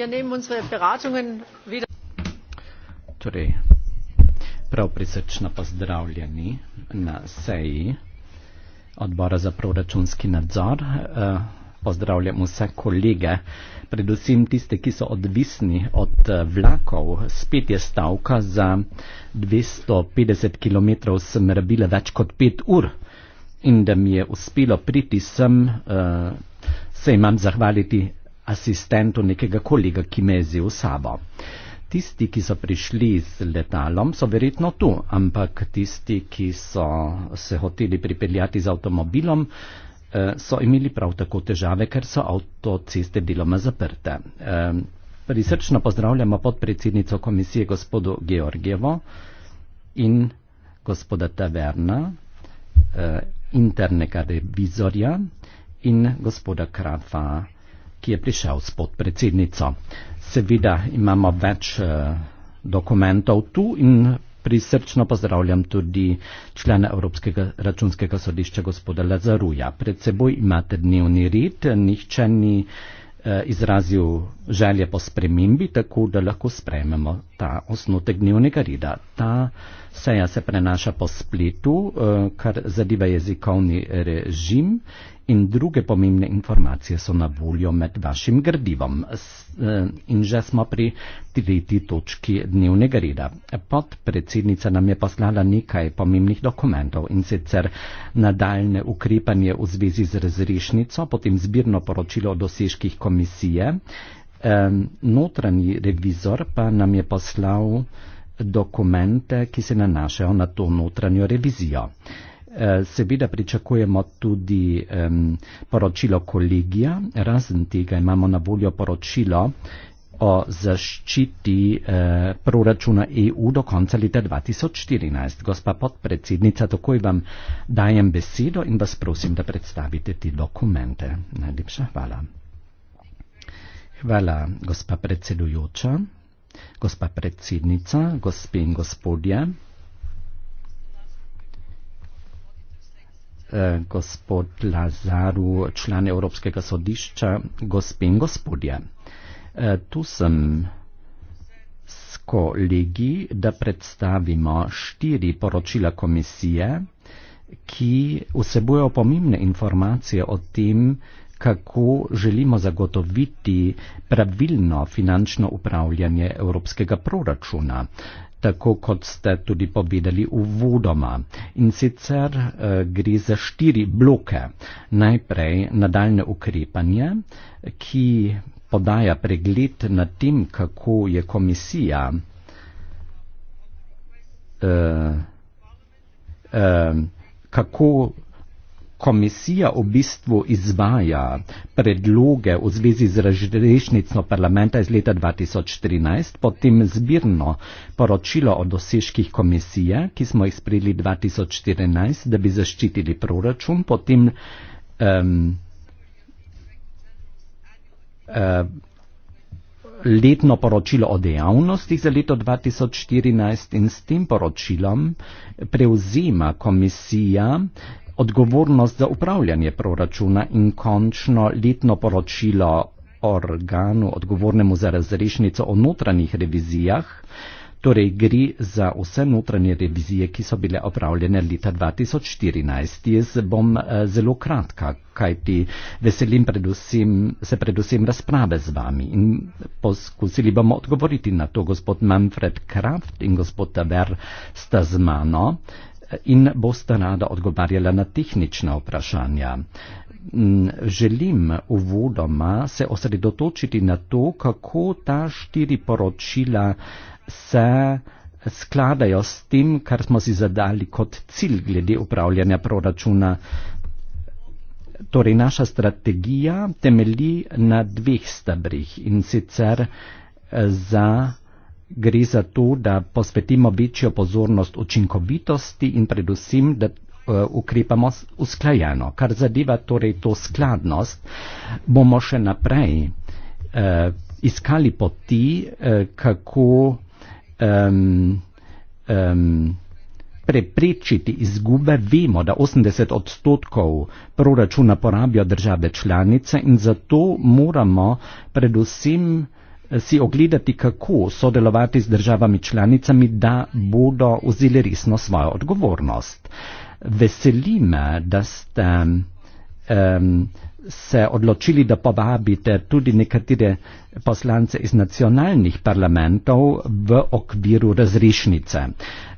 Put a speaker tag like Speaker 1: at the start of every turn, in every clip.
Speaker 1: Wir nehmen unsere Beratungen wieder.
Speaker 2: Torej, prav prisrčno pozdravljeni na seji odbora za proračunski nadzor. Eh, pozdravljam vse kolege, predvsem tiste, ki so odvisni od eh, vlakov. Spet je stavka za 250 km sem rabila več kot 5 ur in da mi je uspelo priti sem, eh, se imam zahvaliti asistentu nekega kolega, ki me je zil sabo. Tisti, ki so prišli z letalom, so verjetno tu, ampak tisti, ki so se hoteli pripeljati z avtomobilom, eh, so imeli prav tako težave, ker so avtoceste deloma zaprte. Eh, prisrčno pozdravljamo podpredsednico komisije gospodo Georgijevo in gospoda Taverna, eh, internega revizorja in gospoda Krafa ki je prišel s podpredsednico. Seveda imamo več eh, dokumentov tu in prisrčno pozdravljam tudi člena Evropskega računskega sodišča gospoda Lazaruja. Pred seboj imate dnevni red, nihče ni eh, izrazil želje po spremembi, tako da lahko sprememo ta osnotek dnevnega reda. Ta seja se prenaša po spletu, eh, kar zadeva jezikovni režim in druge pomembne informacije so na voljo med vašim gradivom. E, in že smo pri tretji točki dnevnega reda. Podpredsednica nam je poslala nekaj pomembnih dokumentov in sicer nadaljne ukrepanje v zvezi z razrešnico, potem zbirno poročilo o dosežkih komisije. E, notranji revizor pa nam je poslal dokumente, ki se nanašajo na to notranjo revizijo. Eh, seveda pričakujemo tudi um, poročilo kolegija, razen tega imamo na voljo poročilo o zaščiti eh, proračuna EU do konca leta 2014. Gospa podpredsednica, takoj vam dajem besedo in vas prosim, da predstavite ti dokumente. Najlepša hvala. Hvala, gospa predsedujoča, gospa predsednica, gospe in gospodje. Eh, gospod Lazaru, član Evropskega sodišča, gospe in gospodje. Eh, tu sem s kolegi, da predstavimo štiri poročila komisije, ki vsebujejo pomembne informacije o tem, kako želimo zagotoviti pravilno finančno upravljanje evropskega proračuna, tako kot ste tudi povedali v vodoma. In sicer eh, gre za štiri bloke. Najprej nadaljne ukrepanje, ki podaja pregled na tem, kako je komisija uh, uh, kako komisija v bistvu izvaja predloge v zvezi z razrešnico parlamenta iz leta 2013, potem zbirno poročilo o dosežkih komisije, ki smo jih sprejeli 2014, da bi zaščitili proračun, potem um, letno poročilo o dejavnostih za leto 2014 in s tem poročilom prevzema komisija uh, Odgovornost za upravljanje proračuna in končno letno poročilo organu odgovornemu za razrešnico o notranjih revizijah, torej gre za vse notranje revizije, ki so bile opravljene leta 2014. Jaz bom eh, zelo kratka, kajti veselim predvsem, se predvsem razprave z vami in poskusili bomo odgovoriti na to. Gospod Manfred Kraft in gospod Taver sta z mano in boste rada odgovarjala na tehnična vprašanja. Mm, želim uvodoma se osredotočiti na to, kako ta štiri poročila se skladajo s tem, kar smo si zadali kot cilj glede upravljanja proračuna. Torej, naša strategija temelji na dveh stabrih in sicer eh, za gre za to, da posvetimo večjo pozornost učinkovitosti in predvsem, da eh, ukrepamo usklajeno. Kar zadeva torej to skladnost, bomo še naprej eh, iskali poti, eh, kako um, um, preprečiti izgube. Vemo, da 80 odstotkov proračuna porabijo države članice in zato moramo predvsem si ogledati, kako sodelovati z državami članicami, da bodo vzeli resno svojo odgovornost. Veselime, da ste um, se odločili, da povabite tudi nekatere poslance iz nacionalnih parlamentov v okviru razrišnice.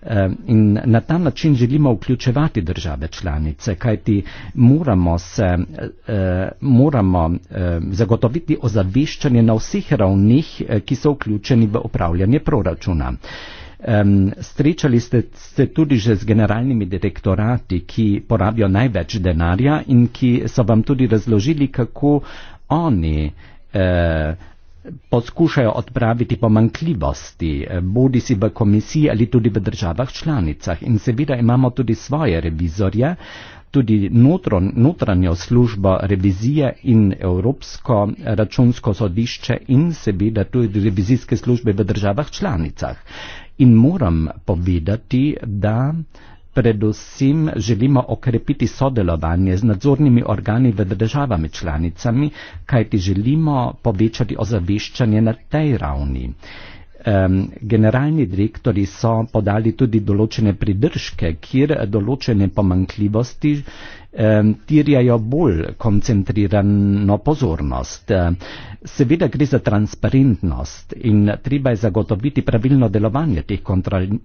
Speaker 2: Eh, in na ta način želimo vključevati države članice, kajti moramo, se, eh, moramo eh, zagotoviti ozaveščanje na vseh ravnih, ki so vključeni v upravljanje proračuna. Um, srečali ste se tudi že z generalnimi direktorati, ki porabijo največ denarja in ki so vam tudi razložili, kako oni uh, poskušajo odpraviti pomankljivosti, e, bodi si v komisiji ali tudi v državah članicah. In seveda imamo tudi svoje revizorje, tudi notron, notranjo službo revizije in Evropsko računsko sodišče in seveda tudi revizijske službe v državah članicah. In moram povedati, da predvsem želimo okrepiti sodelovanje z nadzornimi organi v državami članicami, kajti želimo povečati ozaveščanje na tej ravni. Generalni direktori so podali tudi določene pridržke, kjer določene pomankljivosti Ehm, terjajo bolj koncentrirano pozornost. Ehm, seveda gre za transparentnost in treba je zagotoviti pravilno delovanje teh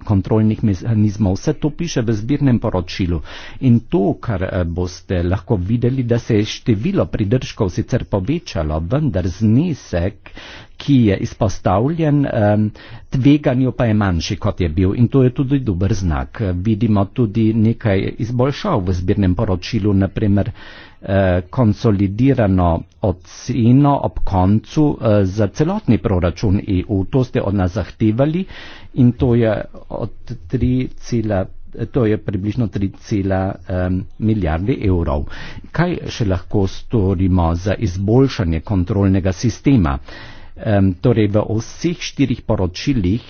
Speaker 2: kontrolnih mehanizmov. Vse to piše v zbirnem poročilu in to, kar eh, boste lahko videli, da se je število pridržkov sicer povečalo, vendar znesek, ki je izpostavljen, ehm, tveganju pa je manjši, kot je bil in to je tudi dober znak. Vidimo tudi nekaj izboljšav v zbirnem poročilu določilu, naprimer eh, konsolidirano oceno ob koncu eh, za celotni proračun EU. To ste od nas zahtevali in to je, cela, to je približno 3, milijarde evrov. Kaj še lahko storimo za izboljšanje kontrolnega sistema? Torej v vseh štirih poročilih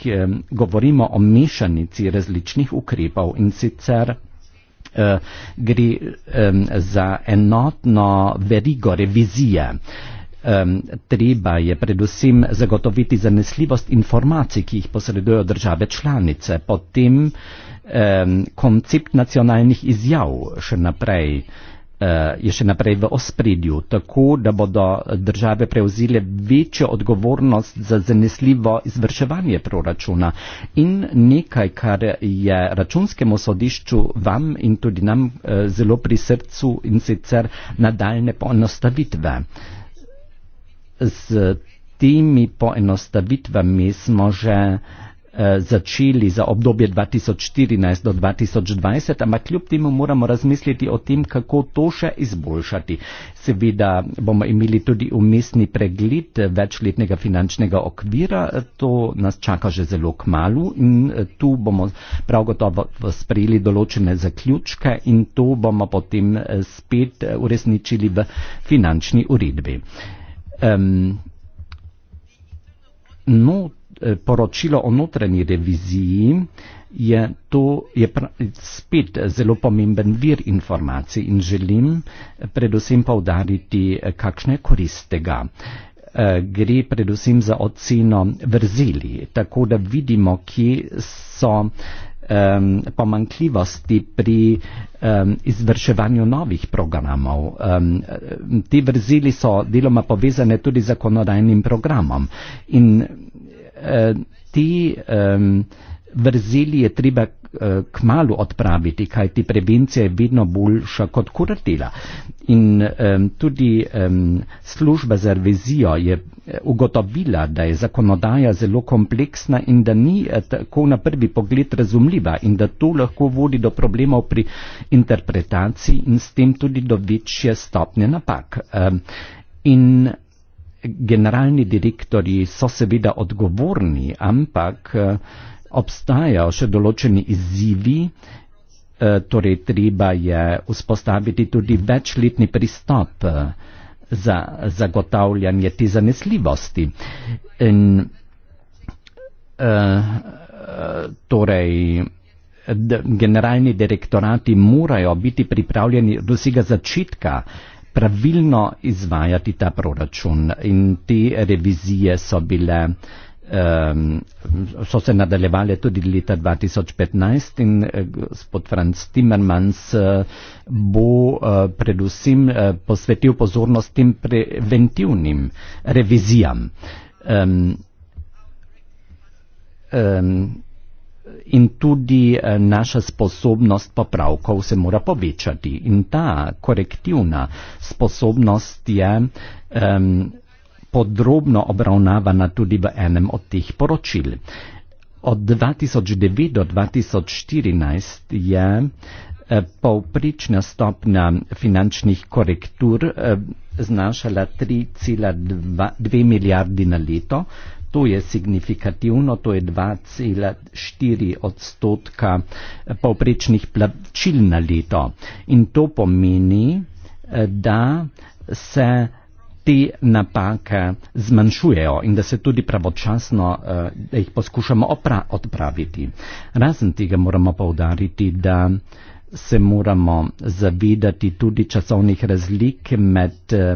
Speaker 2: govorimo o mešanici različnih ukrepov in sicer Eh, gre um, za enotno verigo revizije. Um, treba je predvsem zagotoviti zanesljivost informacij, ki jih posredujejo države članice, potem um, koncept nacionalnih izjav še naprej. Eh, je še naprej v ospredju, tako da bodo države prevzile večjo odgovornost za zanesljivo izvrševanje proračuna. In nekaj, kar je računskemu sodišču vam in tudi nam eh, zelo pri srcu in sicer nadaljne poenostavitve. Z temi poenostavitvami smo že Eh, začeli za obdobje 2014 do 2020, ampak kljub temu moramo razmisliti o tem, kako to še izboljšati. Seveda bomo imeli tudi umestni pregled večletnega finančnega okvira, to nas čaka že zelo k malu in eh, tu bomo prav gotovo sprejeli določene zaključke in to bomo potem eh, spet uresničili v finančni uredbi. Um, No, Eh, poročilo o notranji reviziji je to je pra, spet zelo pomemben vir informacij in želim predvsem povdariti, eh, kakšne korist tega. Eh, gre predvsem za oceno vrzeli, tako da vidimo, ki so um, pomankljivosti pri um, izvrševanju novih programov. Um, te vrzeli so deloma povezane tudi z zakonodajnim programom in Eh, te um, vrzeli je treba eh, k malu odpraviti, kaj ti prevencija je vedno boljša kot kuratela. In um, tudi um, služba za revizijo je eh, ugotovila, da je zakonodaja zelo kompleksna in da ni tako na prvi pogled razumljiva in da to lahko vodi do problemov pri interpretaciji in s tem tudi do večje stopnje napak. Um, in generalni direktori so seveda odgovorni, ampak eh, obstajajo še določeni izzivi, eh, torej treba je vzpostaviti tudi večletni pristop eh, za zagotavljanje te zanesljivosti. In, torej, generalni direktorati morajo biti pripravljeni do vsega začetka pravilno izvajati ta proračun in te revizije so bile ehm, so se nadaljevali tudi leta 2015 in eh, gospod Franz Timmermans eh, bo eh, predvsem posvetil pozornost tem preventivnim revizijam. Ehm, ehm, in tudi eh, naša sposobnost popravkov se mora povečati. In ta korektivna sposobnost je um, podrobno obravnavana tudi v enem od teh poročil. Od 2009 do 2014 je eh, povprečna stopnja finančnih korektur eh, znašala 3,2 milijardi na leto, To je signifikativno, to je 2,4 odstotka povprečnih plačil na leto. In to pomeni, eh, da se te napake zmanjšujejo in da se tudi pravočasno, eh, da jih poskušamo odpraviti. Razen tega moramo povdariti, da se moramo zavedati tudi časovnih razlik med eh,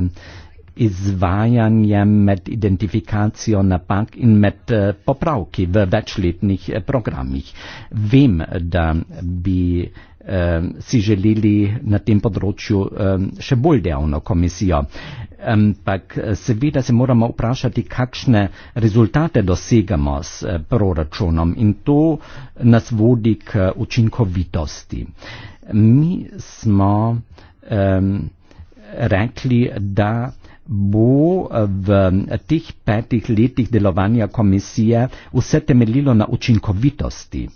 Speaker 2: izvajanjem, med identifikacijo napak in med eh, popravki v večletnih eh, programih. Vem, da bi eh, si želeli na tem področju eh, še bolj dejavno komisijo. Ampak eh, seveda se moramo vprašati, kakšne rezultate dosegamo s proračunom in to nas vodi k učinkovitosti. Mi smo um, rekli, da bo v teh petih letih delovanja komisije vse temeljilo na učinkovitosti,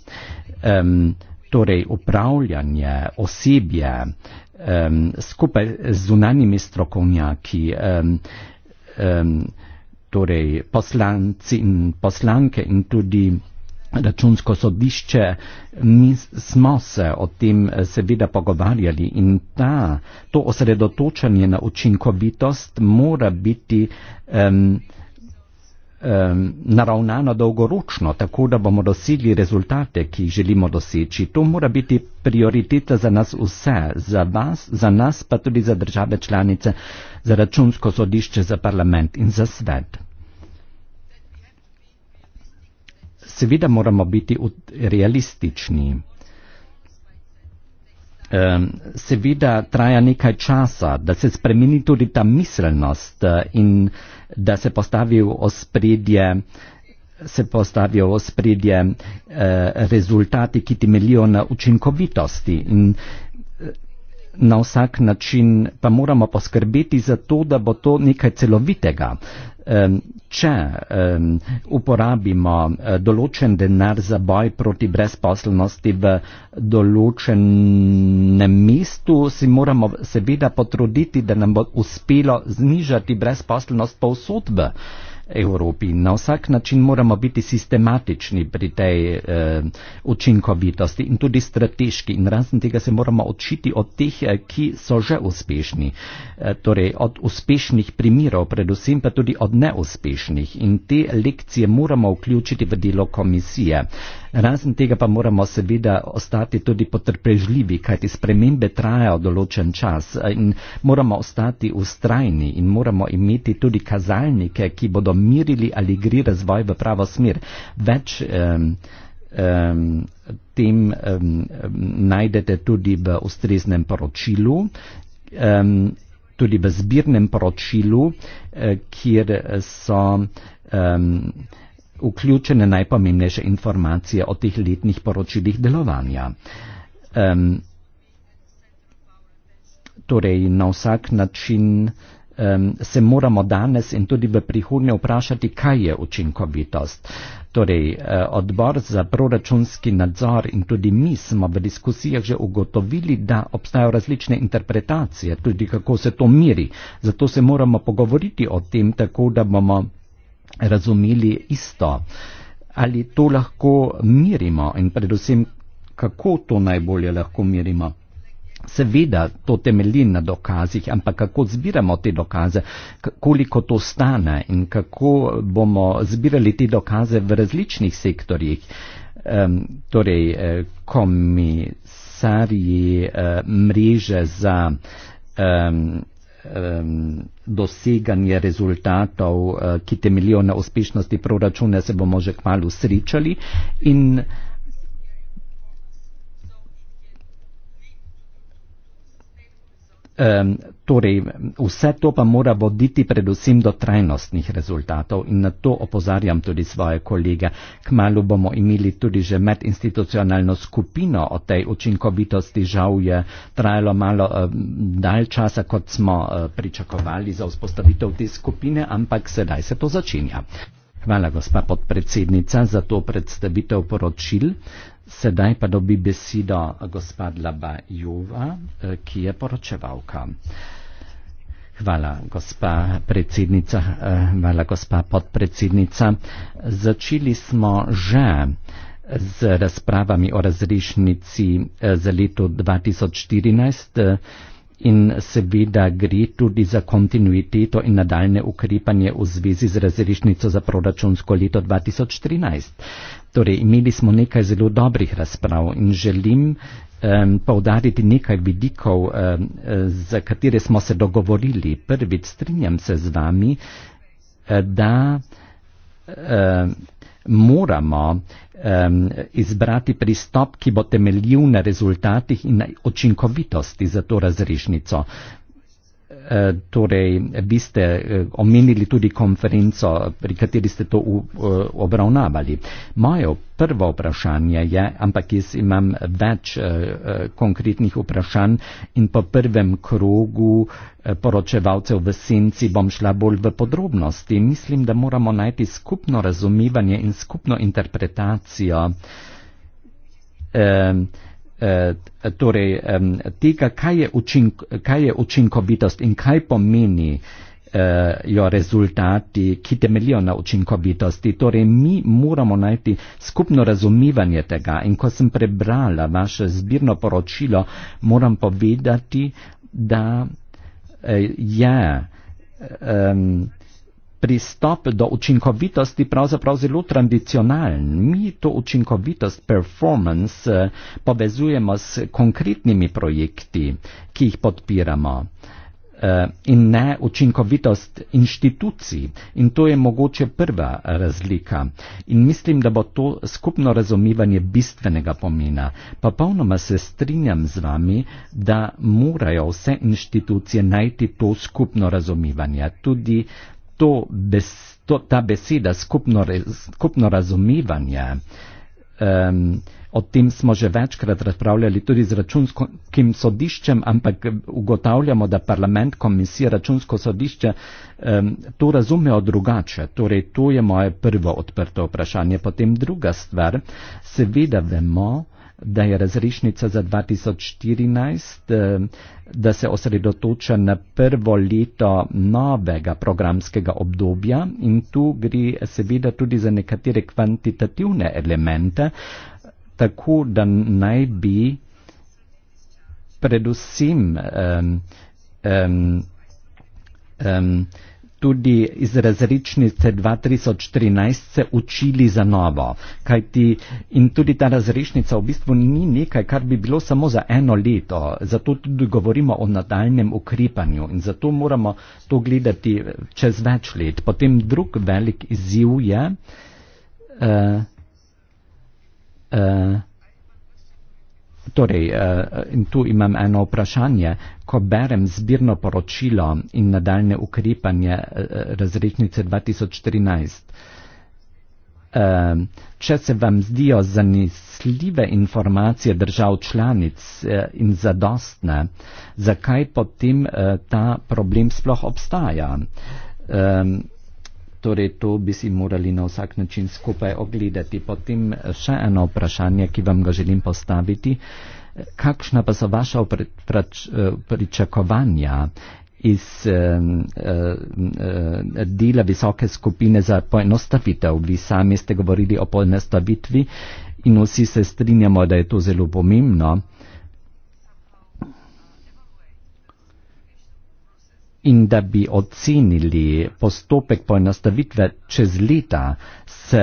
Speaker 2: um, torej upravljanje, osebje um, skupaj z zunanimi strokovnjaki, um, um, torej poslanci in poslanke in tudi računsko sodišče, mi smo se o tem eh, seveda pogovarjali in ta, to osredotočanje na učinkovitost mora biti um, um, naravnano dolgoročno, tako da bomo dosegli rezultate, ki jih želimo doseči. To mora biti prioriteta za nas vse, za vas, za nas pa tudi za države članice, za računsko sodišče, za parlament in za svet. seveda moramo biti realistični. Seveda traja nekaj časa, da se spremeni tudi ta miselnost eh, in da se postavi v ospredje se postavijo v spredje eh, rezultati, ki temelijo na učinkovitosti. In eh, na vsak način pa moramo poskrbeti za to, da bo to nekaj celovitega. Eh, če um, uporabimo eh, določen denar za boj proti brezposelnosti v določenem mestu, si moramo seveda potruditi, da nam bo uspelo znižati brezposelnost povsod v uh, Evropi. Na vsak način moramo biti sistematični pri tej eh, učinkovitosti in tudi strateški. In razen tega se moramo odšiti od teh, eh, ki so že uspešni. Eh, torej od uspešnih primirov, predvsem pa tudi od neuspešnih. In te lekcije moramo vključiti v delo komisije. Eh, Razen tega pa moramo seveda ostati tudi potrpežljivi, kajti spremembe trajajo določen čas eh, in moramo ostati ustrajni in moramo imeti tudi kazalnike, ki bodo mirili ali gre razvoj v pravo smer. Več um, um, tem um, najdete tudi v ustreznem poročilu. Um, tudi v zbirnem poročilu, eh, kjer so um, vključene najpomembnejše informacije o teh letnih poročilih delovanja. Um, torej, na vsak način um, se moramo danes in tudi v prihodnje vprašati, kaj je učinkovitost. Torej, eh, odbor za proračunski nadzor in tudi mi smo v diskusijah že ugotovili, da obstajajo različne interpretacije, tudi kako se to miri. Zato se moramo pogovoriti o tem, tako da bomo razumeli isto. Ali to lahko mirimo in predvsem, kako to najbolje lahko mirimo? Seveda, to temelji na dokazih, ampak kako zbiramo te dokaze, koliko to stane in kako bomo zbirali te dokaze v različnih sektorjih. Um, torej, eh, komisarji uh, mreže za. Um, doseganje rezultatov, eh, ki temeljijo na uspešnosti proračuna, se bomo že kmalo srečali in Um, torej, vse to pa mora voditi predvsem do trajnostnih rezultatov in na to opozarjam tudi svoje kolege. Kmalo bomo imeli tudi že medinstitucionalno skupino o tej učinkovitosti. Žal je trajalo malo um, dalj časa, kot smo uh, pričakovali za vzpostavitev te skupine, ampak sedaj se to začenja. Hvala, gospa podpredsednica, za to predstavitev poročil. Sedaj pa dobi besedo gospa Dlaba Jova, eh, ki je poročevalka. Hvala, gospa predsednica. Eh, hvala, gospa podpredsednica. Začeli smo že z razpravami o razrešnici eh, za leto 2014. In seveda gre tudi za kontinuiteto in nadaljne ukrepanje v zvezi z razrešnico za proračunsko leto 2013. Torej, imeli smo nekaj zelo dobrih razprav in želim um, povdariti nekaj vidikov, um, za katere smo se dogovorili. Prvič, strinjam se z vami, eh, da. Um, moramo um, izbrati pristop, ki bo temeljil na rezultatih in na očinkovitosti za to razrešnico. Eh, torej vi ste eh, omenili tudi konferenco, pri kateri ste to eh, obravnavali. Moje prvo vprašanje je, ampak jaz imam več konkretnih vprašanj in po prvem krogu poročevalcev v senci bom šla bolj v podrobnosti. Mislim, da moramo najti skupno razumevanje in skupno interpretacijo. Uh, Eh, torej, tega, kaj je, učink, kaj je učinkovitost in kaj pomeni eh, jo rezultati, ki temeljijo na učinkovitosti. Torej, mi moramo najti skupno razumivanje tega. In ko sem prebrala vaše zbirno poročilo, moram povedati, da eh, je. Um, pristop do učinkovitosti pravzaprav zelo tradicionalen. Mi to učinkovitost, performance, eh, povezujemo s konkretnimi projekti, ki jih podpiramo eh, in ne učinkovitost inštitucij. In to je mogoče prva razlika. In mislim, da bo to skupno razumivanje bistvenega pomena. Pa polnoma se strinjam z vami, da morajo vse inštitucije najti to skupno razumivanje. Tudi to bes, to, ta beseda skupno, skupno razumivanje, um, o tem smo že večkrat razpravljali tudi z računskim sodiščem, ampak ugotavljamo, da parlament, komisija, računsko sodišče um, to razumejo drugače. Torej, to je moje prvo odprto vprašanje. Potem druga stvar, seveda vemo, da je razrešnica za 2014, eh, da se osredotoča na prvo leto novega programskega obdobja in tu gre seveda tudi za nekatere kvantitativne elemente, tako da naj bi predvsem um, um, um, tudi iz razrešnice 2013 se učili za novo. Kajti in tudi ta razrešnica v bistvu ni nekaj, kar bi bilo samo za eno leto. Zato tudi govorimo o nadaljnem ukrepanju in zato moramo to gledati eh, čez več let. Potem drug velik izziv je. Uh, uh, Torej, eh, in tu imam eno vprašanje. Ko berem zbirno poročilo in nadaljne ukrepanje eh, razrešnice 2014, eh, če se vam zdijo zanesljive informacije držav članic in zadostne, zakaj potem ta problem sploh obstaja? torej to bi si morali na vsak način skupaj ogledati. Potem še eno vprašanje, ki vam ga želim postaviti. Kakšna pa so vaša pričakovanja iz dela visoke skupine za poenostavitev? Vi sami ste govorili o poenostavitvi in vsi se strinjamo, da je to zelo pomembno. in da bi ocenili postopek poenostavitve čez leta, se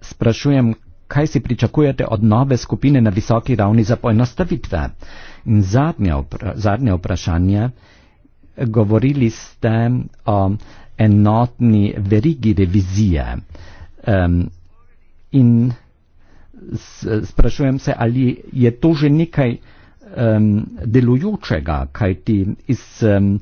Speaker 2: sprašujem, kaj si pričakujete od nove skupine na visoki ravni za poenostavitve. In zadnje, vpra zadnje vprašanje, govorili ste o enotni verigi revizije. Um, in sprašujem se, ali je to že nekaj um, delujočega, kaj ti iz. Um,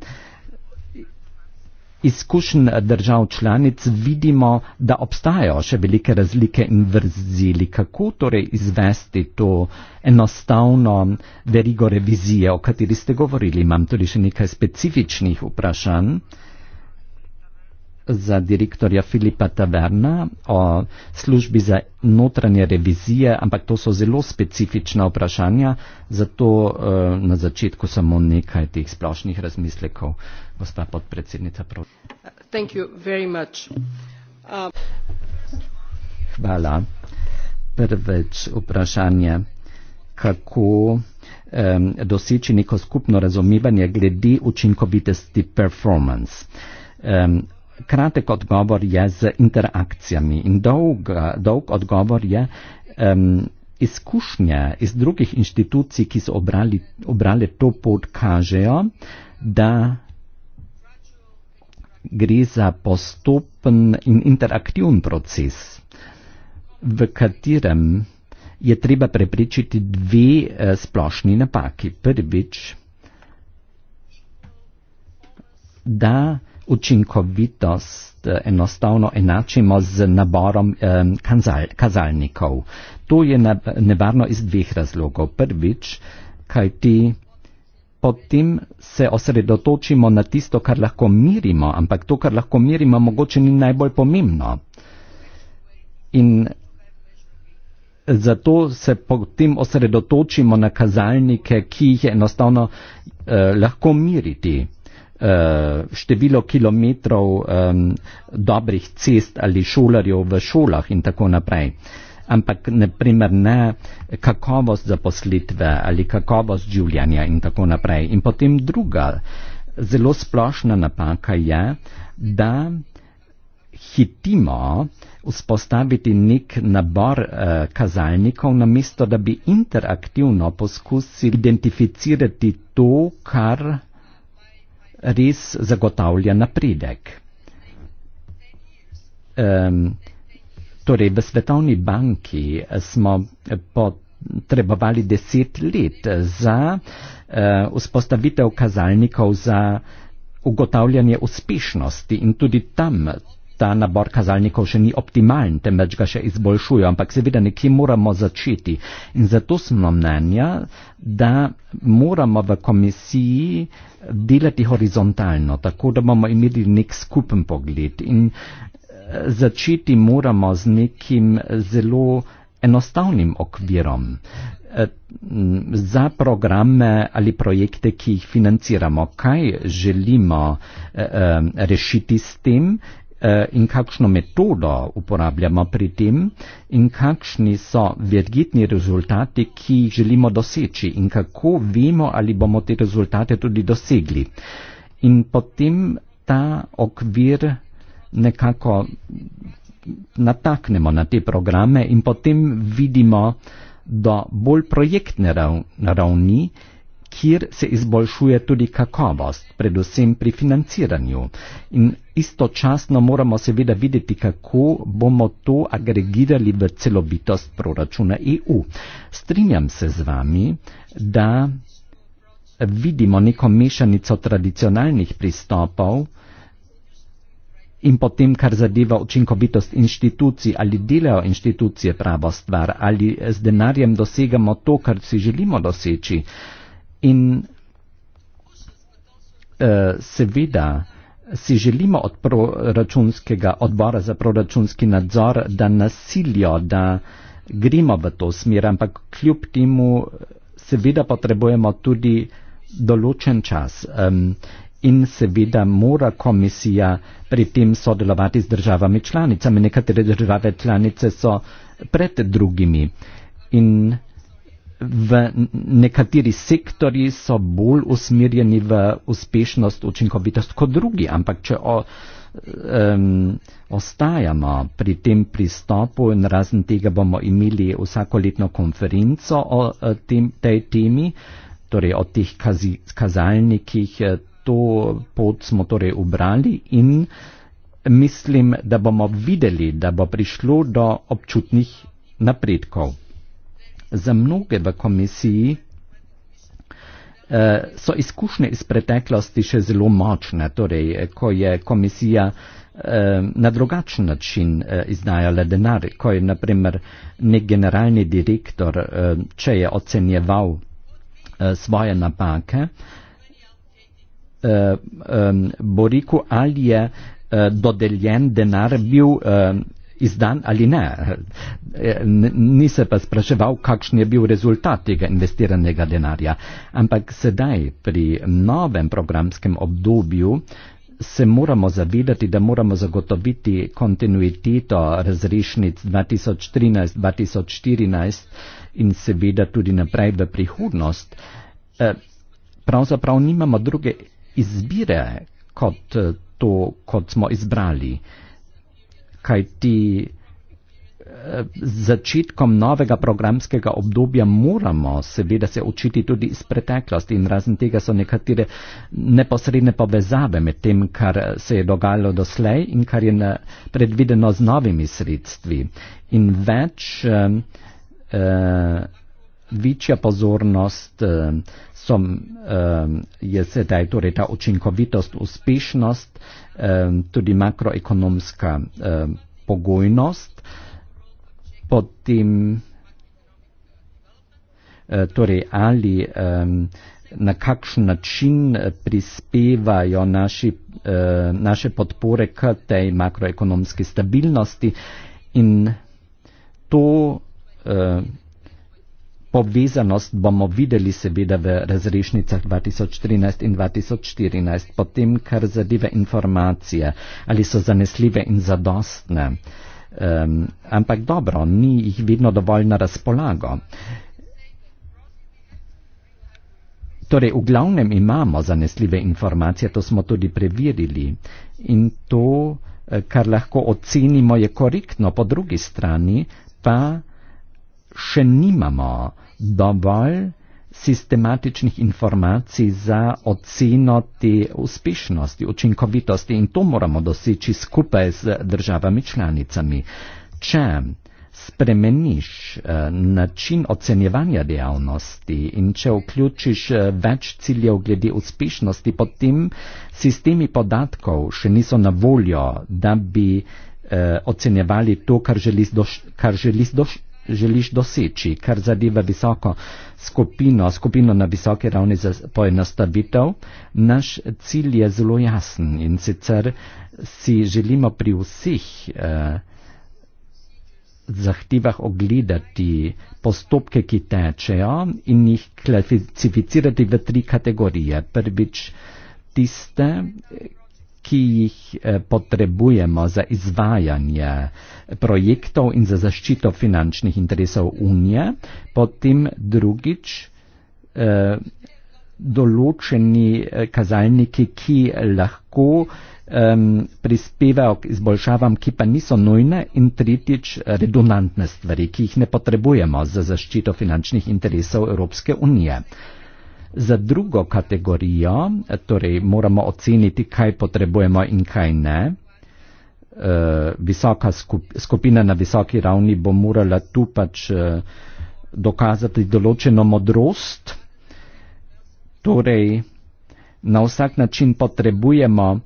Speaker 2: izkušenj držav članic vidimo, da obstajajo še velike razlike in vrzili. Kako torej izvesti to enostavno verigo revizije, o kateri ste govorili? Imam tudi še nekaj specifičnih vprašanj za direktorja Filipa Taverna o službi za notranje revizije, ampak to so zelo specifična vprašanja, zato eh, na začetku samo nekaj teh splošnih razmislekov, gospa podpredsednica. Hvala. Prveč vprašanje, kako um, doseči neko skupno razumevanje glede učinkovitosti performance. Um, Kratek odgovor je z interakcijami in dolg, dolg odgovor je um, izkušnje iz drugih inštitucij, ki so obrali, obrali to pot, kažejo, da gre za postopen in interaktiven proces, v katerem je treba preprečiti dve eh, splošni napaki. Prvič, da učinkovitost eh, enostavno enačimo z naborom kazal, kazalnikov. To je nevarno iz dveh razlogov. Prvič, kaj ti potem se osredotočimo na tisto, kar lahko mirimo, ampak to, kar lahko mirimo, mogoče ni najbolj pomembno. In zato se potem osredotočimo na kazalnike, ki jih je enostavno eh, lahko miriti. Eh, število kilometrov um, dobrih cest ali šolarjev v šolah in tako naprej. Ampak naprimer ne kakovost zaposlitve ali kakovost življenja in tako naprej. In potem druga zelo splošna napaka je, da hitimo vzpostaviti nek nabor eh, kazalnikov, namesto da bi interaktivno poskusili identificirati to, kar res zagotavlja napredek. Um, torej, v Svetovni banki smo eh, potrebovali deset let za uh, vzpostavitev kazalnikov za ugotavljanje uspešnosti in tudi tam ta nabor kazalnikov še ni optimalen, temveč ga še izboljšujejo, ampak seveda nekje moramo začeti. In zato smo mnenja, da moramo v komisiji delati horizontalno, tako da bomo imeli nek skupen pogled. In eh, začeti moramo z nekim zelo enostavnim okvirom eh, za programe ali projekte, ki jih financiramo, kaj želimo eh, rešiti s tem Eh, in kakšno metodo uporabljamo pri tem in kakšni so vergitni rezultati, ki jih želimo doseči in kako vemo, ali bomo te rezultate tudi dosegli. In potem ta okvir nekako nataknemo na te programe in potem vidimo do bolj projektne ravni, kjer se izboljšuje tudi kakovost, predvsem pri financiranju. In istočasno moramo seveda videti, kako bomo to agregirali v celobitost proračuna EU. Strinjam se z vami, da vidimo neko mešanico tradicionalnih pristopov in potem, kar zadeva učinkovitost inštitucij ali delajo inštitucije pravo stvar ali z denarjem dosegamo to, kar si želimo doseči. In uh, seveda si želimo od proračunskega odbora za proračunski nadzor, da nasiljo, da gremo v to smer, ampak kljub temu seveda potrebujemo tudi določen čas. Um, In seveda mora komisija pri tem sodelovati z državami članicami. Nekatere države članice so pred drugimi. In v nekateri sektori so bolj usmerjeni v uspešnost, učinkovitost kot drugi, ampak če o, um, ostajamo pri tem pristopu in razen tega bomo imeli vsakoletno konferenco o e, tem, tej temi, torej o teh kazi, kazalnikih, e, to pot smo torej ubrali in mislim, da bomo videli, da bo prišlo do občutnih napredkov za mnoge v komisiji eh, so izkušnje iz preteklosti še zelo močne, torej ko je komisija eh, na drugačen način eh, izdajala denar, ko je naprimer nek generalni direktor, če je ocenjeval svoje napake, bo rekel, ali je dodeljen denar bil izdan ali ne. E, ni se pa spraševal, kakšen je bil rezultat tega investiranega denarja. Ampak sedaj, pri novem programskem obdobju, se moramo zavedati, da moramo zagotoviti kontinuiteto razrešnic 2013-2014 in seveda tudi naprej v prihodnost. E, pravzaprav nimamo druge izbire kot e, to, kot smo izbrali kaj ti eh, z začetkom novega programskega obdobja moramo seveda se učiti tudi iz preteklosti in razen tega so nekatere neposredne povezave med tem, kar eh, se je dogajalo doslej in kar je predvideno z novimi sredstvi. In več. Uh, uh, večja pozornost eh, som, eh, je sedaj torej ta učinkovitost, uspešnost, eh, tudi makroekonomska eh, pogojnost, potem eh, torej ali eh, na kakšen način eh, prispevajo naši, eh, naše podpore k tej makroekonomski stabilnosti in to eh, povezanost bomo videli seveda v razrešnicah 2013 in 2014, potem kar zadeve informacije, ali so zanesljive in zadostne. Um, ampak dobro, ni jih vedno dovolj na razpolago. Torej, v glavnem imamo zanesljive informacije, to smo tudi preverili in to, eh, kar lahko ocenimo, je korektno, po drugi strani pa še nimamo uh, dovolj sistematičnih informacij za oceno te uspešnosti, učinkovitosti in to moramo doseči skupaj z državami članicami. Če spremeniš eh, način ocenjevanja dejavnosti in če vključiš eh, več ciljev glede uspešnosti, potem sistemi podatkov še niso na voljo, da bi eh, ocenjevali to, kar želiš doš, doš, želiš doseči, kar zadeva visoko skupino, skupino na visoki ravni za poenostavitev, naš cilj je zelo jasen in sicer si želimo pri vseh eh, zahtevah ogledati postopke, ki tečejo in jih klasificirati v tri kategorije. Prvič tiste, ki jih eh, potrebujemo za izvajanje projektov in za zaščito finančnih interesov Unije, potem drugič eh, določeni eh, kazalniki, ki lahko prispevajo k izboljšavam, ki pa niso nujne in tretjič redundantne stvari, ki jih ne potrebujemo za zaščito finančnih interesov Evropske unije. Za drugo kategorijo, torej moramo oceniti, kaj potrebujemo in kaj ne, eh, visoka skupina na visoki ravni bo morala tu pač eh, dokazati določeno modrost. Torej, na vsak način potrebujemo,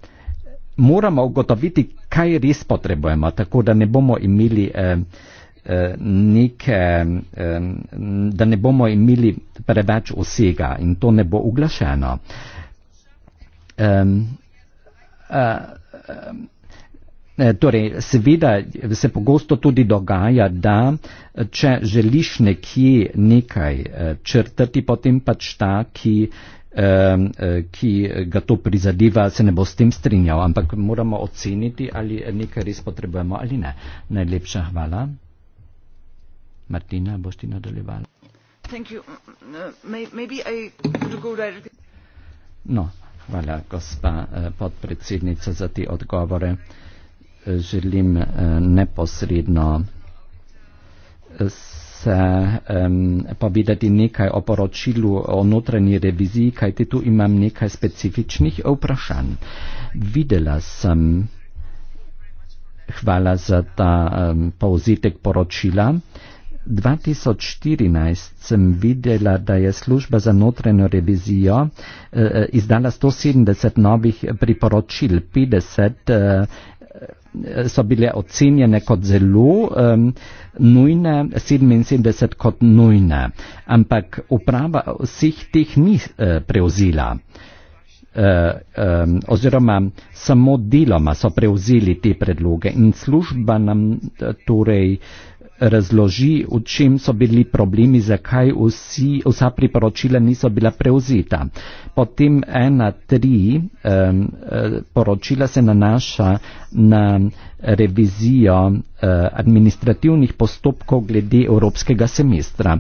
Speaker 2: moramo ugotoviti, kaj res potrebujemo, tako da ne bomo imeli eh, Eh, neke, da ne bomo imeli preveč vsega in to ne bo uglašeno. Torej, seveda se pogosto tudi dogaja, da če želiš nekje nekaj eh, črtati, potem pač ta, ki, eh, ki ga to prizadeva, se ne bo s tem strinjal, ampak moramo oceniti, ali nekaj res potrebujemo ali ne. Najlepša hvala. Martina, boš ti nadaljevala? No, hvala, gospa eh, podpredsednica, za ti odgovore. Eh, želim eh, neposredno se um, povedati nekaj o poročilu o notranji reviziji, kajti tu imam nekaj specifičnih vprašanj. Videla sem, hvala za ta um, povzetek poročila, uh, 2014 sem videla, da je služba za notreno revizijo eh, eh izdala 170 novih priporočil, 50 eh, eh, so bile ocenjene kot zelo eh, nujne, 77 kot nujne, ampak uprava vseh teh ni eh, prevzela. Uh, um, oziroma samo deloma so prevzeli te predloge in služba nam torej uh, razloži, v čem so bili problemi, zakaj vsi, vsa priporočila niso bila preuzeta. Potem ena, tri um, poročila se nanaša na revizijo uh, administrativnih postopkov glede evropskega semestra.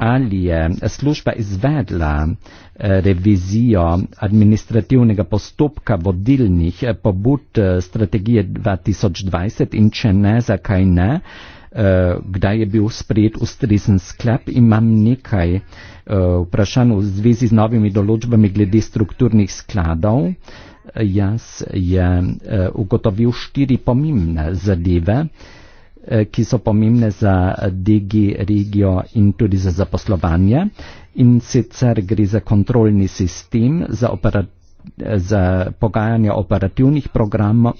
Speaker 2: Ali je služba izvedla eh, revizijo administrativnega postopka vodilnih pobud strategije 2020 in če ne, zakaj ne? Eh, kdaj je bil sprejet ustrezen sklep. Imam nekaj eh, vprašanj v zvezi z novimi določbami glede strukturnih skladov. Jaz je eh, ugotovil štiri pomembne zadeve, ki so pomembne za DGI regijo in tudi za zaposlovanje. In sicer gre za kontrolni sistem, za, operat, za pogajanje operativnih programov,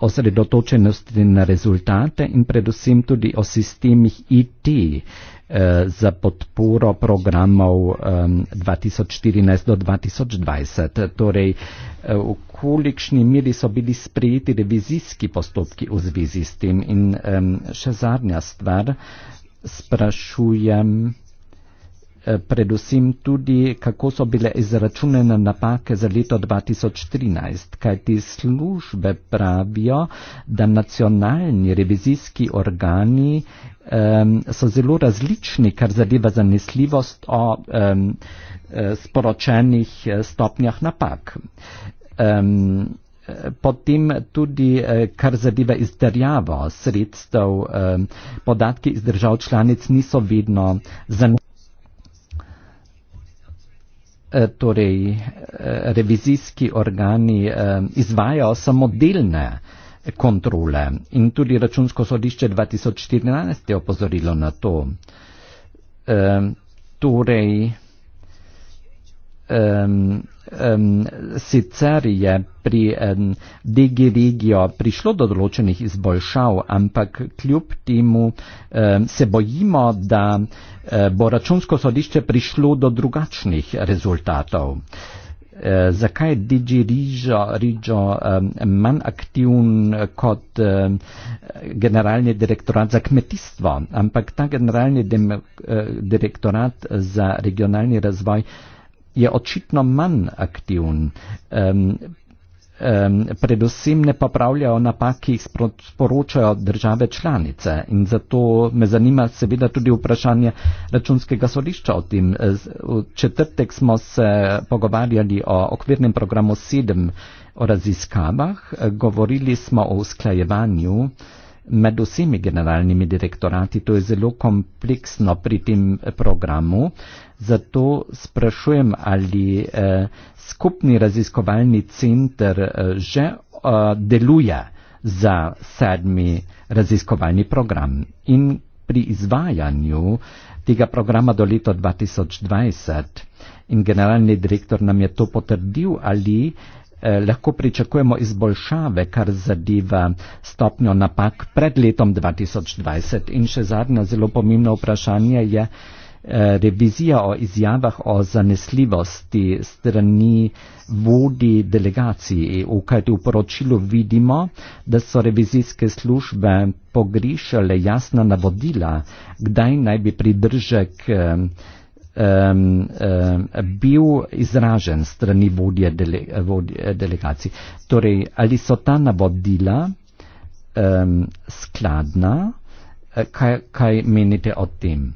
Speaker 2: osredotočenosti na rezultate in predvsem tudi o sistemih IT eh, za podporo programov 2014 do 2020. Torej, eh, v kolikšni miri so bili sprejeti revizijski postopki v zvezi s tem. In še zadnja stvar, sprašujem. Eh, predvsem tudi, kako so bile izračunene napake za leto 2013, kaj ti službe pravijo, da nacionalni revizijski organi um, so zelo različni, kar zadeva zanesljivost o um, sporočenih eh, stopnjah napak. Um, Potem tudi, kar zadeva izdarjavo sredstev, podatki iz držav članic niso vedno zanimivi. Eh, torej, eh, revizijski organi eh, izvajajo samo delne kontrole in tudi računsko sodišče 2014 je opozorilo na to. Torej, um, sicer je pri um, Digi Regio prišlo do določenih izboljšav, ampak kljub temu um, se bojimo, da um, bo računsko sodišče prišlo do drugačnih rezultatov. E, zakaj je Digi Rigio, Rigio um, manj aktivn kot um, generalni direktorat za kmetijstvo, ampak ta generalni dem, uh, direktorat za regionalni razvoj uh, je očitno manj aktivn. Um, um, predvsem ne popravljajo napak, ki jih sporočajo države članice. In zato me zanima seveda tudi vprašanje računskega sodišča o tem. V četrtek smo se pogovarjali o okvirnem programu 7 o raziskavah, govorili smo o usklajevanju med vsemi generalnimi direktorati. To je zelo kompleksno pri tem programu, zato sprašujem, ali eh, skupni raziskovalni center eh, že eh, deluje za sedmi raziskovalni program in pri izvajanju tega programa do leta 2020. In generalni direktor nam je to potrdil, ali Eh, lahko pričakujemo izboljšave, kar zadeva stopnjo napak pred letom 2020. In še zadnje zelo pomembno vprašanje je eh, revizija o izjavah o zanesljivosti strani vodi delegaciji EU, kajti v poročilu vidimo, da so revizijske službe pogrišale jasna navodila, kdaj naj bi pridržek eh, um, um, bil izražen strani vodje, dele, vodje delegacij. Torej, ali so ta navodila um, skladna, e, kaj, kaj menite o tem?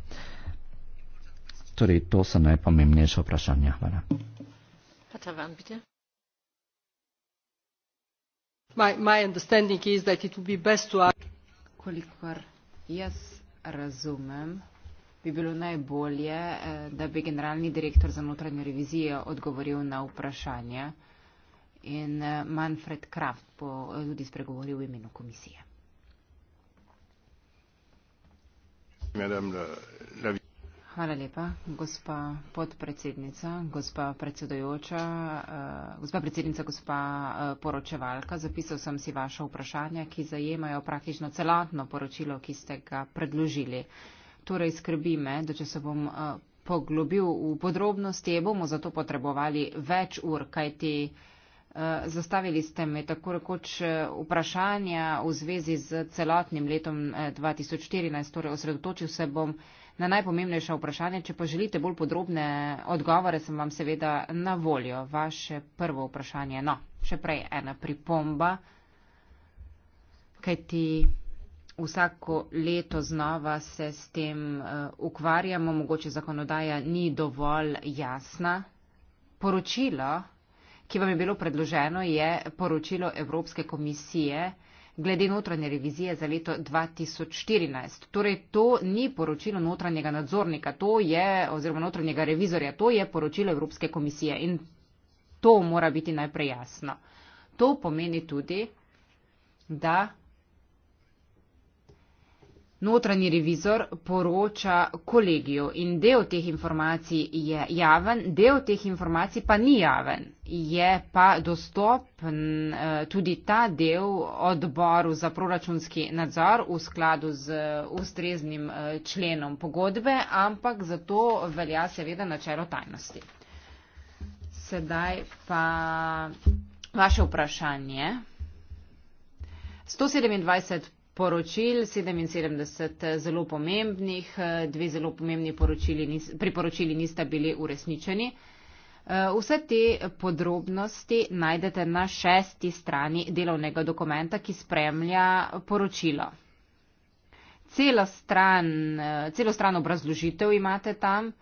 Speaker 2: Torej, to so najpomembnejše vprašanja. Hvala.
Speaker 1: My, my understanding is that it would be best to ask. Kolikor
Speaker 3: jaz razumem, bi bilo najbolje, eh, da bi generalni direktor za notranjo revizijo odgovoril na vprašanje in eh, Manfred Kraft bo eh, tudi spregovoril v imenu komisije. Hvala lepa, gospa podpredsednica, gospa predsedojoča, gospa predsednica, gospa poročevalka. Zapisal sem si vaše vprašanja, ki zajemajo praktično celotno poročilo, ki ste ga predložili torej skrbi me, da če se bom eh, poglobil v podrobnosti, bomo zato potrebovali več ur, kajti eh, zastavili ste me tako rekoč eh, vprašanja v zvezi z celotnim letom 2014, torej osredotočil se bom na najpomembnejša vprašanja. Če pa želite bolj podrobne odgovore, sem vam seveda na voljo. Vaše prvo vprašanje. No, še prej ena pripomba. Kajti vsako leto znova se s tem uh, ukvarjamo, mogoče zakonodaja ni dovolj jasna. Poročilo, ki vam je bilo predloženo, je poročilo Evropske komisije glede notranje revizije za leto 2014. Torej, to ni poročilo notranjega nadzornika, to je, oziroma notranjega revizorja, to je poročilo Evropske komisije in to mora biti najprej jasno. To pomeni tudi, da Notranji revizor poroča kolegiju in del teh informacij je javen, del teh informacij pa ni javen. Je pa dostopen eh, tudi ta del odboru za proračunski nadzor v skladu z eh, ustreznim eh, členom pogodbe, ampak zato velja seveda načelo tajnosti. Sedaj pa vaše vprašanje. 127 poročil, 77 eh, zelo pomembnih, eh, dve zelo pomembni priporočili nista bili uresničeni. Eh, vse te podrobnosti najdete na šesti strani delovnega dokumenta, ki spremlja poročilo. Celo stran, celo stran obrazložitev imate tam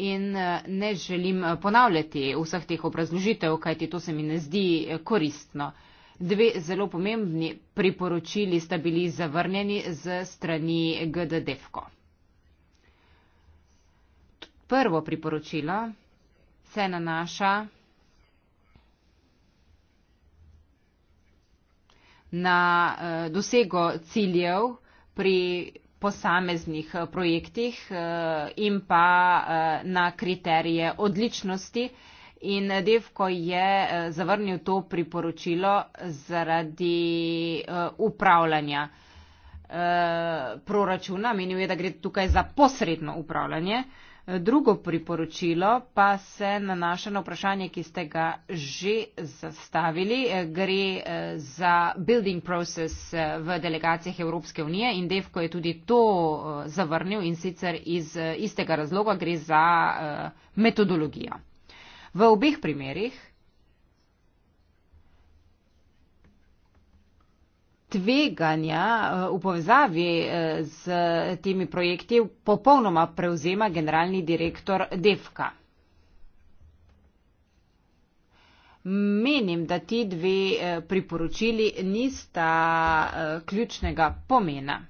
Speaker 3: in ne želim ponavljati vseh teh obrazložitev, kajti to se mi ne zdi koristno. Dve zelo pomembni priporočili sta bili zavrnjeni z strani GDDFKO. Prvo priporočilo se nanaša na eh, dosego ciljev pri posameznih eh, projektih eh, in pa na kriterije odličnosti, In Devko je eh, zavrnil to priporočilo zaradi eh, upravljanja eh, proračuna. Menil je, da gre tukaj za posredno upravljanje. Drugo priporočilo pa se nanaša na vprašanje, ki ste ga že zastavili. Gre za building process v delegacijah Evropske unije in Devko je tudi to zavrnil in sicer iz istega razloga gre za metodologijo. V obeh primerih tveganja eh, v povezavi z eh, temi projekti popolnoma prevzema generalni direktor Defka. Menim, da ti dve eh, priporočili nista ključnega pomena.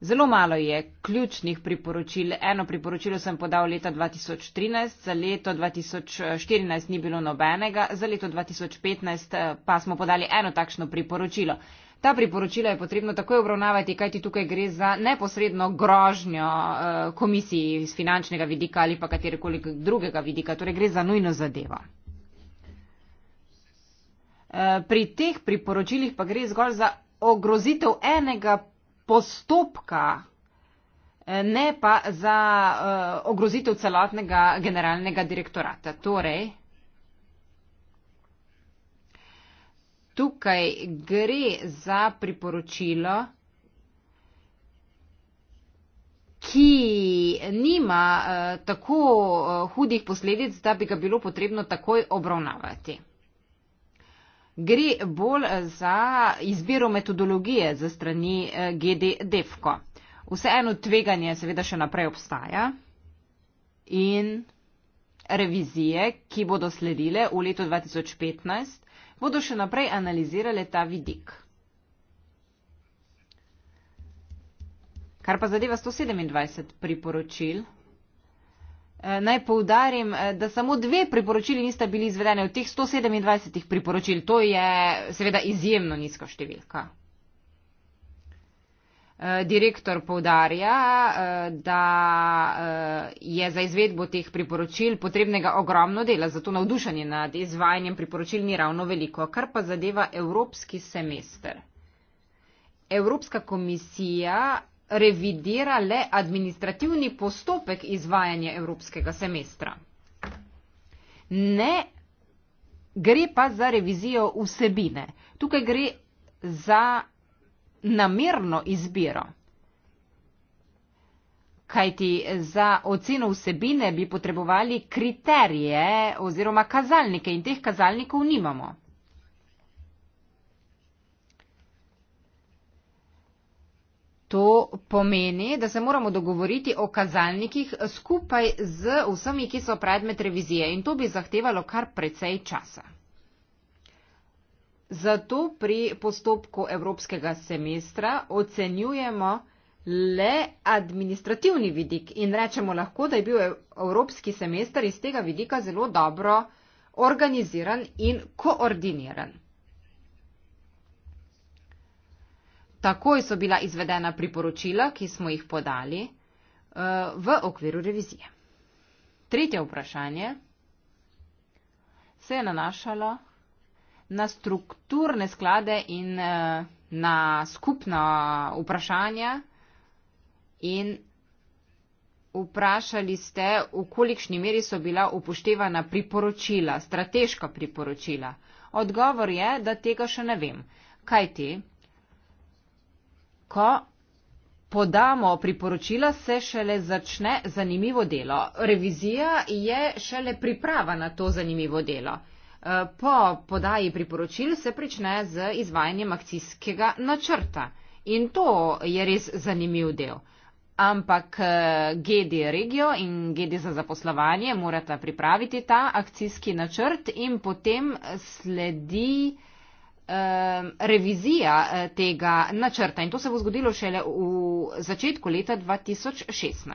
Speaker 3: Zelo malo je ključnih priporočil. Eno priporočilo sem podal leta 2013, za leto 2014 ni bilo nobenega, za leto 2015 eh, pa smo podali eno takšno priporočilo. Ta priporočila je potrebno takoj obravnavati, kajti tukaj gre za neposredno grožnjo eh, komisiji iz finančnega vidika ali pa katerekoli drugega vidika, torej gre za nujno zadevo. Eh, pri teh priporočilih pa gre zgolj za ogrozitev enega priporočila postopka, eh, ne pa za uh, ogrozitev celotnega generalnega direktorata. Torej, tukaj gre za priporočilo, ki nima uh, tako uh, hudih posledic, da bi ga bilo potrebno takoj obravnavati gre bolj za izbiro metodologije za strani eh, GD Defko. Vseeno tveganje seveda še naprej obstaja in revizije, ki bodo sledile v letu 2015, bodo še naprej analizirale ta vidik. Kar pa zadeva 127 priporočil, Eh, naj poudarim, eh, da samo dve priporočili nista bili izvedene od teh 127 priporočil. To je seveda izjemno nizka številka. Eh, direktor poudarja, da je za izvedbo teh priporočil potrebnega ogromno dela, zato navdušanje nad izvajanjem priporočil ni ravno veliko, kar pa zadeva Evropski semester. Evropska komisija revidira le administrativni postopek izvajanja evropskega semestra. Ne gre pa za revizijo vsebine. Tukaj gre za namerno izbiro. Kajti za oceno vsebine bi potrebovali kriterije oziroma kazalnike in teh kazalnikov nimamo. To pomeni, da se moramo dogovoriti o kazalnikih skupaj z vsemi, ki so predmet revizije in to bi zahtevalo kar precej časa. Zato pri postopku evropskega semestra ocenjujemo le administrativni vidik in rečemo lahko, da je bil evropski semester iz tega vidika zelo dobro organiziran in koordiniran. Takoj so bila izvedena priporočila, ki smo jih podali eh, v okviru revizije. Tretje vprašanje se je nanašalo na strukturne sklade in eh, na skupna vprašanja in vprašali ste, v kolikšni meri so bila upoštevana priporočila, strateška priporočila. Odgovor je, da tega še ne vem. Kaj ti? Te? ko podamo priporočila, se šele začne zanimivo delo. Revizija je šele priprava na to zanimivo delo. Eh, po podaji priporočil se prične z izvajanjem akcijskega načrta. In to je res zanimiv del. Ampak eh, GD regijo in GD za zaposlovanje morata pripraviti ta akcijski načrt in potem sledi uh, revizija eh, tega načrta in to se bo zgodilo šele v začetku leta 2016.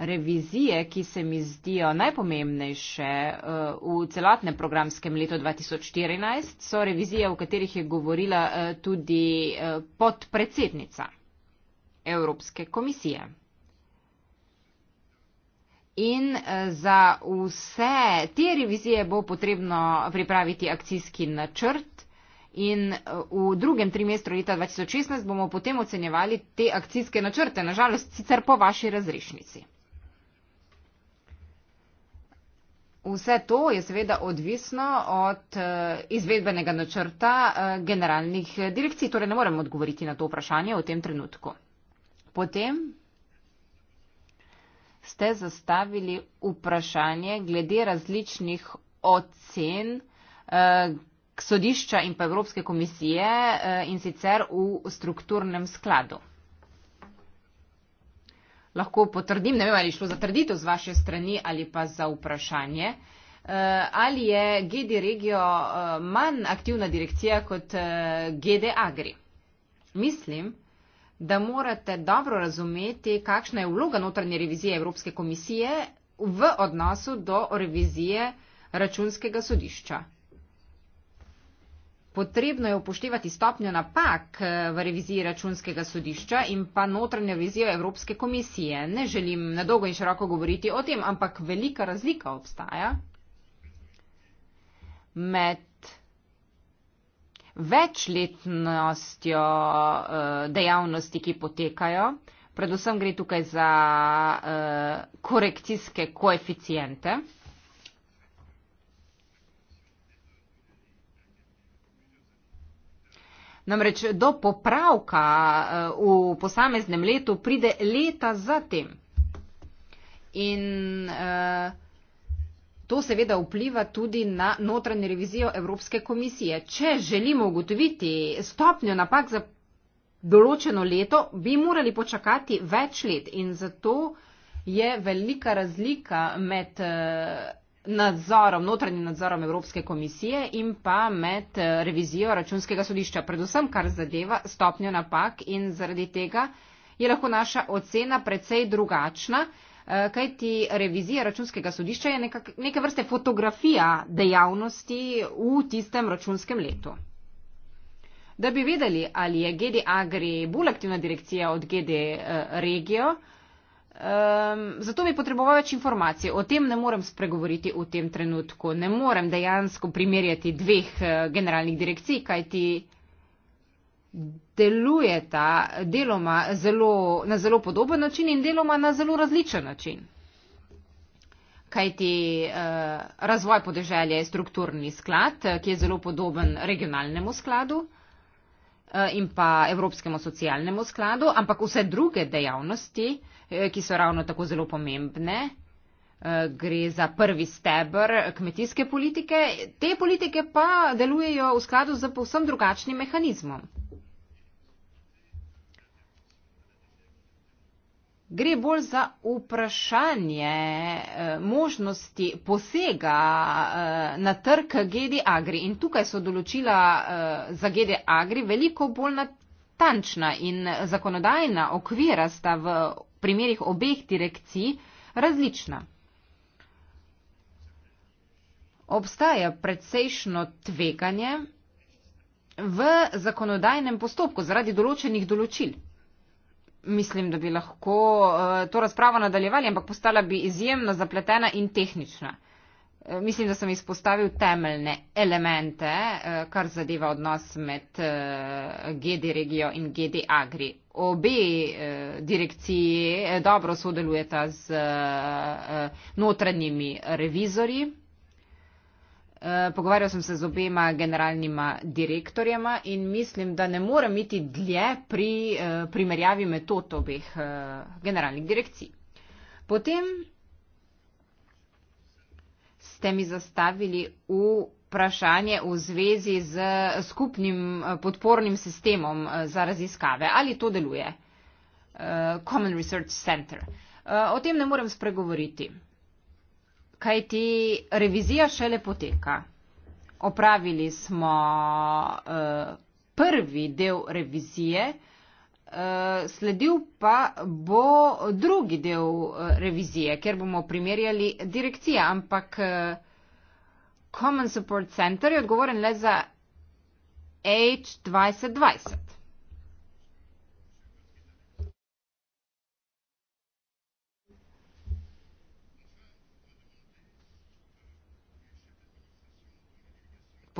Speaker 3: Revizije, ki se mi zdijo najpomembnejše eh, v celotnem programskem letu 2014, so revizije, o katerih je govorila eh, tudi podpredsednica Evropske komisije. In eh, za vse te revizije bo potrebno pripraviti akcijski načrt in eh, v drugem trimestru leta 2016 bomo potem ocenjevali te akcijske načrte, nažalost sicer po vaši razrešnici. Vse to je seveda odvisno od eh, izvedbenega načrta generalnih direkcij, torej ne morem odgovoriti na to vprašanje v tem trenutku. Potem ste zastavili vprašanje glede različnih ocen eh, sodišča in pa Evropske komisije eh, in sicer v strukturnem skladu. Lahko potrdim, ne vem, ali je šlo za trditev z vaše strani ali pa za vprašanje. Eh, ali je GD Regio eh, manj aktivna direkcija kot eh, GD Agri? Mislim, da morate dobro razumeti, kakšna je vloga notranje revizije Evropske komisije v odnosu do revizije računskega sodišča. Potrebno je upoštevati stopnjo napak eh, v reviziji računskega sodišča in pa notranjo revizijo Evropske komisije. Ne želim nadolgo in široko govoriti o tem, ampak velika razlika obstaja med večletnostjo eh, dejavnosti, ki potekajo. Predvsem gre tukaj za eh, korekcijske koeficijente. Namreč do popravka eh, v posameznem letu pride leta zatem. In uh, To seveda vpliva tudi na notranje revizijo Evropske komisije. Če želimo ugotoviti stopnjo napak za določeno leto, bi morali počakati več let in zato je velika razlika med eh, nadzorom, notranjim nadzorom Evropske komisije in pa med eh, revizijo računskega sodišča, predvsem kar zadeva stopnjo napak in zaradi tega je lahko naša ocena precej drugačna. Eh, kajti revizija računskega sodišča je nekak, neke vrste fotografija dejavnosti v tistem računskem letu. Da bi vedeli, ali je GD Agri bolj aktivna direkcija od GD eh, Regio, Um, zato bi potreboval več informacij. O tem ne morem spregovoriti v tem trenutku. Ne morem dejansko primerjati dveh uh, generalnih direkcij, kajti delujeta deloma zelo, na zelo podoben način in deloma na zelo različen način. Kajti eh, razvoj podeželja je strukturni sklad, eh, ki je zelo podoben regionalnemu skladu eh, in pa Evropskemu socialnemu skladu, ampak vse druge dejavnosti, eh, ki so ravno tako zelo pomembne, eh, gre za prvi stebr kmetijske politike, te politike pa delujejo v skladu z povsem drugačnim mehanizmom. Gre bolj za vprašanje eh, možnosti posega eh, na trg GD Agri in tukaj so določila eh, za GD Agri veliko bolj natančna in zakonodajna okvira sta v primerih obeh direkcij različna. Obstaja predsejšno tveganje v zakonodajnem postopku zaradi določenih določil. Mislim, da bi lahko uh, to razpravo nadaljevali, ampak postala bi izjemno zapletena in tehnična. Eh, mislim, da sem izpostavil temeljne elemente, eh, kar zadeva odnos med GD Regijo in GD Agri. Obe direkciji dobro sodelujeta z notranjimi revizorji, Eh, pogovarjal sem se z obema generalnima direktorjema in mislim, da ne morem iti dlje pri eh, primerjavi metod obeh eh, generalnih direkcij. Potem ste mi zastavili vprašanje v zvezi z skupnim podpornim sistemom za raziskave. Ali to deluje? Common Research Center. O tem ne morem spregovoriti kaj ti revizija šele poteka. Opravili smo uh, prvi del revizije, uh, sledil pa bo drugi del eh, revizije, ker bomo primerjali direkcije, ampak uh, Common Support Center je odgovoren le za H2020.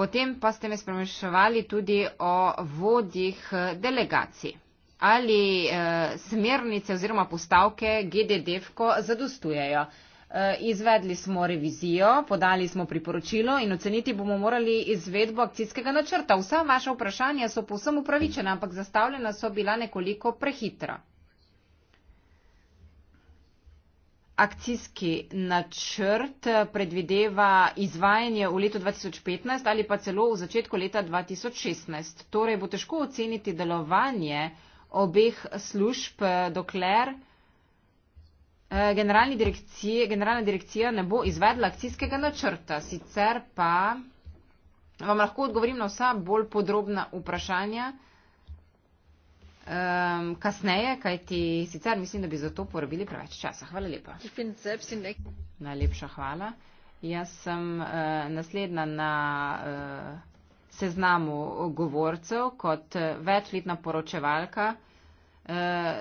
Speaker 3: Potem pa ste me spremeševali tudi o vodjih eh, delegacij. Ali e, smernice oziroma postavke GDDF-ko zadostujejo? E, izvedli smo revizijo, podali smo priporočilo in oceniti bomo morali izvedbo akcijskega načrta. Vsa vaša vprašanja so povsem upravičena, ampak zastavljena so bila nekoliko prehitra. akcijski načrt predvideva izvajanje v letu 2015 ali pa celo v začetku leta 2016. Torej bo težko oceniti delovanje obeh služb, dokler eh, direkcije, generalna direkcija ne bo izvedla akcijskega načrta. Sicer pa vam lahko odgovorim na vsa bolj podrobna vprašanja um, kasneje, kaj ti sicer mislim, da bi za to porabili preveč časa. Hvala lepa. Najlepša hvala. Jaz sem uh, naslednja na uh, seznamu govorcev kot eh, večletna poročevalka. Uh,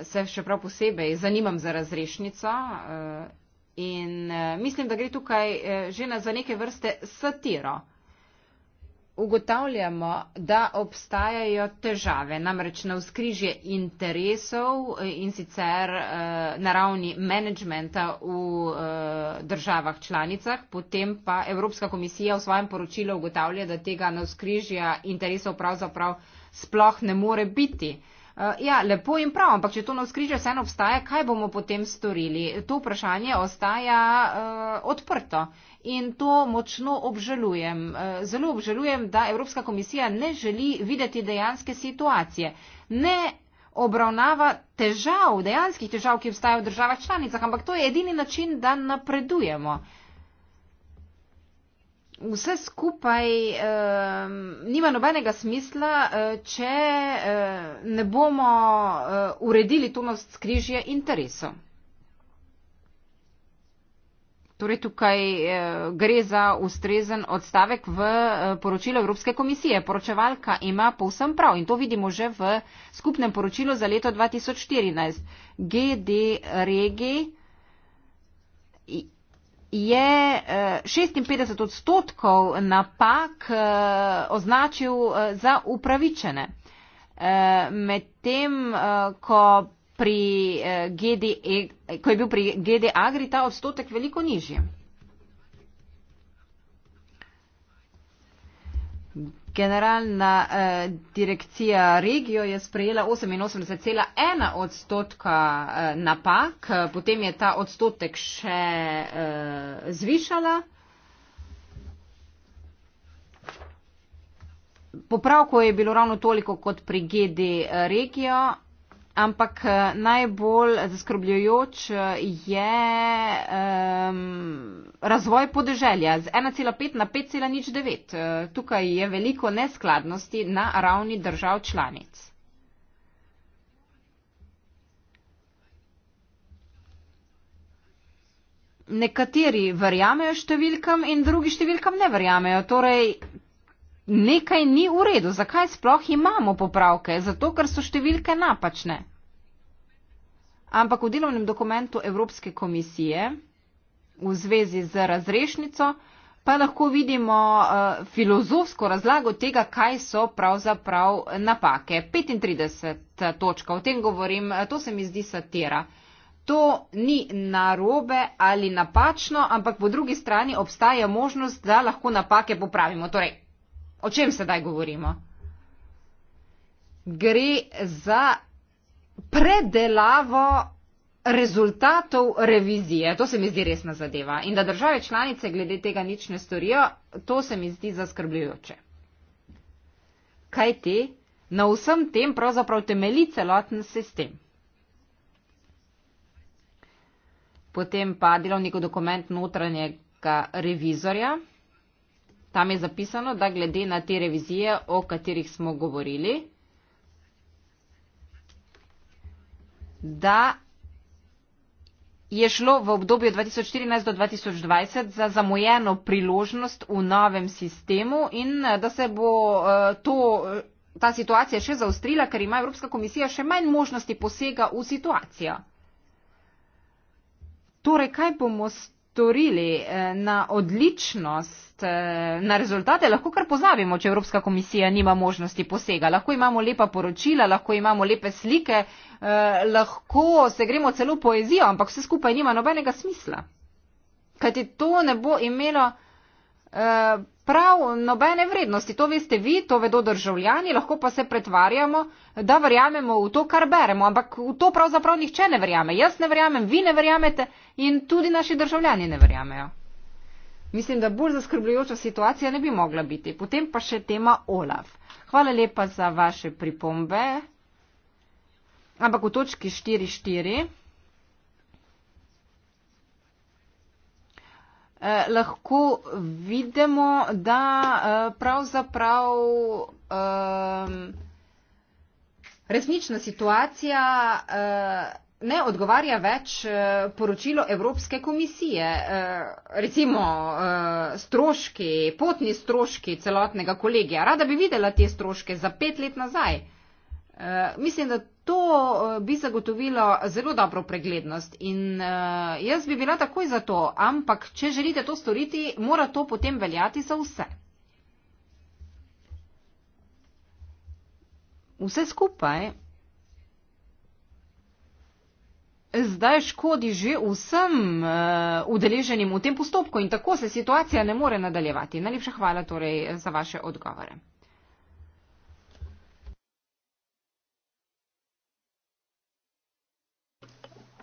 Speaker 3: se še prav posebej zanimam za razrešnico uh, in uh, mislim, da gre tukaj uh, že na, za neke vrste satiro. Uh, ugotavljamo, da obstajajo težave, namreč na vzkrižje interesov eh, in sicer eh, na ravni menedžmenta v eh, državah članicah, potem pa Evropska komisija v svojem poročilu ugotavlja, da tega na vzkrižja interesov pravzaprav sploh ne more biti. Uh, ja, lepo in prav, ampak če to na skriže vseeno obstaja, kaj bomo potem storili? To vprašanje ostaja uh, odprto in to močno obžalujem. Uh, zelo obžalujem, da Evropska komisija ne želi videti dejanske situacije. Ne obravnava težav, dejanskih težav, ki obstajajo v državah članicah, ampak to je edini način, da napredujemo. Uh, vse skupaj eh, nima nobenega smisla, eh, če eh, ne bomo eh, uredili to nas skrižje interesov. Torej tukaj eh, gre za ustrezen odstavek v eh, poročilo Evropske komisije. Poročevalka ima povsem prav in to vidimo že v skupnem poročilu za leto 2014. GD regi je 56 eh, odstotkov napak eh, označil eh, za upravičene. Medtem, ko, e, ko je bil pri GD Agri ta odstotek veliko nižji. Generalna eh, direkcija regijo je sprejela 88,1 odstotka eh, napak, eh, potem je ta odstotek še eh, zvišala. Popravko je bilo ravno toliko kot pri GD eh, regijo ampak eh, najbolj zaskrbljujoč eh, je um, razvoj podeželja z 1,5 na 5,09. Eh, tukaj je veliko neskladnosti na ravni držav članic. Nekateri verjamejo številkam in drugi številkam ne verjamejo. Torej, nekaj ni v redu. Zakaj sploh imamo popravke? Zato, ker so številke napačne ampak v delovnem dokumentu Evropske komisije v zvezi z razrešnico pa lahko vidimo uh, filozofsko razlago tega, kaj so pravzaprav napake. 35. Eh, točka, o tem govorim, eh, to se mi zdi satira. To ni narobe ali napačno, ampak po drugi strani obstaja možnost, da lahko napake popravimo. Torej, o čem sedaj govorimo? Gre za predelavo rezultatov revizije. To se mi zdi resna zadeva. In da države članice glede tega nič ne storijo, to se mi zdi zaskrbljujoče. Kaj ti? Na vsem tem pravzaprav temeli celoten sistem. Potem pa delovni dokument notranjega revizorja. Tam je zapisano, da glede na te revizije, o katerih smo govorili, da je šlo v obdobju 2014 do 2020 za zamujeno priložnost v novem sistemu in eh, da se bo eh, to, ta situacija še zaustrila, ker ima Evropska komisija še manj možnosti posega v situacijo. Torej, kaj bomo storili? storili eh, na odličnost, eh, na rezultate, lahko kar pozabimo, če Evropska komisija nima možnosti posega. Lahko imamo lepa poročila, lahko imamo lepe slike, eh, lahko se gremo celo poezijo, ampak vse skupaj nima nobenega smisla. Kaj ti to ne bo imelo prav nobene vrednosti. To veste vi, to vedo državljani, lahko pa se pretvarjamo, da verjamemo v to, kar beremo, ampak v to pravzaprav nihče ne verjame. Jaz ne verjamem, vi ne verjamete in tudi naši državljani ne verjamejo. Mislim, da bolj zaskrbljujoča situacija ne bi mogla biti. Potem pa še tema OLAF. Hvala lepa za vaše pripombe. Ampak v točki 4.4 eh, lahko vidimo, da eh, pravzaprav eh, resnična situacija. Eh, ne odgovarja več eh, poročilo Evropske komisije. Eh, recimo eh, stroški, potni stroški celotnega kolegija. Rada bi videla te stroške za pet let nazaj. Mislim, da to bi zagotovilo zelo dobro preglednost in jaz bi bila takoj za to, ampak če želite to storiti, mora to potem veljati za vse. Vse skupaj zdaj škodi že vsem uh, udeleženim v tem postopku in tako se situacija ne more nadaljevati. Najlepša hvala torej za vaše odgovore.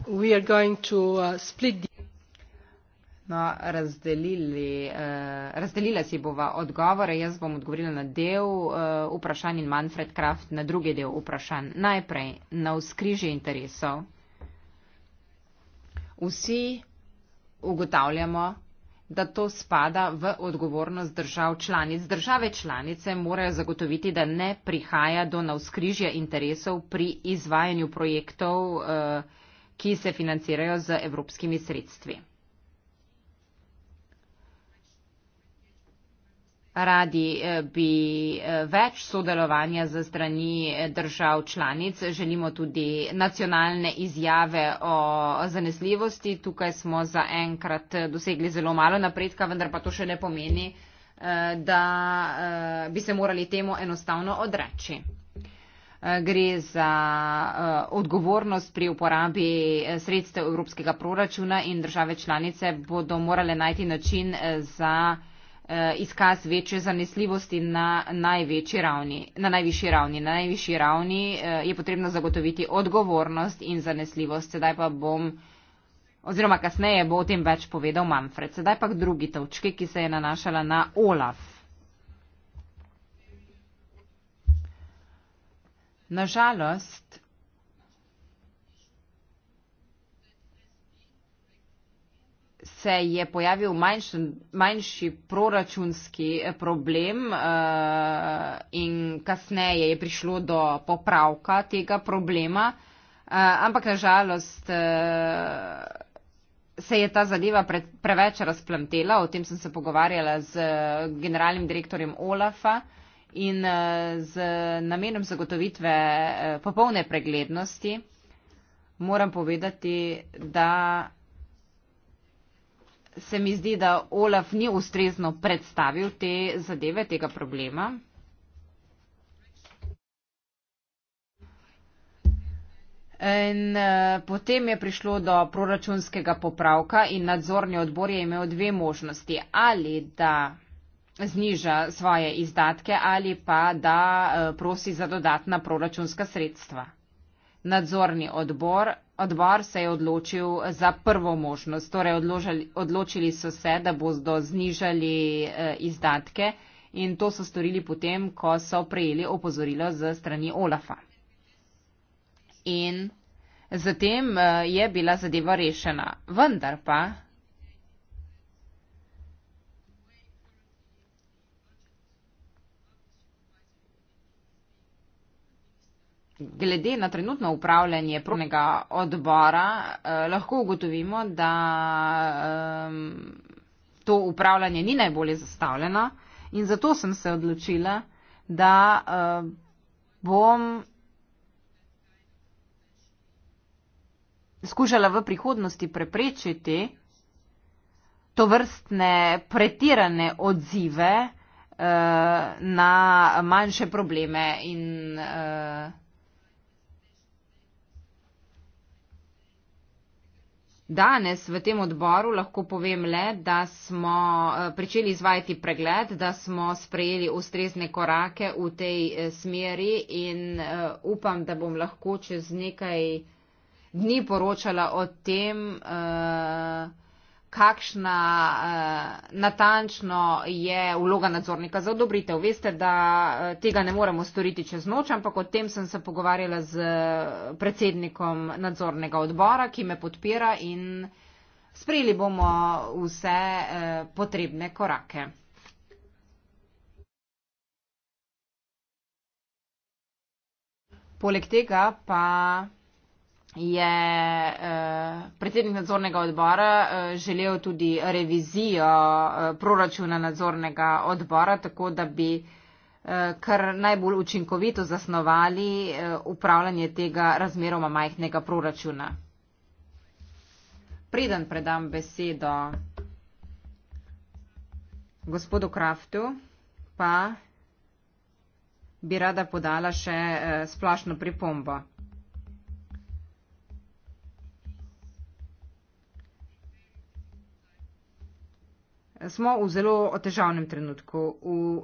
Speaker 3: To, uh, the... no, razdelili, uh, razdelila si bova odgovore, jaz bom odgovorila na del uh, vprašanj in Manfred Kraft na drugi del vprašanj. Najprej na vzkrižje interesov vsi ugotavljamo, da to spada v odgovornost držav članic. Države članice morajo zagotoviti, da ne prihaja do navskrižja interesov pri izvajanju projektov, eh, ki se financirajo z evropskimi sredstvi. radi eh, bi eh, več sodelovanja za strani eh, držav članic, želimo tudi nacionalne izjave o zanesljivosti. Tukaj smo zaenkrat dosegli zelo malo napredka, vendar pa to še ne pomeni, da bi se morali temu enostavno odreči. Gre za odgovornost pri uporabi sredstev evropskega proračuna in države članice bodo morale najti način za Eh, izkaz večje zanesljivosti na največji ravni, na najvišji ravni. Na najvišji ravni eh, je potrebno zagotoviti odgovornost in zanesljivost. Sedaj pa bom, oziroma kasneje bo o tem več povedal Manfred. Sedaj pa k drugi točki, ki se je nanašala na Olaf. Nažalost, se je pojavil manjši, manjši proračunski eh, problem eh, in kasneje je prišlo do popravka tega problema. Eh, ampak nažalost se je ta zadeva preveč razplamtela. O tem sem se pogovarjala z generalnim direktorjem Olafa in z namenom zagotovitve popolne preglednosti. Moram povedati, da se mi zdi, da Olaf ni ustrezno predstavil te zadeve, tega problema. In uh, potem je prišlo do proračunskega popravka in nadzorni odbor je imel dve možnosti. Ali da zniža svoje izdatke ali pa da uh, prosi za dodatna proračunska sredstva nadzorni odbor, odbor se je odločil za prvo možnost. Torej odložali, odločili so se, da bodo znižali eh, izdatke in to so storili potem, ko so prejeli opozorilo z strani Olafa. In zatem eh, je bila zadeva rešena. Vendar pa glede na trenutno upravljanje prvnega odbora eh, lahko ugotovimo, da eh, to upravljanje ni najbolje zastavljeno in zato sem se odločila, da eh, bom skušala v prihodnosti preprečiti to vrstne pretirane odzive eh, na manjše probleme in eh, Danes v tem odboru lahko povem le, da smo eh, pričeli izvajati pregled, da smo sprejeli ustrezne korake v tej eh, smeri in eh, upam, da bom lahko čez nekaj dni poročala o tem. Uh, kakšna uh, natančno je vloga nadzornika za odobritev. Veste, da uh, tega ne moremo storiti čez noč, ampak o tem sem se pogovarjala z predsednikom nadzornega odbora, ki me podpira in sprejeli bomo vse uh, potrebne korake. Poleg tega pa je eh, predsednik nadzornega odbora eh, želel tudi revizijo eh, proračuna nadzornega odbora, tako da bi kar najbolj učinkovito zasnovali upravljanje tega razmeroma majhnega proračuna. Preden predam besedo gospodu Kraftu, pa bi rada podala še splošno pripombo. smo v zelo težavnem trenutku,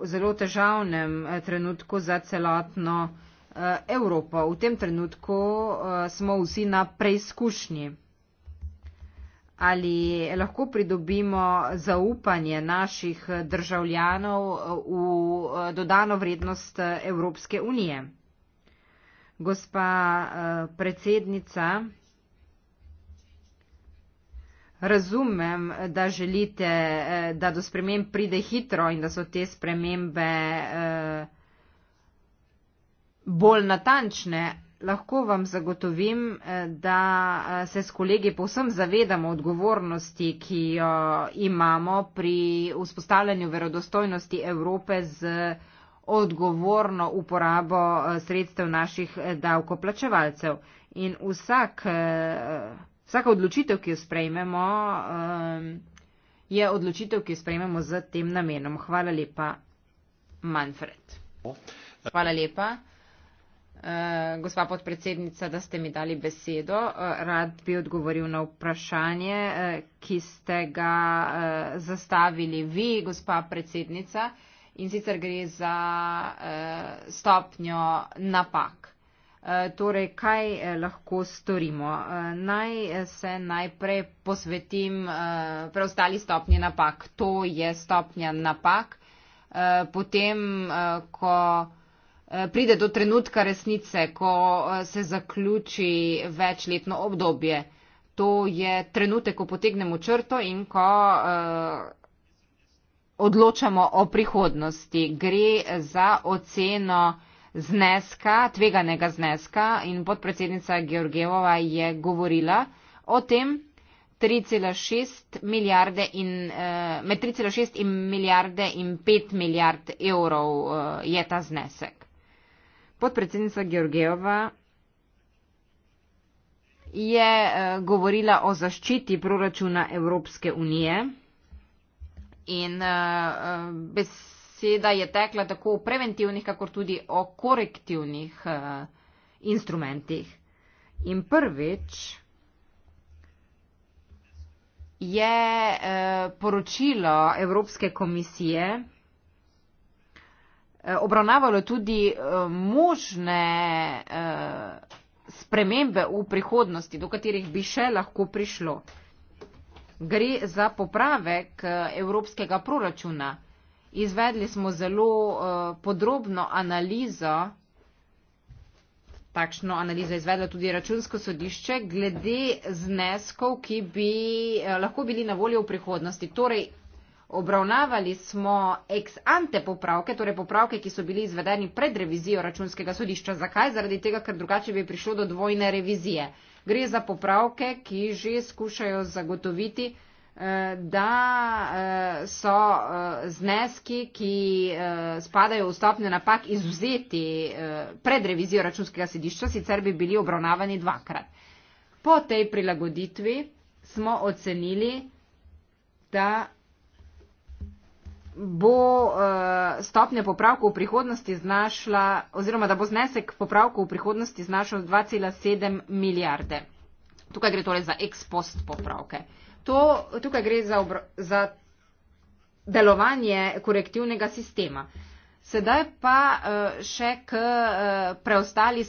Speaker 3: v zelo težavnem eh, trenutku za celotno eh, Evropo. V tem trenutku eh, smo vsi na preizkušnji. Ali lahko pridobimo zaupanje naših državljanov v dodano vrednost Evropske unije? Gospa predsednica, Razumem, da želite, eh, da do sprememb pride hitro in da so te spremembe eh, bolj natančne. Lahko vam zagotovim, eh, da se s kolegi povsem zavedamo odgovornosti, ki jo imamo pri vzpostavljanju verodostojnosti Evrope z odgovorno uporabo sredstev naših davkoplačevalcev. In vsak Vsaka odločitev, ki jo sprejmemo, ehm, je odločitev, ki jo sprejmemo z tem namenom. Hvala lepa, Manfred. Hvala lepa, eh, gospa podpredsednica, da ste mi dali besedo. Eh, rad bi odgovoril na vprašanje, eh, ki ste ga zastavili vi, gospa predsednica, in sicer gre za stopnjo napak. Eh, torej, kaj eh, lahko storimo? Eh, naj se najprej posvetim preostali stopnji napak. To je stopnja napak. Potem, ko pride do trenutka resnice, ko se zaključi večletno obdobje, to je trenutek, ko potegnemo črto in ko odločamo o prihodnosti. Gre za oceno zneska, tveganega zneska in podpredsednica Georgijeva je govorila o tem 3,6 milijarde in eh, med 3,6 in milijarde in 5 milijard evrov eh, je ta znesek. Podpredsednica Georgijeva je eh, govorila o zaščiti proračuna Evropske unije in bes beseda je tekla tako o preventivnih, kakor tudi o korektivnih uh, instrumentih. In prvič je uh, poročilo Evropske komisije eh, obravnavalo tudi uh, možne uh, spremembe v prihodnosti, do katerih bi še lahko prišlo. Gre za popravek evropskega proračuna, Izvedli smo zelo uh, podrobno analizo, takšno analizo je izvedla tudi računsko sodišče, glede zneskov, ki bi uh, lahko bili na voljo v prihodnosti. Torej, obravnavali smo ex ante popravke, torej popravke, ki so bili izvedeni pred revizijo računskega sodišča. Zakaj? Zaradi tega, ker drugače bi prišlo do dvojne revizije. Gre za popravke, ki že skušajo zagotoviti, Eh, da eh, so eh, zneski, ki spadajo v stopne napak, izuzeti pred revizijo računskega sedišča, sicer bi bili obravnavani dvakrat. Po tej prilagoditvi smo ocenili, da bo stopnja popravka v prihodnosti znašla, oziroma da bo znesek popravka v prihodnosti znašal 2,7 milijarde. Tukaj gre torej za ex post popravke. Uh, to, tukaj gre za, obro, za delovanje korektivnega sistema. Sedaj pa eh, še k eh, preostali.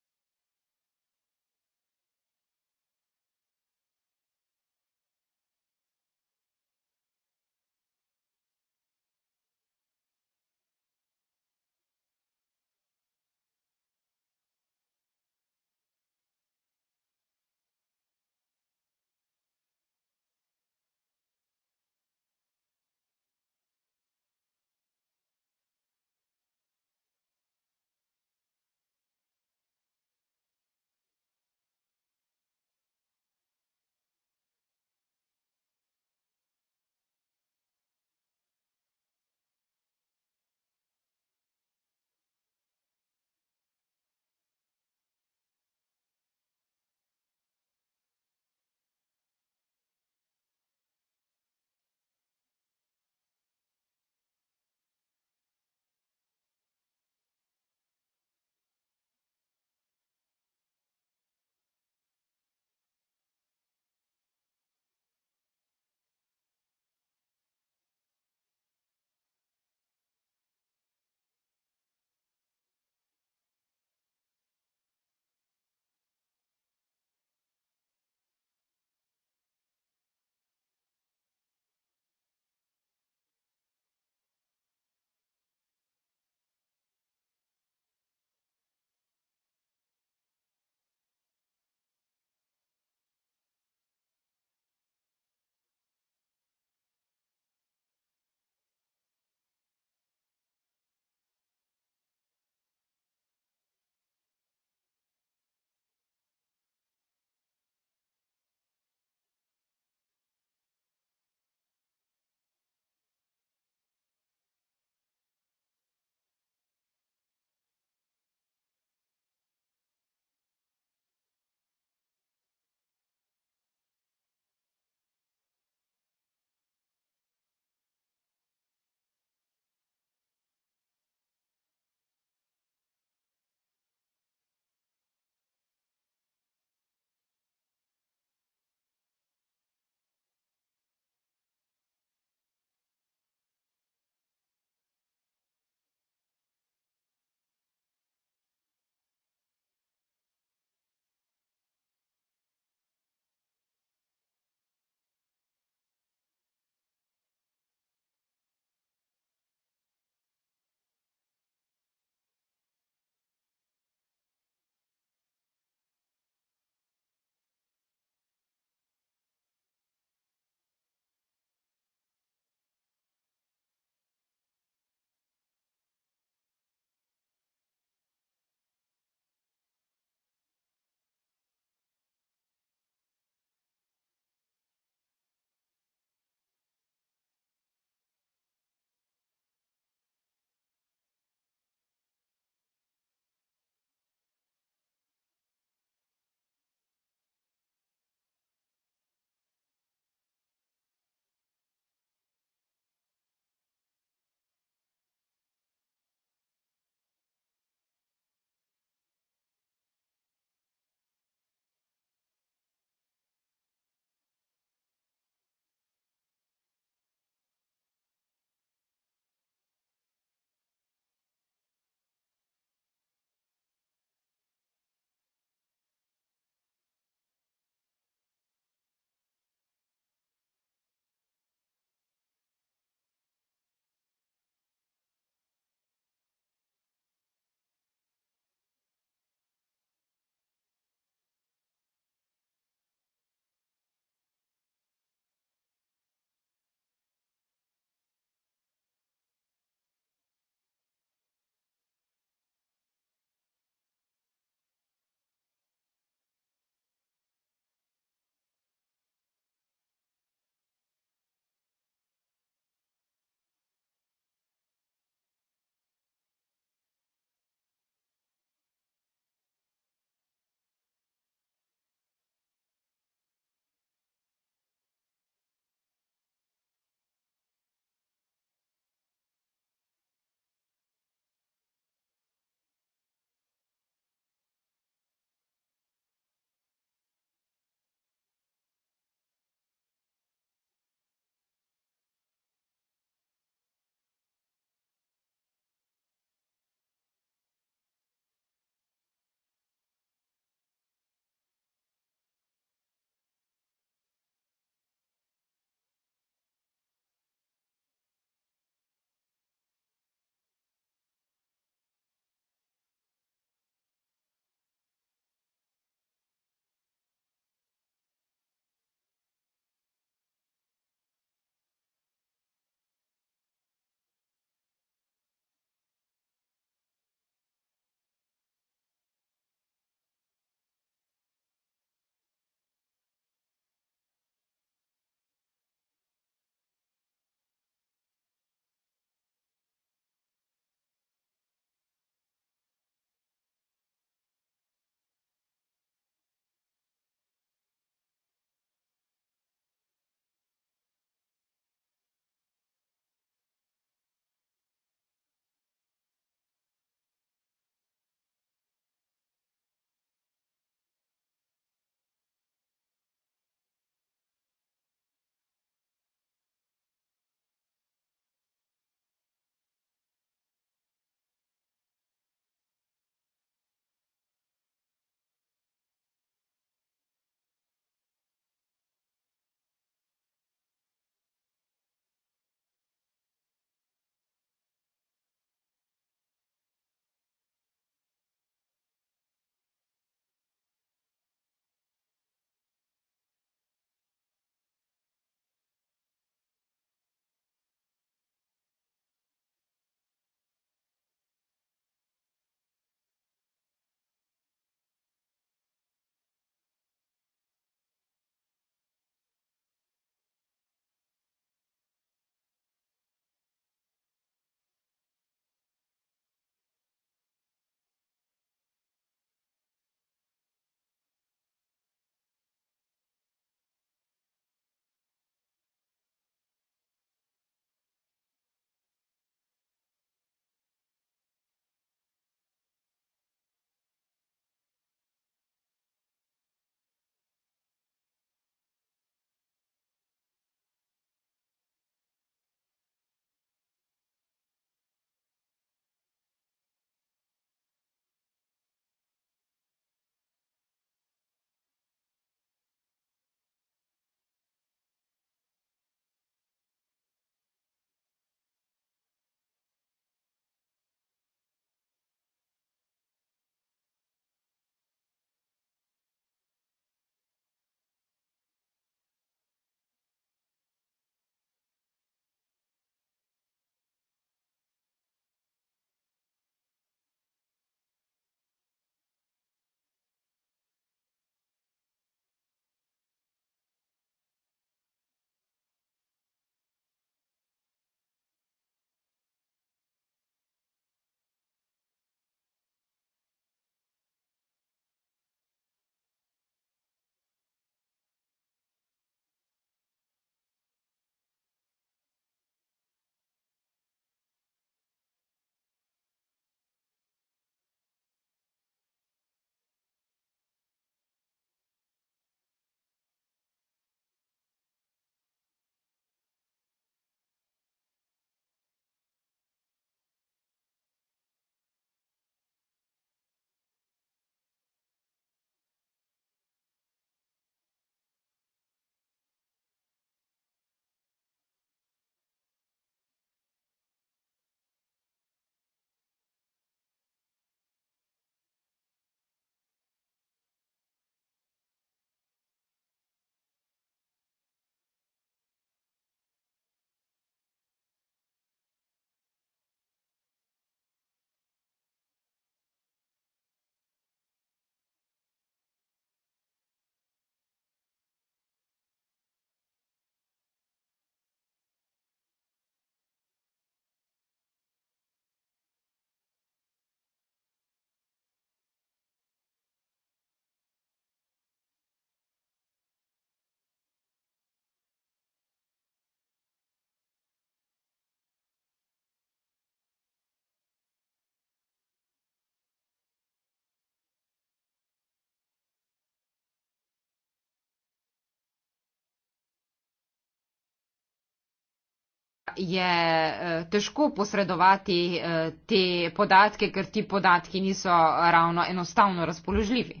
Speaker 3: je eh, težko posredovati eh, te podatke, ker ti podatki niso ravno enostavno razpoložljivi.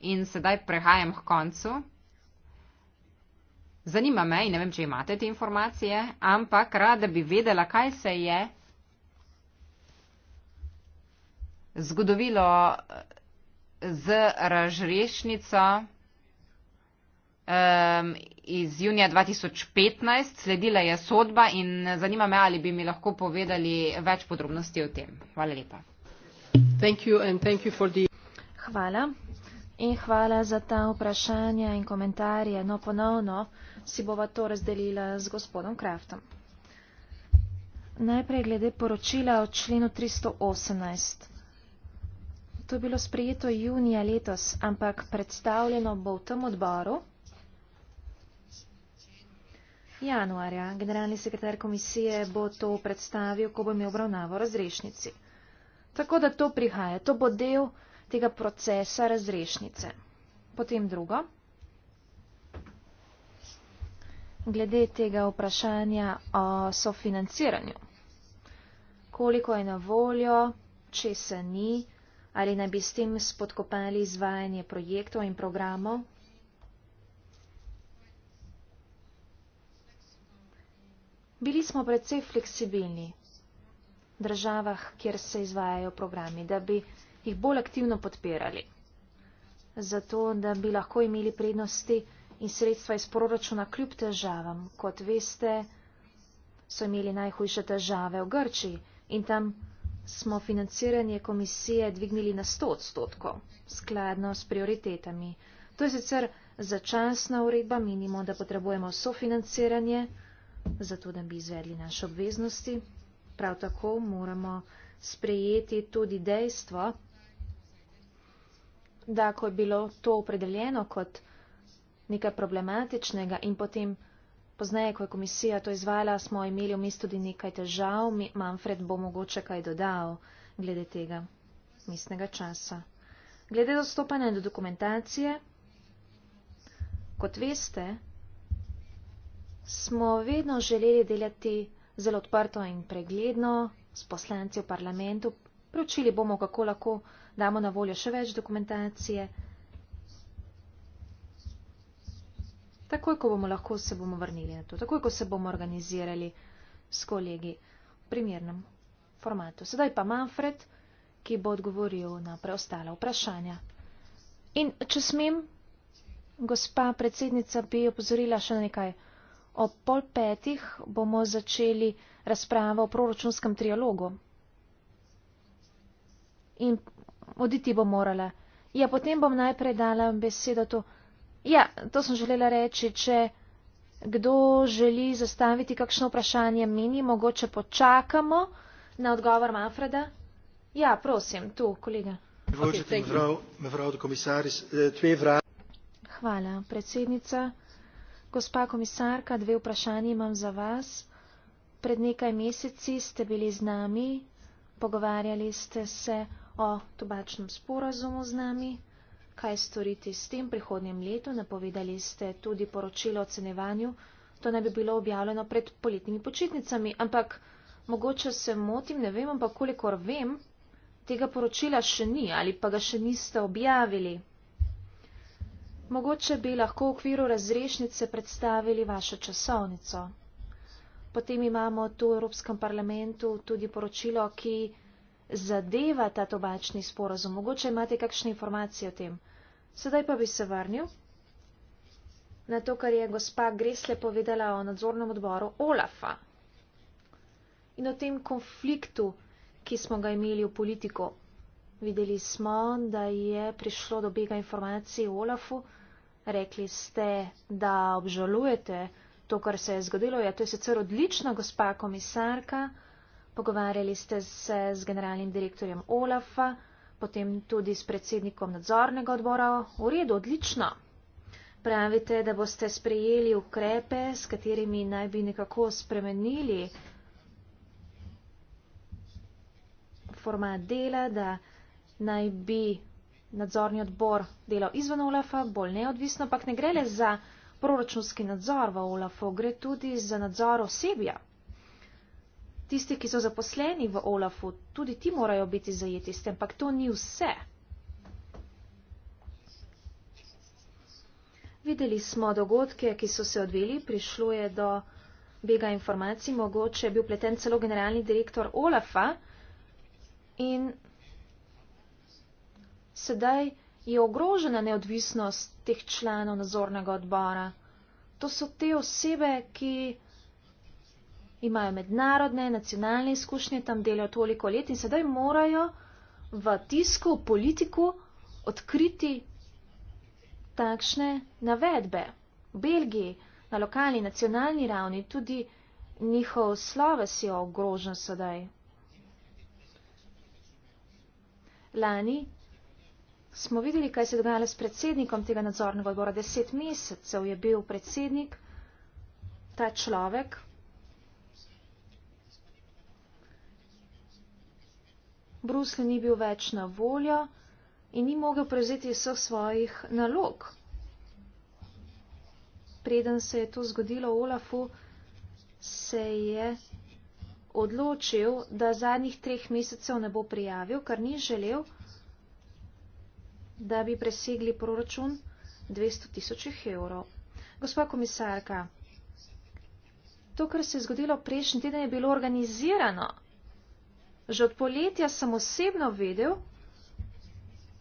Speaker 3: In sedaj prehajam k koncu. Zanima me in ne vem, če imate te informacije, ampak rada bi vedela, kaj se je zgodovilo eh, z razrešnico um, iz junija 2015, sledila je sodba in zanima me, ali bi mi lahko povedali več podrobnosti o tem. Hvala lepa.
Speaker 4: Hvala. In hvala za ta vprašanja in komentarje. No, ponovno si bova to razdelila z gospodom Kraftom. Najprej glede poročila o členu 318. To je bilo sprejeto junija letos, ampak predstavljeno bo v tem odboru januarja. Generalni sekretar komisije bo to predstavil, ko bo imel obravnavo razrešnici. Tako da to prihaja, to bo del tega procesa razrešnice. Potem drugo. Glede tega vprašanja o sofinanciranju. Koliko je na voljo, če se ni, ali naj bi s tem spodkopali izvajanje projektov in programov, Bili smo predvsej fleksibilni v državah, kjer se izvajajo programi, da bi jih bolj aktivno podpirali, zato da bi lahko imeli prednosti in sredstva iz proračuna kljub težavam. Kot veste, so imeli najhujše težave v Grčiji in tam smo financiranje komisije dvignili na 100 odstotkov, skladno s prioritetami. To je sicer začasna uredba, minimo, da potrebujemo sofinanciranje zato da bi izvedli naše obveznosti. Prav tako moramo sprejeti tudi dejstvo, da ko je bilo to opredeljeno kot nekaj problematičnega in potem pozneje, ko je komisija to izvajala, smo imeli v mestu tudi nekaj težav. Manfred bo mogoče kaj dodal glede tega mestnega časa. Glede dostopanja do dokumentacije, kot veste, smo vedno želeli delati zelo odprto in pregledno s poslanci v parlamentu. Pročili bomo, kako lahko damo na voljo še več dokumentacije. Takoj, ko bomo lahko, se bomo vrnili na to. Takoj, ko se bomo organizirali s kolegi v primernem formatu. Sedaj pa Manfred, ki bo odgovoril na preostala vprašanja. In če smem, gospa predsednica, bi opozorila še na nekaj vprašanja. Ob pol petih bomo začeli razpravo o proračunskem trialogu. In oditi bo morala. Ja, potem bom najprej dala besedo to. Ja, to sem želela reči, če kdo želi zastaviti kakšno vprašanje meni, mogoče počakamo na odgovor Manfreda. Ja, prosim, tu, kolega. Okay, eh, Hvala, predsednica. Gospa komisarka, dve vprašanje imam za vas. Pred nekaj meseci ste bili z nami, pogovarjali ste se o tobačnem sporazumu z nami. Kaj storiti s tem prihodnjem letu? Napovedali ste tudi poročilo o cenevanju. To naj bi bilo objavljeno pred poletnimi počitnicami, ampak mogoče se motim, ne vem, ampak kolikor vem, tega poročila še ni ali pa ga še niste objavili. Mogoče bi lahko v okviru razrešnice predstavili vašo časovnico. Potem imamo tu v Evropskem parlamentu tudi poročilo, ki zadeva ta tobačni sporozum. Mogoče imate kakšne informacije o tem. Sedaj pa bi se vrnil na to, kar je gospa Gresle povedala o nadzornem odboru Olafa in o tem konfliktu, ki smo ga imeli v politiko. Videli smo, da je prišlo do bega informacij o Olafu. Rekli ste, da obžalujete to, kar se je zgodilo. Ja, to je sicer odlična gospa komisarka. Pogovarjali ste se z generalnim direktorjem Olafa, potem tudi s predsednikom nadzornega odbora. V redu, odlično. Pravite, da boste sprejeli ukrepe, s katerimi naj bi nekako spremenili format dela, da naj bi nadzorni odbor delal izven OLAF-a, bolj neodvisno, pa ne gre le za proračunski nadzor v OLAF-u, gre tudi za nadzor osebja. Tisti, ki so zaposleni v OLAF-u, tudi ti morajo biti zajeti s tem, ampak to ni vse. Videli smo dogodke, ki so se odvili, prišlo je do bega informacij, mogoče je bil pleten celo generalni direktor OLAF-a in Sedaj je ogrožena neodvisnost teh članov nadzornega odbora. To so te osebe, ki imajo mednarodne, nacionalne izkušnje, tam delajo toliko let in sedaj morajo v tisku, v politiku odkriti takšne navedbe. V Belgiji na lokalni, nacionalni ravni tudi njihov sloves je ogrožen sedaj. Lani smo videli, kaj se je dogajalo s predsednikom tega nadzornega odbora. Deset mesecev je bil predsednik ta človek. Bruslj ni bil več na voljo in ni mogel prevzeti vseh svojih nalog. Preden se je to zgodilo Olafu, se je odločil, da zadnjih treh mesecev ne bo prijavil, kar ni želel da bi presegli proračun 200 tisočih evrov. Gospa komisarka, to, kar se je zgodilo prejšnji teden, je bilo organizirano. Že od poletja sem osebno vedel,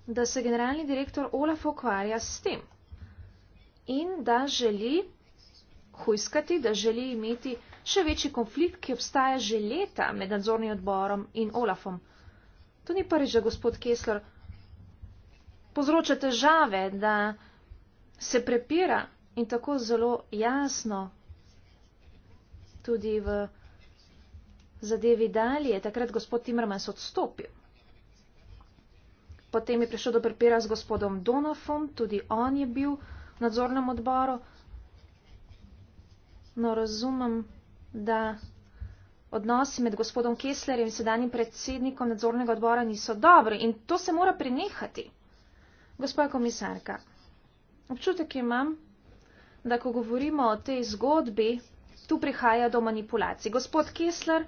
Speaker 4: da se generalni direktor Olaf ukvarja s tem in da želi hojskati, da želi imeti še večji konflikt, ki obstaja že leta med nadzornim odborom in Olafom. To ni prvi že, gospod Kessler povzroča težave, da se prepira in tako zelo jasno tudi v zadevi dalje. Takrat gospod Timmermans odstopil. Potem je prišel do prepira z gospodom Donofom, tudi on je bil v nadzornem odboru. No, razumem, da odnosi med gospodom Keslerjem in sedanjim predsednikom nadzornega odbora niso dobri in to se mora prenehati. Gospa komisarka, občutek imam, da ko govorimo o tej zgodbi, tu prihaja do manipulacij. Gospod Kessler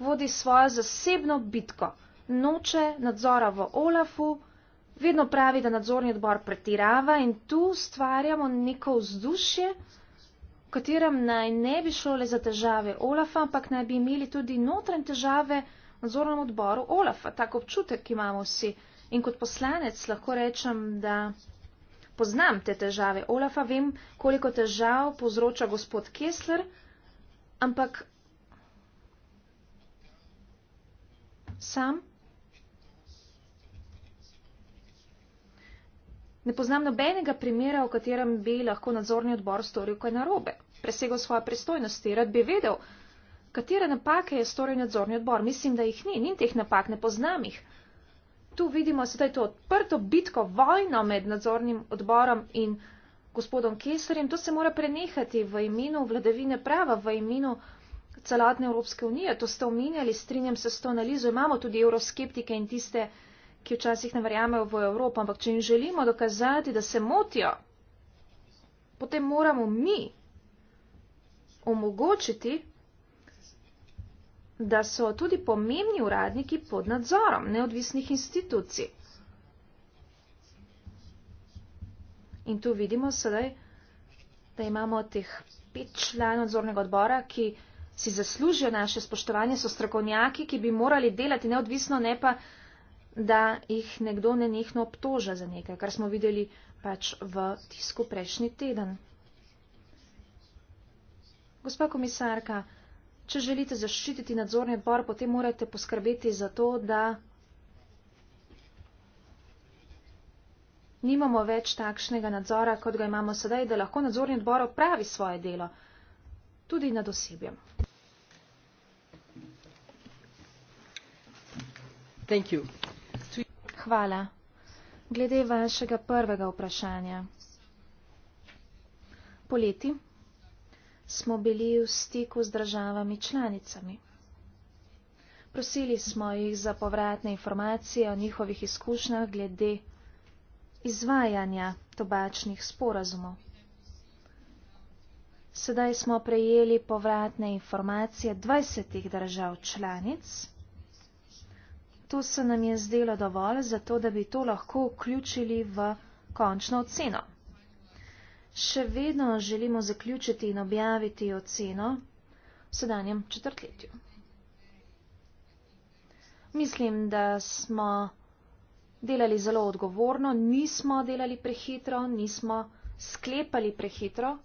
Speaker 4: vodi svojo zasebno bitko, noče nadzora v Olafu, vedno pravi, da nadzorni odbor pretirava in tu stvarjamo neko vzdušje, v katerem naj ne bi šlo le za težave Olafa, ampak naj bi imeli tudi notranje težave v nadzornem odboru Olafa. Tako občutek imamo vsi. In kot poslanec lahko rečem, da poznam te težave Olafa, vem, koliko težav povzroča gospod Kessler, ampak sam ne poznam nobenega primera, v katerem bi lahko nadzorni odbor storil kaj narobe, presegel svoje pristojnosti, rad bi vedel, katere napake je storil nadzorni odbor. Mislim, da jih ni, ni teh napak, ne poznam jih tu vidimo sedaj to odprto bitko, vojno med nadzornim odborom in gospodom Kesarjem. To se mora prenehati v imenu vladavine prava, v imenu celotne Evropske unije. To ste omenjali, strinjam se s to analizo. Imamo tudi euroskeptike in tiste, ki včasih ne verjamejo v Evropo, ampak če jim želimo dokazati, da se motijo, potem moramo mi omogočiti, da so tudi pomembni uradniki pod nadzorom neodvisnih institucij. In tu vidimo sedaj, da imamo teh pet članov nadzornega odbora, ki si zaslužijo naše spoštovanje, so strokovnjaki, ki bi morali delati neodvisno, ne pa, da jih nekdo nenehno obtoža za nekaj, kar smo videli pač v tisku prejšnji teden. Gospa komisarka, Če želite zaščititi nadzorni odbor, potem morate poskrbeti za to, da nimamo več takšnega nadzora, kot ga imamo sedaj, da lahko nadzorni odbor opravi svoje delo tudi nad osebjem. Hvala. Glede vašega prvega vprašanja. Poleti smo bili v stiku z državami članicami. Prosili smo jih za povratne informacije o njihovih izkušnjah glede izvajanja tobačnih sporazumov. Sedaj smo prejeli povratne informacije 20 držav članic. To se nam je zdelo dovolj, zato da bi to lahko vključili v končno oceno še vedno želimo zaključiti in objaviti oceno v sedanjem četrtletju. Mislim, da smo delali zelo odgovorno, nismo delali prehitro, nismo sklepali prehitro,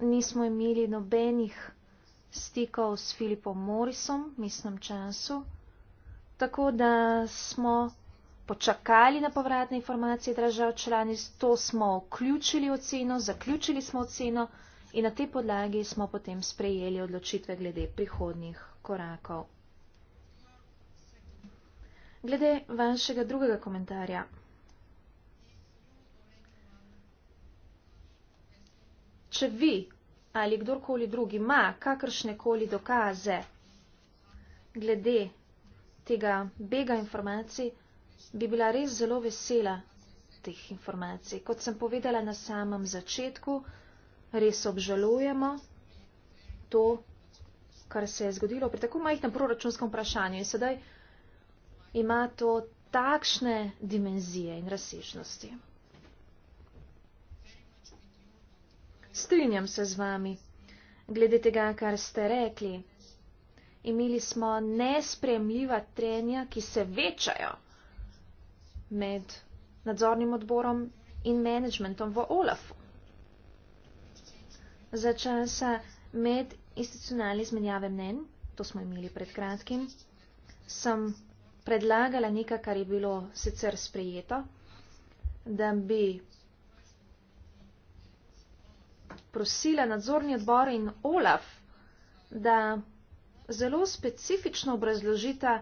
Speaker 4: nismo imeli nobenih stikov s Filipom Morisom, mislim času, tako da smo počakali na povratne informacije držav člani, to smo vključili oceno, zaključili smo oceno in na te podlagi smo potem sprejeli odločitve glede prihodnjih korakov. Glede vašega drugega komentarja. Če vi ali kdorkoli drugi ima kakršnekoli dokaze glede tega bega informacij, bi bila res zelo vesela teh informacij. Kot sem povedala na samem začetku, res obžalujemo to, kar se je zgodilo pri tako majhnem proračunskem vprašanju in sedaj ima to takšne dimenzije in razsežnosti. Strinjam se z vami, glede tega, kar ste rekli. Imeli smo nespremljiva trenja, ki se večajo med nadzornim odborom in managementom v OLAF-u. Za časa med institucionalne izmenjave mnen, to smo imeli pred kratkim, sem predlagala nekaj, kar je bilo sicer sprejeto, da bi prosila nadzorni odbor in OLAF, da zelo specifično obrazložita,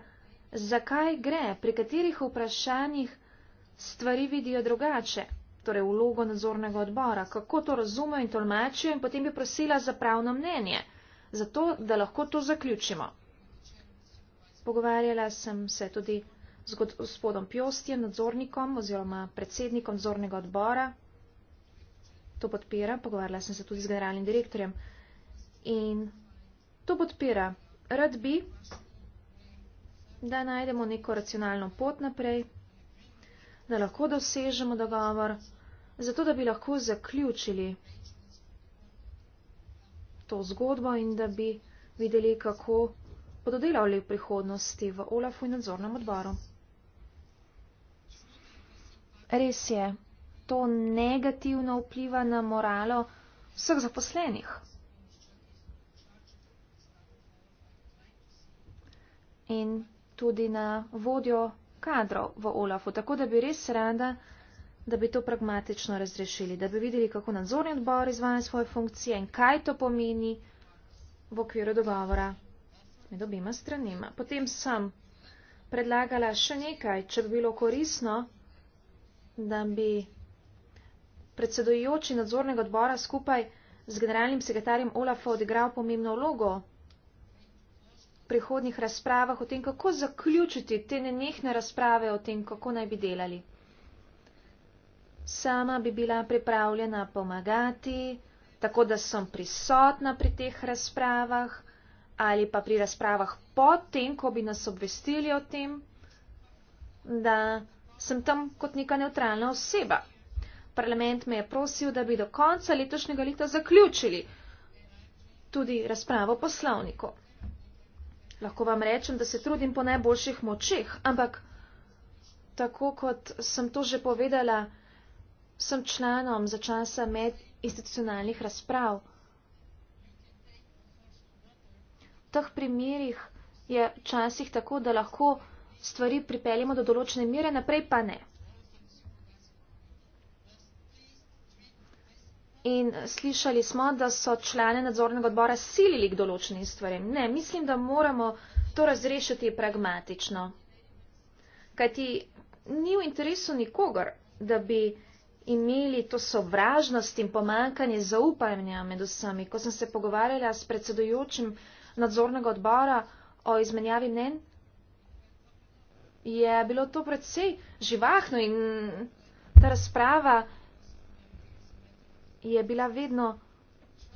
Speaker 4: zakaj gre, pri katerih vprašanjih stvari vidijo drugače, torej vlogo nadzornega odbora, kako to razumejo in tolmačijo in potem bi prosila za pravno mnenje, zato da lahko to zaključimo. Pogovarjala sem se tudi z gospodom Pjostjem, nadzornikom oziroma predsednikom nadzornega odbora, to podpira, pogovarjala sem se tudi z generalnim direktorjem in to podpira. Rad bi, da najdemo neko racionalno pot naprej, da lahko dosežemo dogovor, zato da bi lahko zaključili to zgodbo in da bi videli, kako bodo delali v prihodnosti v Olafu in nadzornem odboru. Res je, to negativno vpliva na moralo vseh zaposlenih. In tudi na vodjo kadrov v Olafu. Tako da bi res rada, da bi to pragmatično razrešili, da bi videli, kako nadzorni odbor izvaja svoje funkcije in kaj to pomeni v okviru dogovora med obima stranima. Potem sem predlagala še nekaj, če bi bilo korisno, da bi predsedujoči nadzornega odbora skupaj z generalnim sekretarjem Olafa odigral pomembno vlogo prihodnih razpravah o tem, kako zaključiti te nenehne razprave o tem, kako naj bi delali. Sama bi bila pripravljena pomagati, tako da sem prisotna pri teh razpravah ali pa pri razpravah potem, ko bi nas obvestili o tem, da sem tam kot neka neutralna oseba. Parlament me je prosil, da bi do konca letošnjega leta zaključili tudi razpravo poslovnikov. Lahko vam rečem, da se trudim po najboljših močeh, ampak tako kot sem to že povedala, sem članom za časa med institucionalnih razprav. V teh primerjih je časih tako, da lahko stvari pripeljemo do določene mire, naprej pa ne. in slišali smo, da so člane nadzornega odbora silili k določenim stvarem. Ne, mislim, da moramo to razrešiti pragmatično. Kajti ni v interesu nikogar, da bi imeli to sovražnost in pomankanje zaupanja med vsemi. Ko sem se pogovarjala s predsedujočim nadzornega odbora o izmenjavi mnen, je bilo to predvsej živahno in ta razprava je bila vedno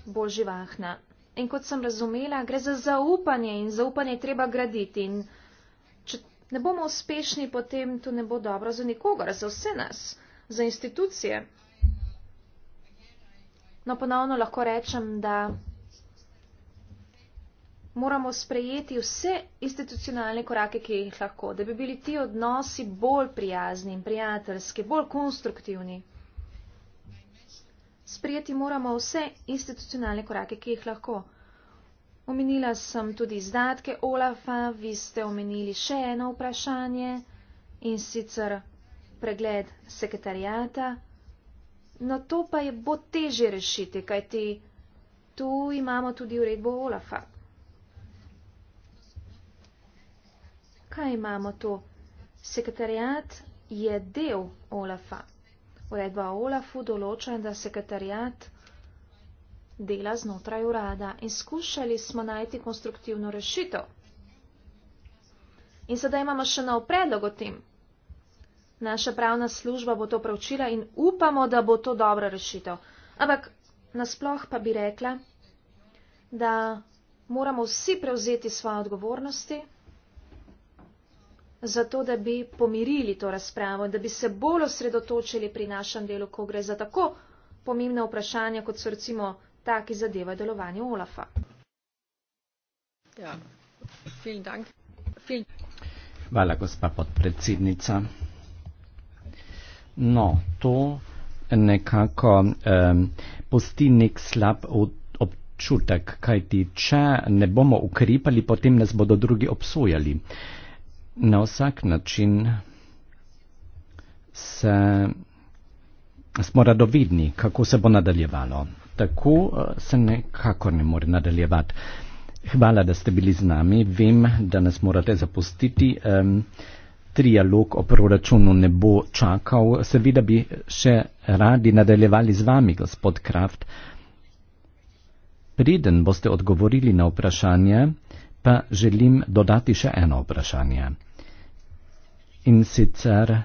Speaker 4: bolj živahna. In kot sem razumela, gre za zaupanje in zaupanje treba graditi. In če ne bomo uspešni, potem to ne bo dobro za nikogar, za vse nas, za institucije. No, ponovno lahko rečem, da moramo sprejeti vse institucionalne korake, ki jih lahko, da bi bili ti odnosi bolj prijazni in prijateljski, bolj konstruktivni sprijeti moramo vse institucionalne korake, ki jih lahko. Omenila sem tudi izdatke Olafa, vi ste omenili še eno vprašanje in sicer pregled sekretarijata. No to pa je bo teže rešiti, kajti tu imamo tudi uredbo Olafa. Kaj imamo tu? Sekretarijat je del Olafa. Uredba o Olafu določa, da sekretarjat dela znotraj urada in skušali smo najti konstruktivno rešitev. In sedaj imamo še nov predlog o tem. Naša pravna služba bo to pravčila in upamo, da bo to dobra rešitev. Ampak nasploh pa bi rekla, da moramo vsi prevzeti svoje odgovornosti zato da bi pomirili to razpravo in da bi se bolj osredotočili pri našem delu, ko gre za tako pomembna vprašanja, kot so recimo taki zadeva delovanja OLAFA. Ja, vielen dank. Vielen.
Speaker 2: Hvala, gospa podpredsednica. No, to nekako eh, posti nek slab občutek, kajti če ne bomo ukrepali, potem nas bodo drugi obsojali. Eh, na vsak način se, smo radovidni, kako se bo nadaljevalo. Tako eh, se nekako ne more nadaljevati. Hvala, da ste bili z nami. Vem, da nas morate zapustiti. Um, trialog o proračunu ne bo čakal. Seveda bi še radi nadaljevali z vami, gospod Kraft. Preden boste odgovorili na vprašanje, pa želim dodati še eno vprašanje in sicer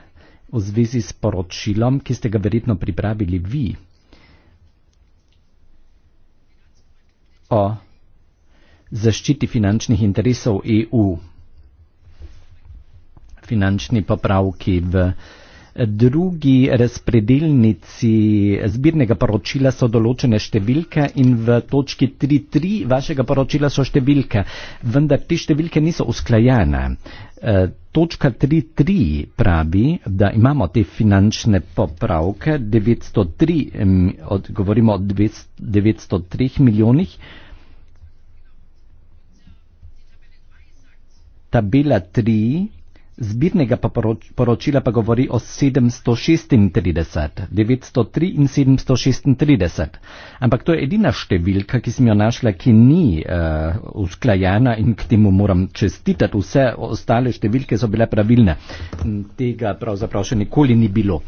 Speaker 2: v zvezi s poročilom, ki ste ga verjetno pripravili vi o zaščiti finančnih interesov EU, finančni popravki v drugi razpredelnici zbirnega poročila so določene številke in v točki 3.3 vašega poročila so številke, vendar te številke niso usklajene. E, točka 3.3 pravi, da imamo te finančne popravke, 903, od, govorimo o 903 milijonih. Tabela 3 zbirnega poročila pa govori o 736, 903 in 736. Ampak to je edina številka, ki sem jo našla, ki ni uh, usklajena in k temu moram čestitati. Vse ostale številke so bile pravilne. Tega pravzaprav še nikoli ni bilo.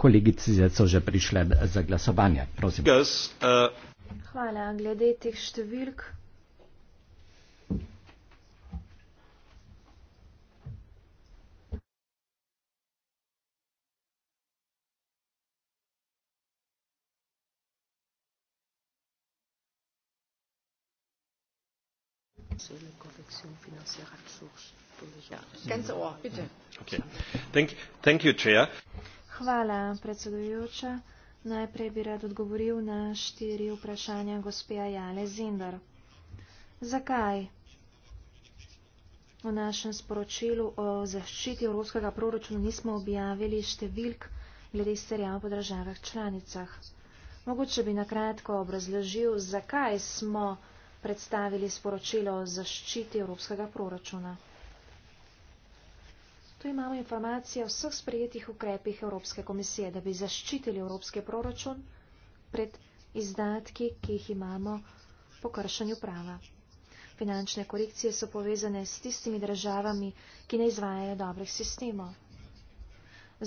Speaker 2: Kolegice so že prišle za glasovanje. Prosim. Uh,
Speaker 4: Hvala. Glede teh številk.
Speaker 1: Mm.
Speaker 4: Hvala, predsedujoča. Najprej bi rad odgovoril na štiri vprašanja gospe Ajale Zindar. Zakaj v našem sporočilu o zaščiti evropskega proračuna nismo objavili številk glede izterjav po državah članicah? Mogoče bi nakratko obrazložil, zakaj smo predstavili sporočilo o zaščiti evropskega proračuna. Tu imamo informacije o vseh sprejetih ukrepih Evropske komisije, da bi zaščitili evropski proračun pred izdatki, ki jih imamo po kršenju prava. Finančne korekcije so povezane s tistimi državami, ki ne izvajajo dobrih sistemov.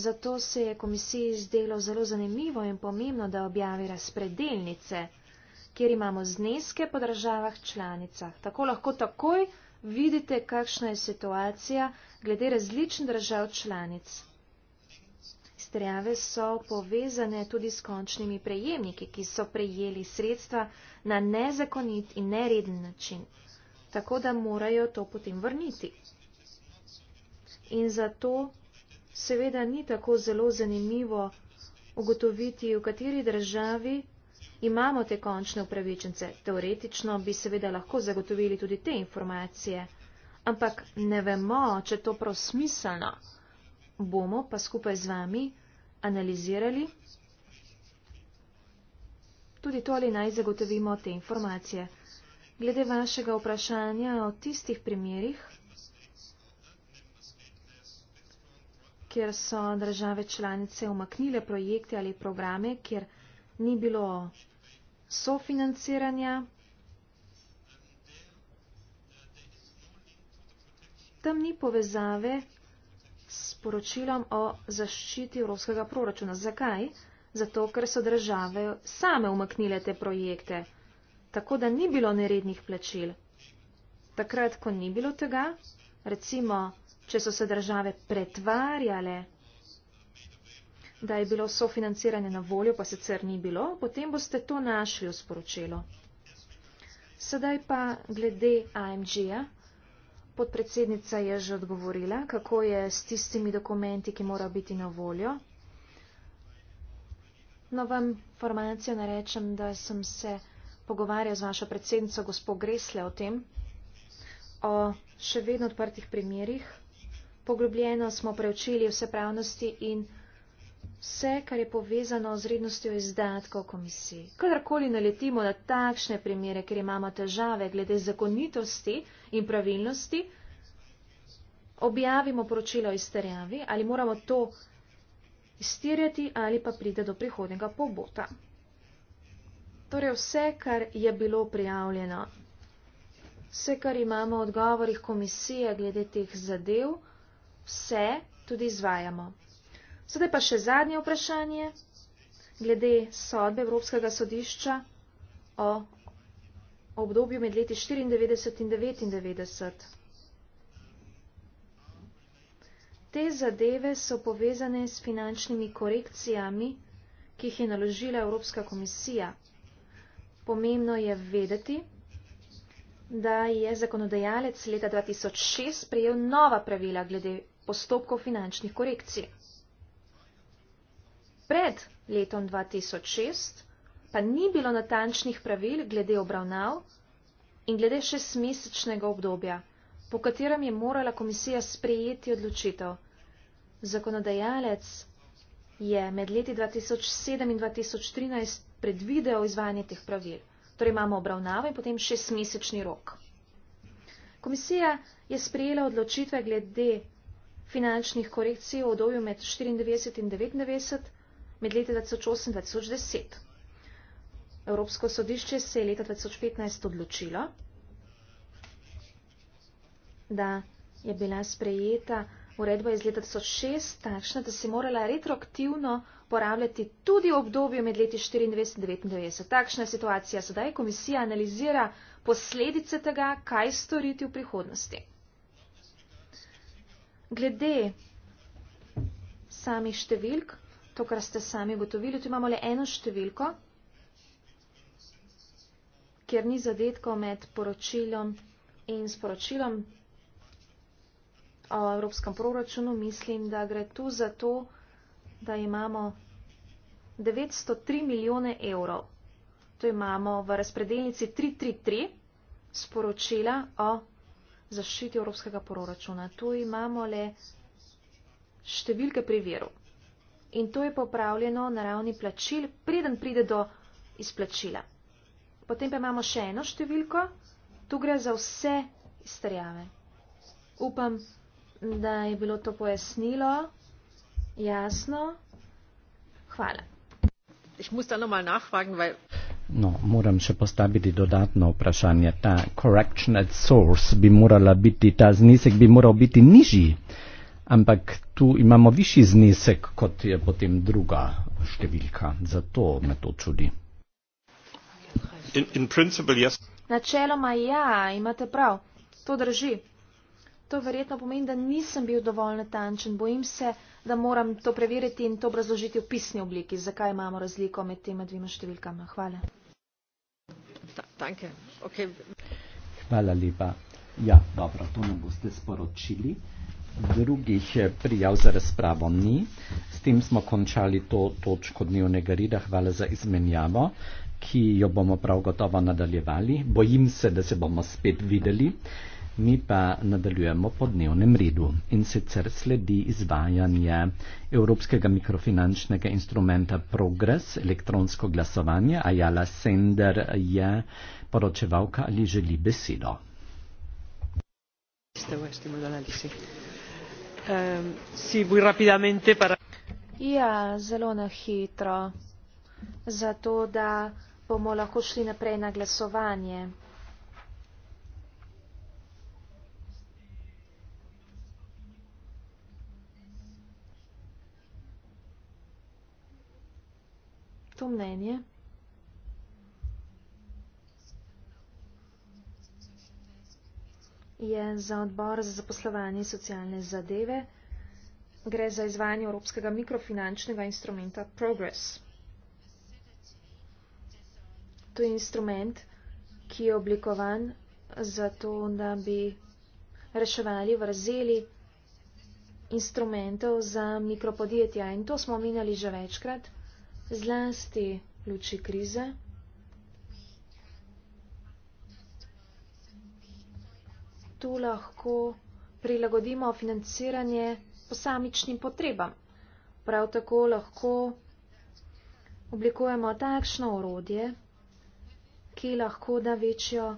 Speaker 4: Zato se je komisiji zdelo zelo zanimivo in pomembno, da objavi razpredelnice kjer imamo zneske po državah članicah. Tako lahko takoj vidite, kakšna je situacija glede različnih držav članic. Izterjave so povezane tudi s končnimi prejemniki, ki so prejeli sredstva na nezakonit in nereden način, tako da morajo to potem vrniti. In zato seveda ni tako zelo zanimivo ugotoviti, v kateri državi imamo te končne upravičence. Teoretično bi seveda lahko zagotovili tudi te informacije, ampak ne vemo, če to prav smiselno. Bomo pa skupaj z vami analizirali tudi to, ali naj zagotovimo te informacije. Glede vašega vprašanja o tistih primerih, kjer so države članice umaknile projekte ali programe, kjer ni bilo sofinanciranja. Tam ni povezave s poročilom o zaščiti evropskega proračuna. Zakaj? Zato, ker so države same umaknile te projekte, tako da ni bilo nerednih plačil. Takrat, ko ni bilo tega, recimo, če so se države pretvarjale da je bilo sofinanciranje na voljo, pa sicer ni bilo, potem boste to našli v sporočilo. Sedaj pa glede AMG-ja. Podpredsednica je že odgovorila, kako je s tistimi dokumenti, ki morajo biti na voljo. No, vam formacijo narečem, da sem se pogovarjal z vašo predsednico gospod Gresle o tem, o še vedno odprtih primerjih. Poglobljeno smo preučili vse pravnosti in vse, kar je povezano z rednostjo izdatkov komisij. Kadarkoli naletimo na takšne primere, ker imamo težave glede zakonitosti in pravilnosti, objavimo poročilo o izterjavi ali moramo to izterjati ali pa pride do prihodnega pobota. Torej vse, kar je bilo prijavljeno, vse, kar imamo odgovorih komisije glede teh zadev, vse tudi izvajamo. Zdaj pa še zadnje vprašanje glede sodbe Evropskega sodišča o obdobju med leti 94 in 99. Te zadeve so povezane s finančnimi korekcijami, ki jih je naložila Evropska komisija. Pomembno je vedeti, da je zakonodajalec leta 2006 prejel nova pravila glede postopkov finančnih korekcij pred letom 2006 pa ni bilo natančnih pravil glede obravnav in glede šestmesečnega obdobja, po katerem je morala komisija sprejeti odločitev. Zakonodajalec je med leti 2007 in 2013 predvidel izvajanje teh pravil. Torej imamo obravnavo in potem šestmesečni rok. Komisija je sprejela odločitve glede finančnih korekcij v odobju med 94 in 99, med leti 2008 in 2010. Evropsko sodišče se je leta 2015 odločilo, da je bila sprejeta uredba iz leta 2006 takšna, da se morala retroaktivno porabljati tudi v obdobju med leti 1994 in 1999. Takšna je situacija sedaj. Komisija analizira posledice tega, kaj storiti v prihodnosti. Glede samih številk, to, kar ste sami ugotovili. Tu imamo le eno številko, kjer ni zadetkov med poročilom in sporočilom o evropskem proračunu. Mislim, da gre tu za to, da imamo 903 milijone evrov. To imamo v razpredeljnici 333 sporočila o zaščiti evropskega proračuna. Tu imamo le številke pri veru in to je popravljeno na ravni plačil, preden pride do izplačila. Potem pa imamo še eno številko, tu gre za vse izterjave. Upam, da je bilo to pojasnilo jasno. Hvala.
Speaker 2: No, moram še postaviti dodatno vprašanje. Ta correction at source bi morala biti, ta znesek bi moral biti nižji ampak tu imamo višji znesek, kot je potem druga številka. Zato me to čudi.
Speaker 1: In, in yes.
Speaker 4: Načeloma ja, imate prav. To drži. To verjetno pomeni, da nisem bil dovolj natančen. Bojim se, da moram to preveriti in to obrazložiti v pisni obliki, zakaj imamo razliko med tema dvima številkama. Hvala. Ta,
Speaker 1: okay.
Speaker 2: Hvala lepa. Ja, dobro, to nam boste sporočili drugih eh, prijav za razpravo ni. S tem smo končali to točko dnevnega reda. Hvala za izmenjavo, ki jo bomo prav gotovo nadaljevali. Bojim se, da se bomo spet videli. Mi pa nadaljujemo po dnevnem redu in sicer sledi izvajanje Evropskega mikrofinančnega instrumenta Progress, elektronsko glasovanje. Ajala Sender je poročevalka ali želi besedo.
Speaker 1: Stavu, stavu, stavu, stavu, stavu. Ehm,
Speaker 4: ja zelo na hitro zato da bomo lahko šli naprej na glasovanje to mnenje je za odbor za zaposlovanje socialne zadeve. Gre za izvajanje Evropskega mikrofinančnega instrumenta Progress. To je instrument, ki je oblikovan zato, da bi reševali vrzeli instrumentov za mikropodjetja. In to smo omenjali že večkrat, zlasti luči krize. tu lahko prilagodimo financiranje posamičnim potrebam. Prav tako lahko oblikujemo takšno orodje, ki lahko da večjo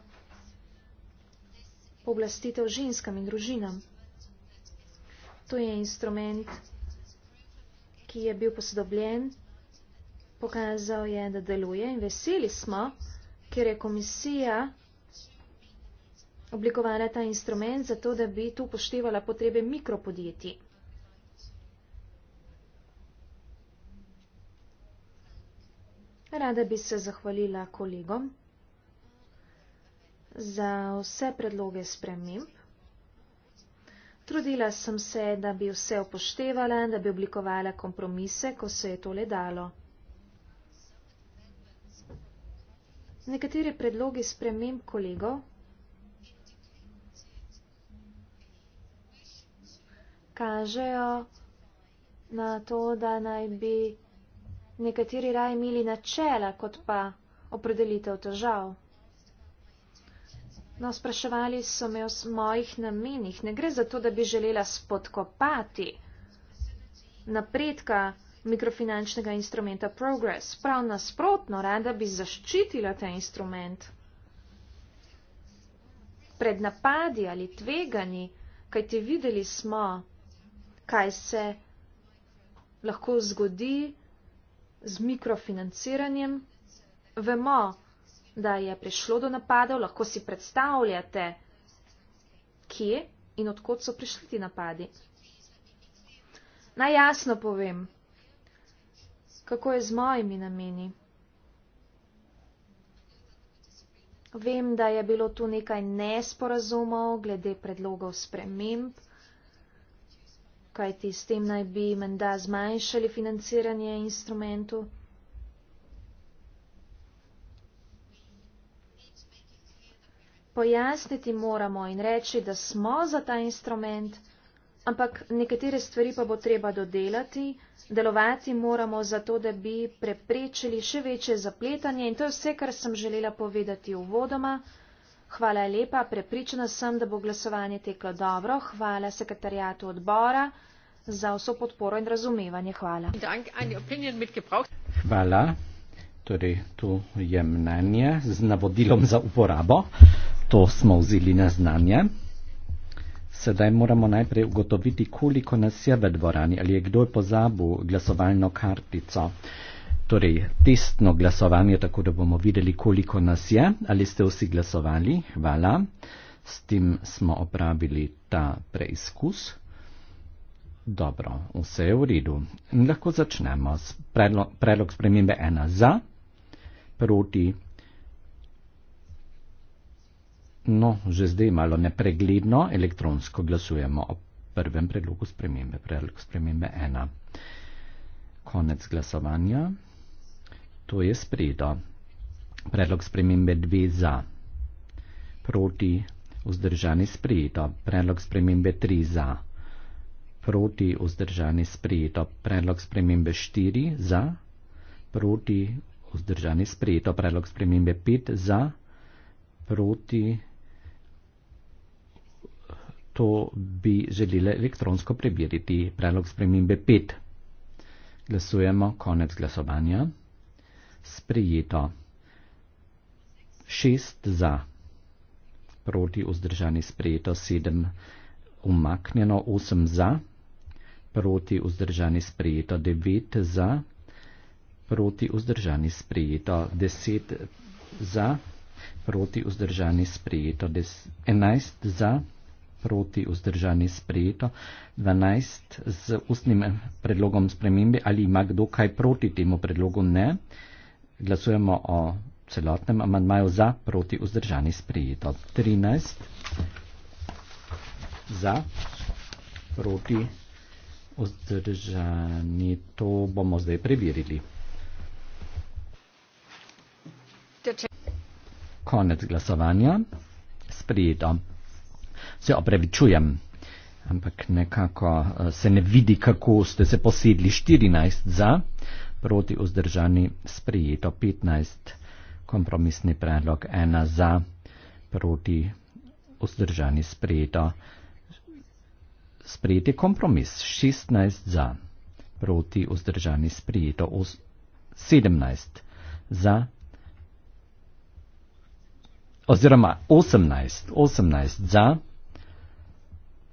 Speaker 4: povlastitev ženskam in družinam. To je instrument, ki je bil posodobljen, pokazal je, da deluje in veseli smo, ker je komisija oblikovala ta instrument zato, da bi tu poštevala potrebe mikropodjetij. Rada bi se zahvalila kolegom za vse predloge sprememb. Trudila sem se, da bi vse upoštevala, da bi oblikovala kompromise, ko se je tole dalo. Nekateri predlogi sprememb kolegov kažejo na to, da naj bi nekateri raj imeli načela, kot pa opredelitev težav. No, spraševali so me o mojih namenih. Ne gre za to, da bi želela spodkopati napredka mikrofinančnega instrumenta Progress. Prav nasprotno, rada bi zaščitila ta instrument pred napadi ali tvegani, kajti videli smo, kaj se lahko zgodi z mikrofinanciranjem. Vemo, da je prišlo do napadov, lahko si predstavljate, kje in odkot so prišli ti napadi. Najjasno povem, kako je z mojimi nameni. Vem, da je bilo tu nekaj nesporazumov glede predlogov sprememb kajti s tem naj bi menda zmanjšali financiranje instrumentu. Pojasniti moramo in reči, da smo za ta instrument, ampak nekatere stvari pa bo treba dodelati, delovati moramo zato, da bi preprečili še večje zapletanje in to je vse, kar sem želela povedati uvodoma. vodoma. Hvala lepa. Prepričana sem, da bo glasovanje teklo dobro. Hvala sekretarjatu odbora za vso podporo in razumevanje. Hvala.
Speaker 2: Hvala. Torej, to je mnenje z navodilom za uporabo. To smo vzeli na znanje. Sedaj moramo najprej ugotoviti, koliko nas je v dvorani, ali je kdo pozabil glasovalno kartico. Uh, Torej, testno glasovanje, tako da bomo videli, koliko nas je, ali ste vsi glasovali. Hvala. S tem smo opravili ta preizkus. Dobro, vse je v redu. In lahko začnemo. Predlog spremembe ena za, proti. No, že zdaj malo nepregledno elektronsko glasujemo o prvem predlogu spremembe. Predlog spremembe ena. Konec glasovanja to je sprejeto. Predlog spremembe 2 za, proti, vzdržani sprejeto. Predlog spremembe 3 za, proti, vzdržani sprejeto. Predlog spremembe 4 za, proti, vzdržani sprejeto. Predlog spremembe 5 za, proti. To bi želeli elektronsko preveriti. Predlog spremembe 5. Glasujemo. Konec glasovanja sprejeto. Šest za, proti vzdržani sprejeto, sedem umaknjeno, osem za, proti vzdržani sprejeto, devet za, proti vzdržani sprejeto, deset za, proti vzdržani sprejeto, des, enajst za, proti vzdržani sprejeto, dvanajst z ustnim predlogom spremembe, ali ima kdo kaj proti temu predlogu, ne. Glasujemo o celotnem amandmaju za proti vzdržani sprejeto. 13 za proti vzdržani. To bomo zdaj preverili. Konec glasovanja. Sprejeto. Se opravičujem, ampak nekako eh, se ne vidi, kako ste se posedli 14 za proti vzdržani sprijeto 15, kompromisni predlog 1 za, proti vzdržani sprijeto, sprijeti kompromis 16 za, proti vzdržani sprijeto 17 za, oziroma 18, 18 za,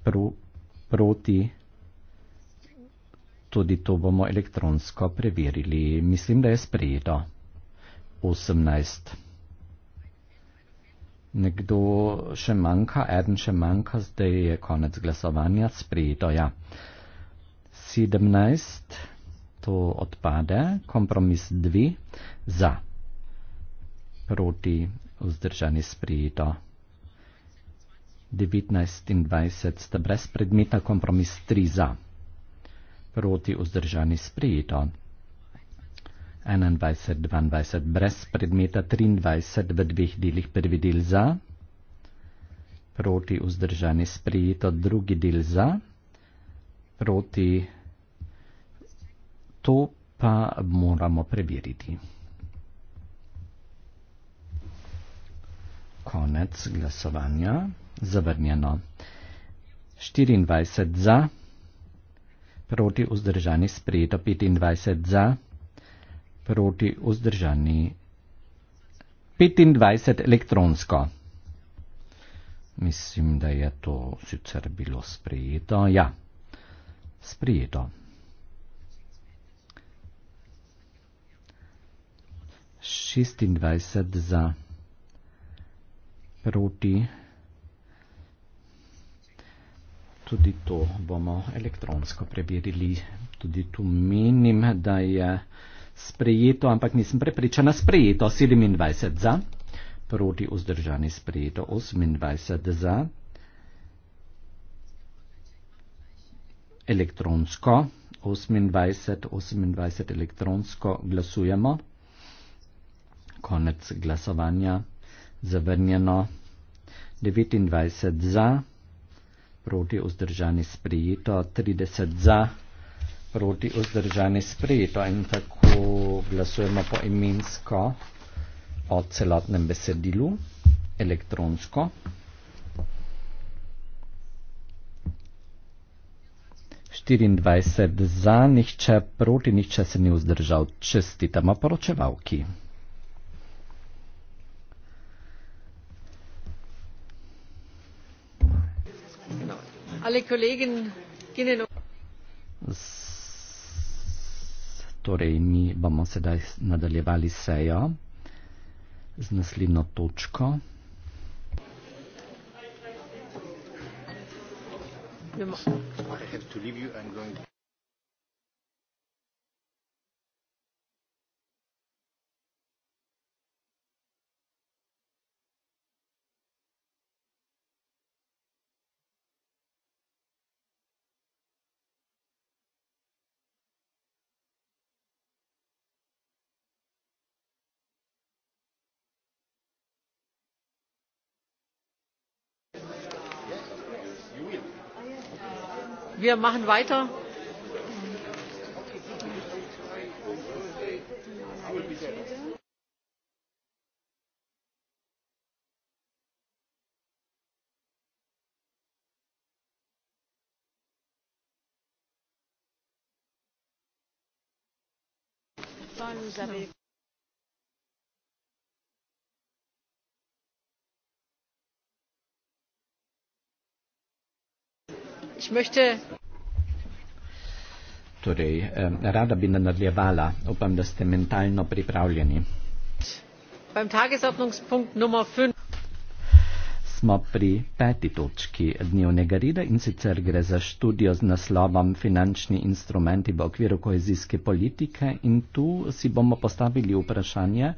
Speaker 2: pro, proti vzdržani sprijeto tudi to bomo elektronsko preverili. Mislim, da je sprejeto. 18. Nekdo še manjka, eden še manjka, zdaj je konec glasovanja, sprejeto, ja. 17, to odpade, kompromis 2, za, proti, vzdržani, sprejeto. 19 in 20 sta brez predmeta, kompromis 3 za proti vzdržani sprejeto. 21, 22 brez predmeta, 23 v dveh delih prvi del za, proti vzdržani sprejeto drugi del za, proti to pa moramo preveriti. Konec glasovanja, zavrnjeno. 24 za proti vzdržani sprejeto 25 za, proti vzdržani 25 elektronsko. Mislim, da je to sicer bilo sprejeto. Ja, sprejeto. Šestindvajset za proti tudi to bomo elektronsko preverili. Tudi tu menim, da je sprejeto, ampak nisem prepričana, sprejeto 27 za, proti vzdržani sprejeto 28 za. Elektronsko 28, 28 elektronsko glasujemo. Konec glasovanja. Zavrnjeno 29 za proti vzdržani sprejeto, 30 za, proti vzdržani sprejeto in tako glasujemo po imensko o celotnem besedilu, elektronsko. Štiriindvajset za, nihče proti, nihče se ni vzdržal, čestitamo poročevalki.
Speaker 1: Ali kolegin...
Speaker 2: Torej, mi bomo sedaj nadaljevali sejo z naslednjo točko.
Speaker 1: Bemo. Ja, wir machen weiter. Thank you. ich möchte.
Speaker 2: Torej, rada bi nadaljevala, upam, da ste mentalno pripravljeni. Smo pri peti točki dnevnega reda in sicer gre za študijo z naslovom Finančni instrumenti v okviru kohezijske politike in tu si bomo postavili vprašanje,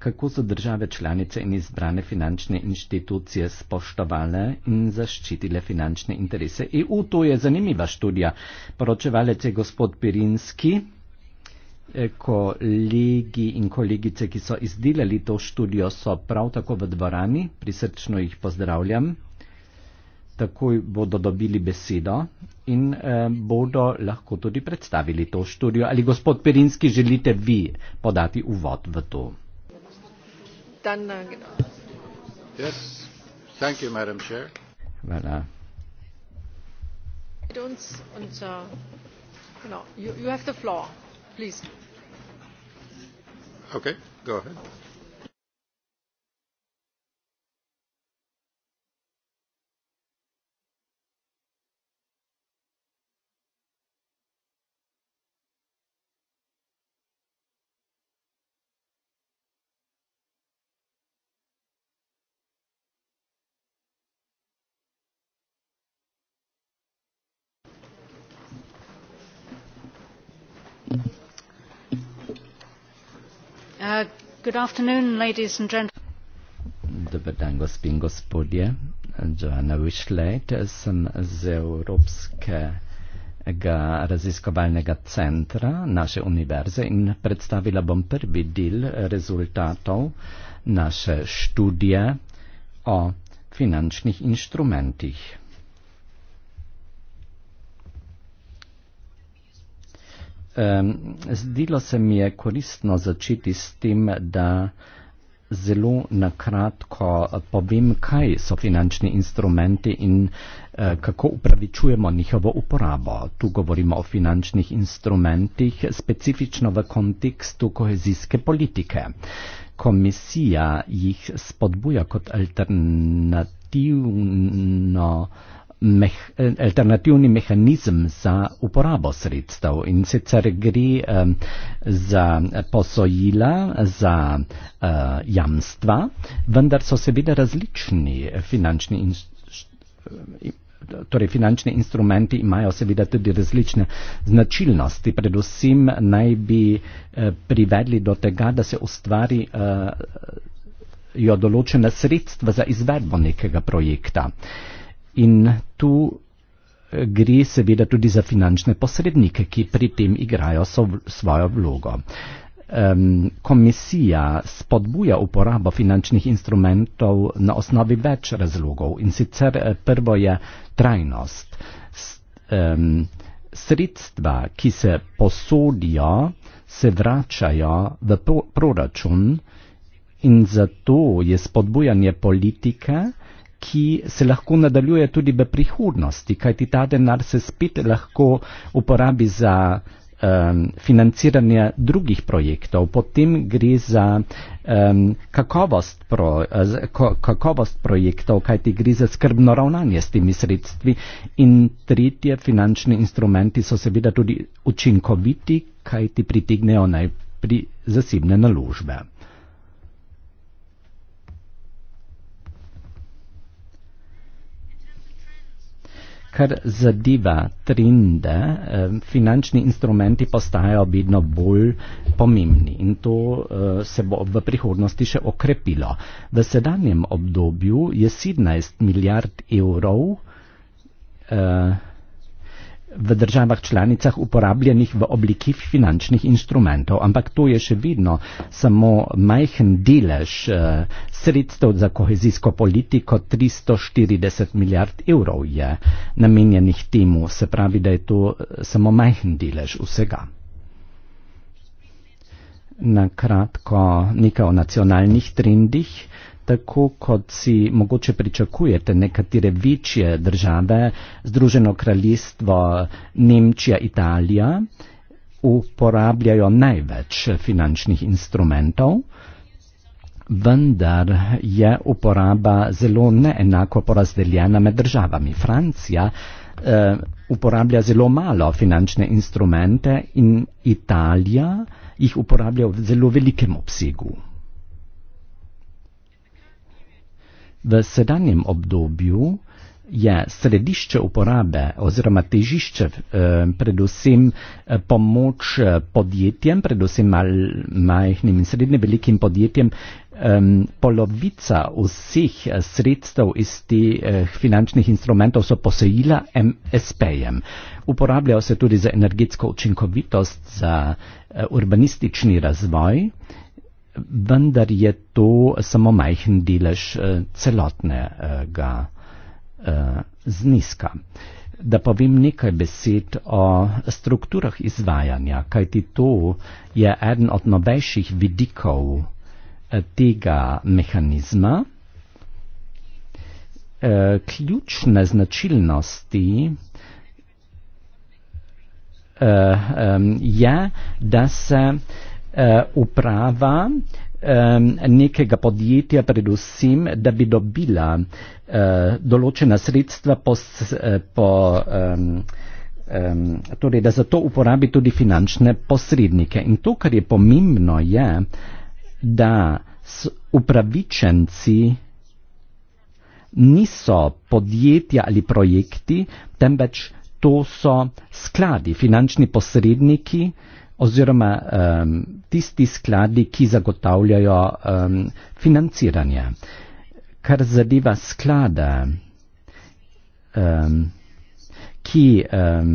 Speaker 2: kako so države članice in izbrane finančne inštitucije spoštovale in zaščitile finančne interese EU. To je zanimiva študija. Poročevalec je gospod Pirinski. E, kolegi in kolegice, ki so izdelali to študijo, so prav tako v dvorani. Prisrčno jih pozdravljam. Takoj bodo dobili besedo in eh, bodo lahko tudi predstavili to študijo. Ali gospod Perinski želite vi podati uvod v to? dann äh, genau. Yes. Thank you,
Speaker 1: Madam Chair. Voilà. Mit uns und uh, genau. You, you have the floor, please. Okay, go ahead. Uh,
Speaker 2: Dober dan, gospi in gospodje. Joana Wishlate, sem z Evropskega raziskovalnega centra naše univerze in predstavila bom prvi del rezultatov naše študije o finančnih inštrumentih. Um, zdilo se mi je koristno začeti s tem, da zelo nakratko povem, kaj so finančni instrumenti in eh, kako upravičujemo njihovo uporabo. Tu govorimo o finančnih instrumentih specifično v kontekstu kohezijske politike. Komisija jih spodbuja kot alternativno eh, meh, alternativni mehanizem za uporabo sredstev in sicer gre um, za posojila, za uh, jamstva, vendar so seveda različni finančni inštrumenti. Torej, finančni instrumenti imajo seveda tudi različne značilnosti, predvsem naj bi eh, privedli do tega, da se ustvarijo eh, določene sredstva za izvedbo nekega projekta. Eh, In tu eh, gre seveda tudi za finančne posrednike, ki pri tem igrajo svojo vlogo. Komisija spodbuja uporabo finančnih instrumentov na osnovi več razlogov in sicer eh, prvo je trajnost. Sredstva, ki se posodijo, se vračajo v proračun in zato je spodbujanje politike, ki se lahko nadaljuje tudi v prihodnosti, kajti ta denar se spet lahko uporabi za um, financiranje drugih projektov. Potem gre za um, kakovost, pro, eh, kakovost projektov, kajti gre za skrbno ravnanje s temi sredstvi. In tretje, finančni instrumenti so seveda tudi učinkoviti, kajti pritegnejo naj pri zasebne naložbe. kar zadeva trende, eh, finančni instrumenti postajajo vedno bolj pomembni in to eh, se bo v prihodnosti še okrepilo. V sedanjem obdobju je 17 milijard evrov. Uh, v državah članicah uporabljenih v obliki finančnih instrumentov, ampak to je še vedno samo majhen delež uh, sredstev za kohezijsko politiko, 340 milijard evrov je namenjenih temu, se pravi, da je to eh, samo majhen delež vsega. Na kratko nekaj o nacionalnih trendih. Uh, tako kot si mogoče pričakujete nekatere večje države, Združeno kraljestvo, Nemčija, Italija, uporabljajo največ finančnih instrumentov, vendar je uporaba zelo neenako porazdeljena med državami. Francija eh, uporablja zelo malo finančne instrumente in Italija jih uporablja v zelo velikem obsegu. V sedanjem obdobju je središče uporabe oziroma težišče eh, predvsem eh, pomoč eh, podjetjem, predvsem mal, majhnim in srednje velikim podjetjem. Polovica vseh sredstev iz teh finančnih instrumentov so posojila MSP-jem. Uporabljajo se tudi za energetsko učinkovitost, za urbanistični razvoj vendar je to samo majhen delež eh, celotnega eh, zniska. Da povem nekaj besed o strukturah izvajanja, kajti to je eden od novejših vidikov eh, tega mehanizma. Ključne značilnosti je, da se uh, uprava um, nekega podjetja predvsem, da bi dobila uh, določena sredstva po, eh, po um, um, torej, da za to uporabi tudi finančne posrednike. In to, kar je pomembno, je, da upravičenci niso podjetja ali projekti, temveč to so skladi, finančni posredniki, oziroma um, tisti skladi, ki zagotavljajo um, financiranje. Kar zadeva sklade, um, ki um,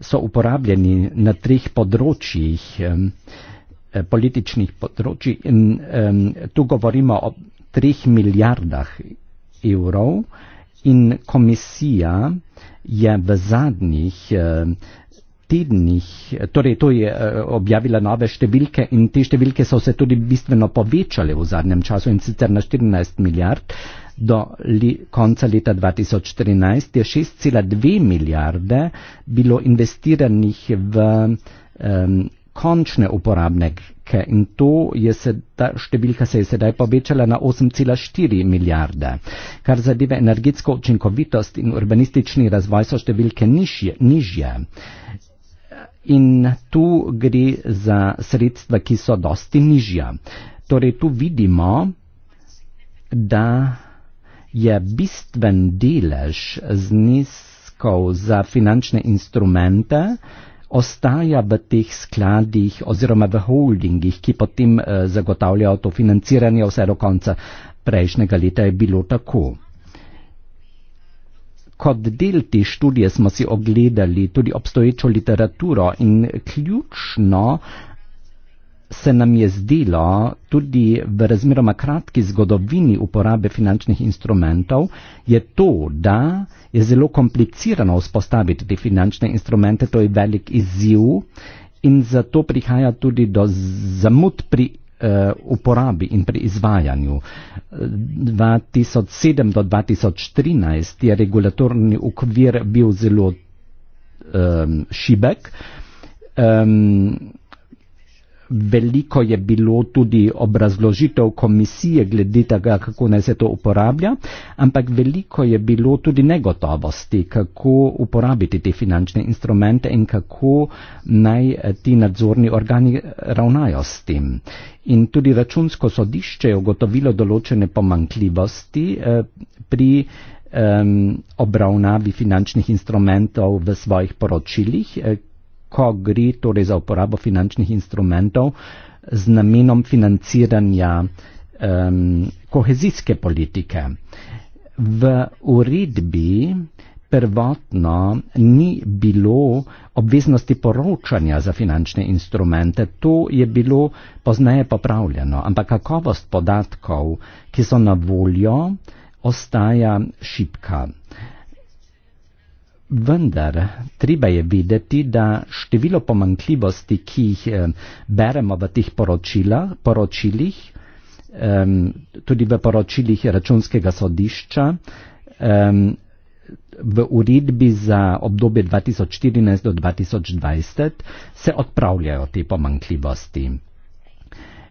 Speaker 2: so uporabljeni na treh področjih, um, političnih področjih, in um, tu govorimo o treh milijardah evrov, in komisija je v zadnjih um, tednih, torej to je eh, objavila nove številke in te številke so se tudi bistveno povečale v zadnjem času in sicer na 14 milijard. Do li, konca leta 2014 je 6,2 milijarde bilo investiranih v um, končne uporabnike in to je se, ta številka se je sedaj povečala na 8,4 milijarde. Kar zadeve energetsko učinkovitost in urbanistični razvoj so številke nižje. nižje in tu gre za sredstva, ki so dosti nižja. Torej tu vidimo, da je bistven delež zniskov za finančne instrumente ostaja v teh skladih oziroma v holdingih, ki potem eh, zagotavljajo to financiranje vse do konca. Prejšnjega leta je bilo tako kot del te študije smo si ogledali tudi obstoječo literaturo in ključno se nam je zdelo tudi v razmeroma kratki zgodovini uporabe finančnih instrumentov, je to, da je zelo komplicirano vzpostaviti te finančne instrumente, to je velik izziv in zato prihaja tudi do zamud pri Eh, uporabi in pri izvajanju. 2007 eh, do 2013 je regulatorni ukvir bil zelo um, šibek. Um, veliko je bilo tudi obrazložitev komisije glede tega, kako naj se to uporablja, ampak veliko je bilo tudi negotovosti, kako uporabiti te finančne instrumente in kako naj eh, ti nadzorni organi eh, ravnajo s tem. In tudi računsko sodišče je ugotovilo določene pomankljivosti eh, pri obravnavi finančnih instrumentov v svojih poročilih, ko gre torej za uporabo finančnih instrumentov z namenom financiranja um, kohezijske politike. V uredbi prvotno ni bilo obveznosti poročanja za finančne instrumente, to je bilo pozneje popravljeno, ampak kakovost podatkov, ki so na voljo, ostaja šipka. Vendar treba je videti, da število pomankljivosti, ki jih eh, beremo v teh poročilih, tudi v poročilih računskega sodišča, v uredbi za obdobje 2014 do 2020, se odpravljajo te pomankljivosti.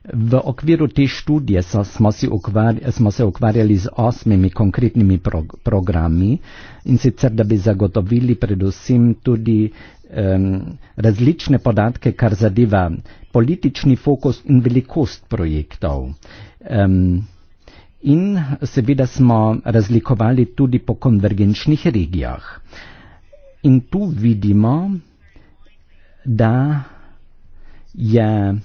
Speaker 2: V okviru te študije so, smo, ukvarjali, smo se ukvarjali z osmimi konkretnimi pro, programi in sicer, da bi zagotovili predvsem tudi um, različne podatke, kar zadeva politični fokus in velikost projektov. Um, in seveda smo razlikovali tudi po konvergenčnih regijah. In tu vidimo, da je.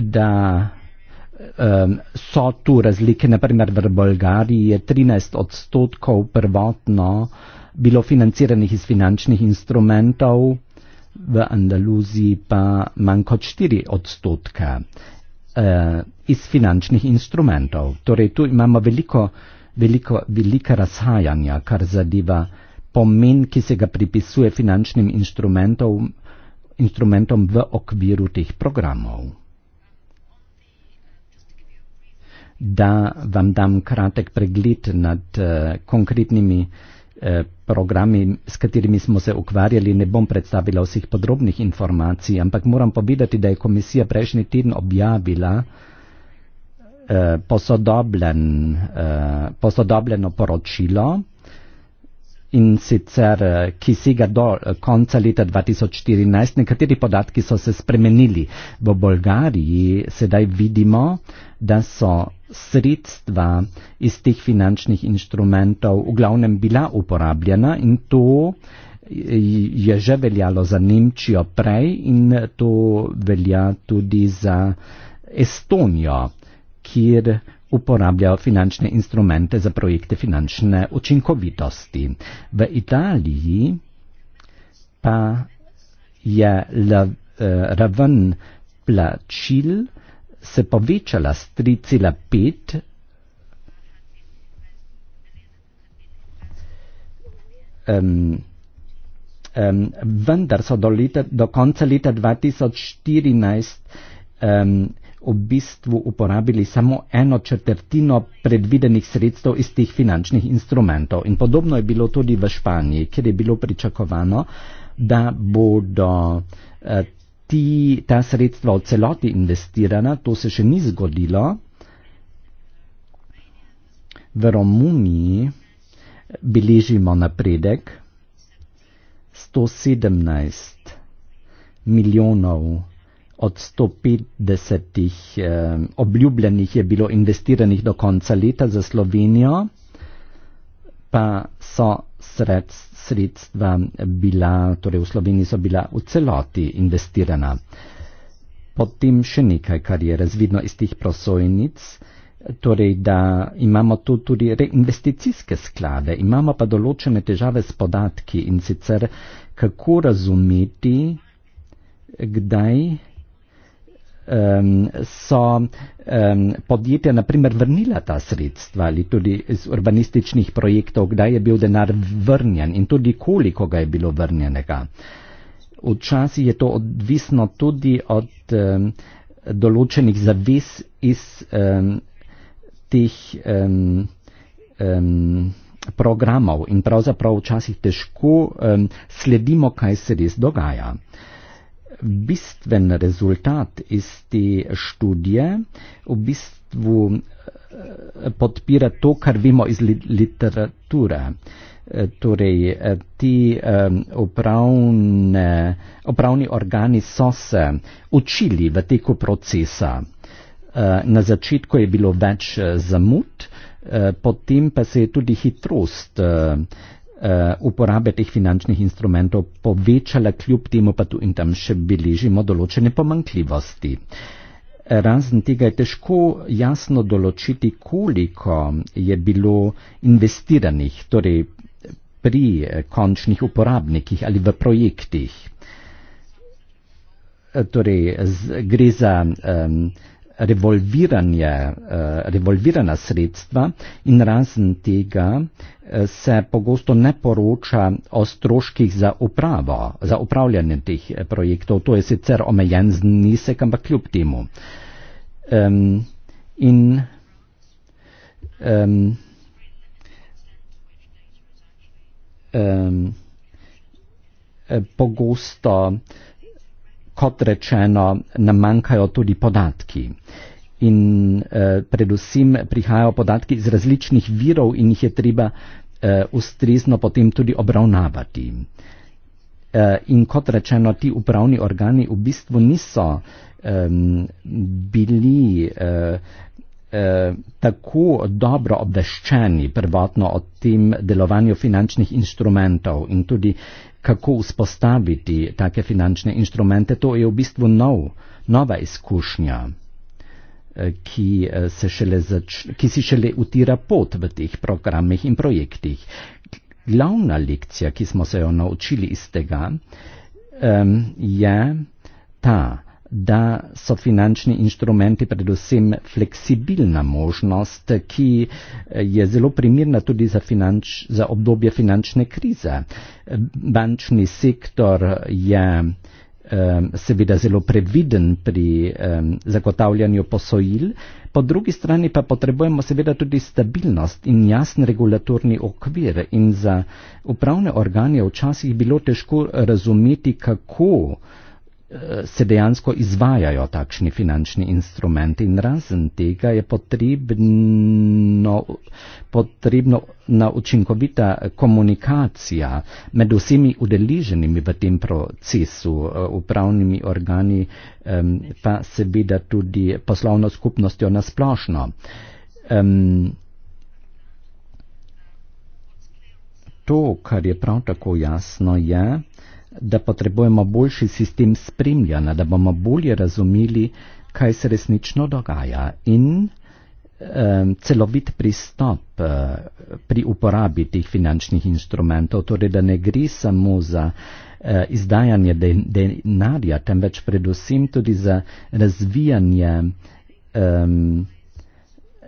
Speaker 2: da um, so tu razlike, naprimer v Bolgariji je 13 odstotkov prvotno bilo financiranih iz finančnih instrumentov, v Andaluziji pa manj kot 4 odstotka uh, eh, iz finančnih instrumentov. Torej tu imamo veliko, veliko, veliko razhajanja, kar zadeva pomen, ki se ga pripisuje finančnim instrumentom v okviru teh programov. da vam dam kratek pregled nad uh, konkretnimi eh, programi, s katerimi smo se ukvarjali, ne bom predstavila vseh podrobnih informacij, ampak moram povedati, da je komisija prejšnji teden objavila eh, posodobljen, eh, posodobljeno poročilo, eh, in sicer eh, ki sega do eh, konca leta 2014, nekateri podatki so se spremenili. V Bolgariji sedaj vidimo, da so sredstva iz teh finančnih inštrumentov v glavnem bila uporabljena in to eh, je že veljalo za Nemčijo prej in to velja tudi za Estonijo, kjer uporablja finančne instrumente za projekte finančne učinkovitosti. V Italiji pa je la, eh, raven plačil se povečala z 3,5. Um, Um, vendar so do, leta, do konca leta 2014 um, v bistvu uporabili samo eno četrtino predvidenih sredstev iz teh finančnih instrumentov. In podobno je bilo tudi v Španiji, kjer je bilo pričakovano, da bodo eh, ti, ta sredstva v celoti investirana. To se še ni zgodilo. V Romuniji eh, beležimo napredek 117 milijonov od 150 eh, obljubljenih je bilo investiranih do konca leta za Slovenijo, pa so sredstva bila, torej v Sloveniji so bila v celoti investirana. Potem še nekaj, kar je razvidno iz tih prosojnic, torej da imamo tu tudi reinvesticijske sklade, imamo pa določene težave s podatki in sicer kako razumeti, kdaj um, so um, podjetja naprimer vrnila ta sredstva ali tudi iz urbanističnih projektov, kdaj je bil denar vrnjen in tudi koliko ga je bilo vrnjenega. Včasih je to odvisno tudi od um, določenih zavez iz um, teh um, um, programov in pravzaprav včasih težko um, sledimo, kaj se res dogaja bistven rezultat iz te študije v bistvu eh, podpira to, kar vemo iz literature. Eh, torej, eh, ti upravne, upravni organi so se učili v teku procesa. Na začetku je bilo več zamud, potem pa se je tudi hitrost Eh, uporabe teh finančnih instrumentov povečala, kljub temu pa tu in tam še beležimo določene pomankljivosti. Razen tega je težko jasno določiti, koliko je bilo investiranih, torej pri eh, končnih uporabnikih ali v projektih. Eh, torej, z, gre za um, revolviranje, eh, revolvirana sredstva in razen tega eh, se pogosto ne poroča o stroških za upravo, za upravljanje teh eh, projektov. To je sicer omejen znesek, ampak kljub temu. Um, in um, um, pogosto kot rečeno, nam manjkajo tudi podatki. In eh, predvsem prihajajo podatki iz različnih virov in jih je treba eh, ustrezno potem tudi obravnavati. Eh, in kot rečeno, ti upravni organi v bistvu niso eh, bili eh, eh, tako dobro obveščeni prvotno o tem delovanju finančnih instrumentov in tudi eh, kako vzpostaviti take finančne inštrumente, to je v bistvu nov, nova izkušnja, eh, ki, eh, se zač, ki si šele utira pot v teh programih in projektih. Glavna lekcija, ki smo se jo naučili iz tega, eh, je ta, da so finančni inštrumenti predvsem fleksibilna možnost, ki eh, je zelo primirna tudi za, finanč, za obdobje finančne krize. Bančni sektor je eh, seveda zelo previden pri eh, zagotavljanju posojil, po drugi strani pa potrebujemo seveda tudi stabilnost in jasen regulatorni okvir in za upravne organe včasih bilo težko razumeti, kako se dejansko izvajajo takšni finančni instrumenti in razen tega je potrebno, potrebno na učinkovita komunikacija med vsemi udeleženimi v tem procesu, eh, upravnimi organi, pa seveda tudi poslovno skupnostjo nasplošno. To, kar je prav tako jasno, je, da potrebujemo boljši sistem spremljanja, da bomo bolje razumeli, kaj se resnično dogaja in um, celovit pristop uh, pri uporabi teh finančnih instrumentov, torej da ne gre samo za uh, izdajanje denarja, temveč predvsem tudi za razvijanje um,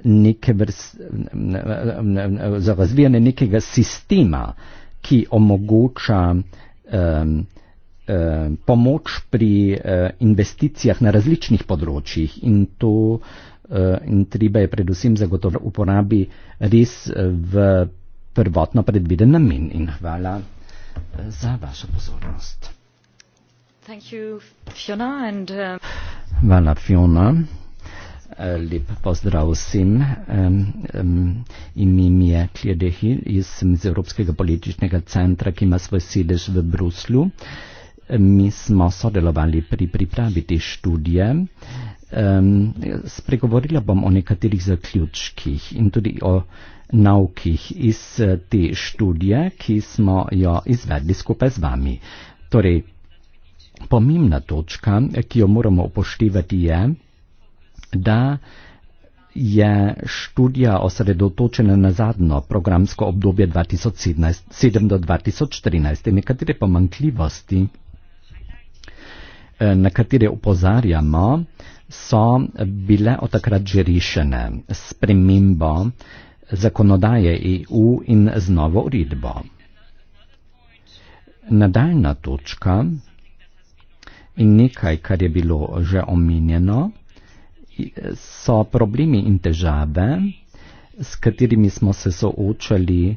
Speaker 2: neke vrst, za razvijanje nekega sistema, ki omogoča pomoč pri eh, investicijah na različnih področjih in to eh, in treba je predvsem zagotoviti uporabi res eh, v prvotno predviden namen. In hvala za vašo pozornost.
Speaker 1: Thank you, Fiona, and, uh...
Speaker 2: Hvala, Fiona. Lep pozdrav vsem. Um, um, ime mi je Kljedehi, jaz sem iz Evropskega političnega centra, ki ima svoj sedež v Bruslu. Mi smo sodelovali pri pripravi te študije. Um, spregovorila bom o nekaterih zaključkih in tudi o naukih iz eh, te študije, ki smo jo izvedli skupaj z vami. Torej, pomembna točka, ki jo moramo upoštevati, je, da je študija osredotočena na zadnjo programsko obdobje 2017 do 2014. Nekatere pomankljivosti, eh, na katere upozarjamo, so bile od takrat že rešene s premembo zakonodaje EU in z novo uredbo. Nadaljna točka in nekaj, kar je bilo že omenjeno, so problemi in težave, s katerimi smo se soočali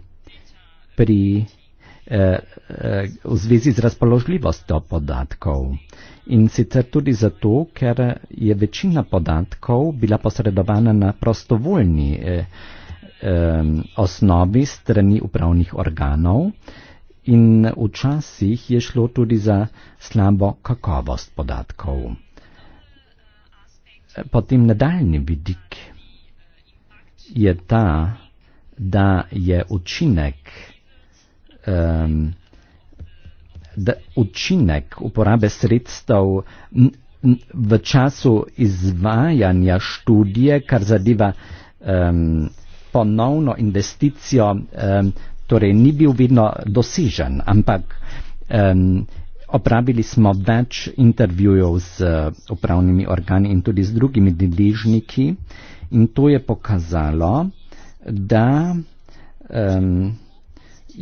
Speaker 2: pri, eh, eh, v zvezi z razpoložljivostjo podatkov. In sicer tudi zato, ker je večina podatkov bila posredovana na prostovoljni eh, osnovi strani upravnih organov in včasih je šlo tudi za slabo kakovost podatkov potem nadaljni vidik je ta, da je učinek, um, da učinek uporabe sredstev v času izvajanja študije, kar zadeva um, ponovno investicijo, um, torej ni bil vedno dosežen, ampak um, Opravili smo več intervjujev z eh, upravnimi organi in tudi z drugimi deležniki in to je pokazalo, da um,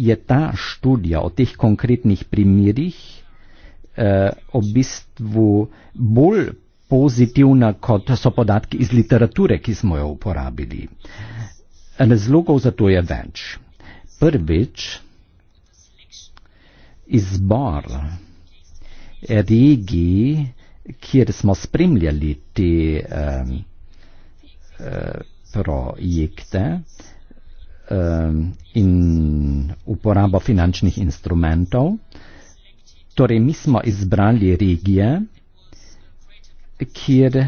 Speaker 2: je ta študija o teh konkretnih primerjih uh, eh, v bistvu bolj pozitivna, kot so podatki iz literature, ki smo jo uporabili. Razlogov za to je več. Prvič, izbor regiji, kjer smo spremljali te um, projekte um, in uporabo finančnih instrumentov. Torej, mi smo izbrali regije, kjer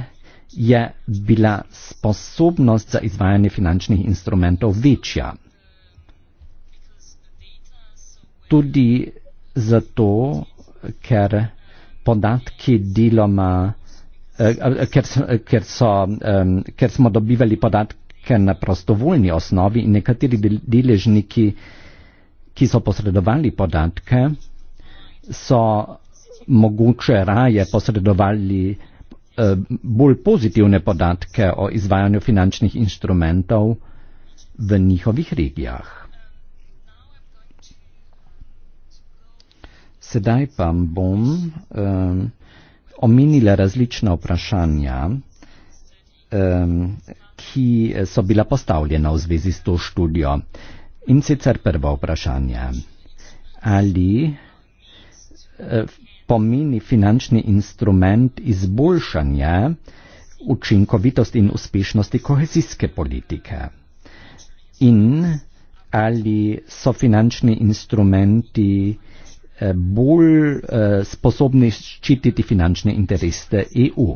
Speaker 2: je bila sposobnost za izvajanje finančnih instrumentov večja. Tudi zato, ker podatki deloma, eh, eh, ker, eh, ker, so, ker smo dobivali podatke na prostovoljni osnovi in nekateri deležniki, ki so posredovali podatke, so mogoče raje posredovali bolj pozitivne podatke o izvajanju finančnih inštrumentov v njihovih regijah. Sedaj pa bom um, omenila različna vprašanja, um, ki so bila postavljena v zvezi s to študijo. In sicer prvo vprašanje. Ali uh, pomeni finančni instrument izboljšanje učinkovitosti in uspešnosti kohezijske politike? In ali so finančni instrumenti uh, Eh, bolj eh, sposobni ščititi finančne interese EU.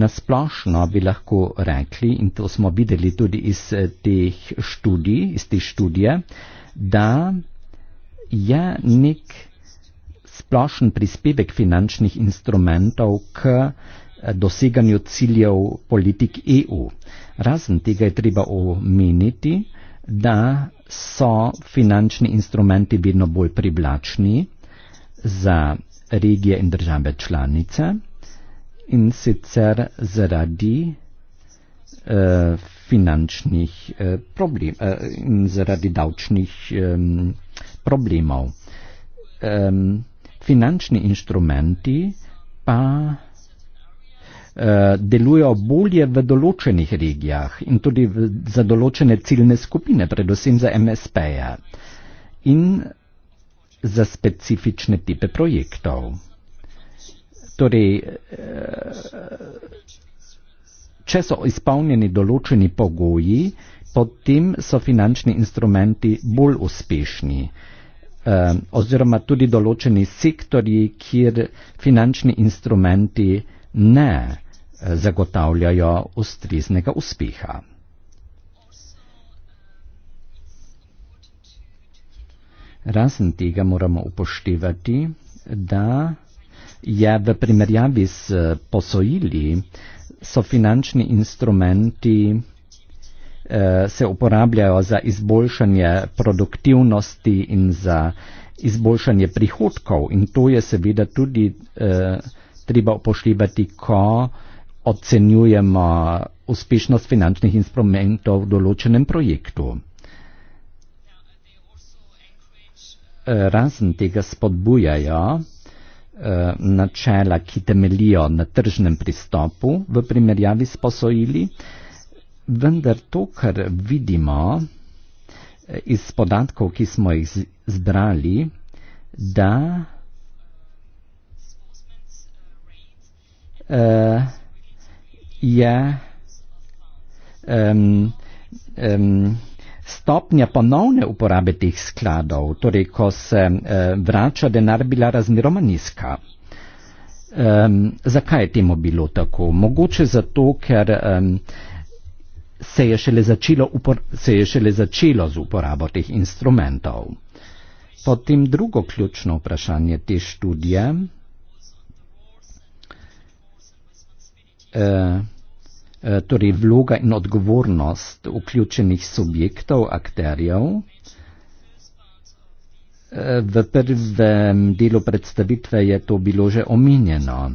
Speaker 2: Nasplošno bi lahko rekli, in to smo videli tudi iz eh, teh študij, iz te študije, da je nek splošen prispevek finančnih instrumentov k doseganju ciljev politik EU. Razen tega je treba omeniti, da so finančni instrumenti vedno bolj privlačni, za regije in države članice in sicer zaradi eh, finančnih eh, problem, eh, in zaradi davčnih eh, problemov. Eh, finančni inštrumenti pa eh, delujejo bolje v določenih regijah in tudi v, za določene ciljne skupine, predvsem za MSP-je. In za specifične tipe projektov. Torej, eh, če so izpolnjeni določeni pogoji, potem so finančni instrumenti bolj uspešni. Eh, oziroma tudi določeni sektorji, kjer finančni instrumenti ne eh, zagotavljajo ustreznega uspeha. Razen tega moramo upoštevati, da je v primerjavi s posojili so finančni instrumenti eh, se uporabljajo za izboljšanje produktivnosti in za izboljšanje prihodkov in to je seveda tudi eh, treba upoštevati, ko ocenjujemo uspešnost finančnih instrumentov v določenem projektu. razen tega spodbujajo eh, načela, ki temelijo na tržnem pristopu v primerjavi s posojili, vendar to, kar vidimo eh, iz podatkov, ki smo jih zbrali, da eh, je um, um, stopnja ponovne uporabe teh skladov, torej ko se eh, vrača denar, bila razmeroma nizka. Um, zakaj je temu bilo tako? Mogoče zato, ker um, se, je se je šele začelo z uporabo teh instrumentov. Potem drugo ključno vprašanje te študije. Uh, Eh, torej vloga in odgovornost vključenih subjektov, akterjev. Eh, v prvem delu predstavitve je to bilo že omenjeno.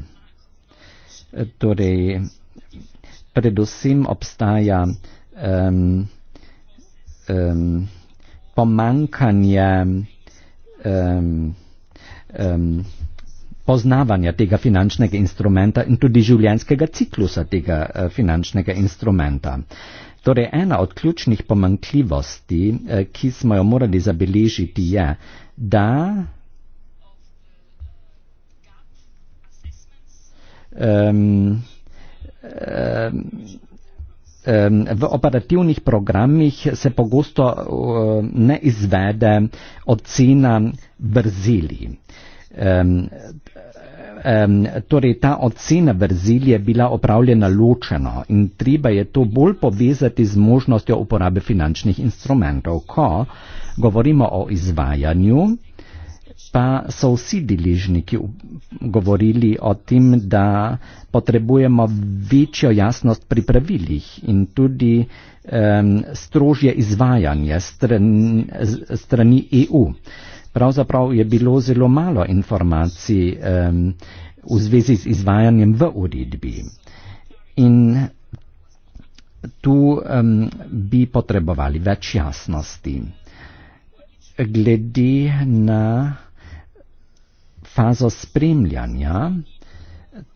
Speaker 2: Eh, torej, predvsem obstaja um, um, pomankanje um, um, poznavanja tega finančnega instrumenta in tudi življenjskega ciklusa tega eh, finančnega instrumenta. Torej, ena od ključnih pomankljivosti, eh, ki smo jo morali zabeležiti, je, da um, V operativnih programih se pogosto eh, ne izvede ocena brzili um, um, torej ta ocena verzil je bila opravljena ločeno in treba je to bolj povezati z možnostjo uporabe finančnih instrumentov. Ko govorimo o izvajanju, pa so vsi deležniki govorili o tem, da potrebujemo večjo jasnost pri pravilih in tudi um, strožje izvajanje stran, strani EU pravzaprav je bilo zelo malo informacij um, v zvezi z izvajanjem v uredbi. In tu um, bi potrebovali več jasnosti. Glede na fazo spremljanja,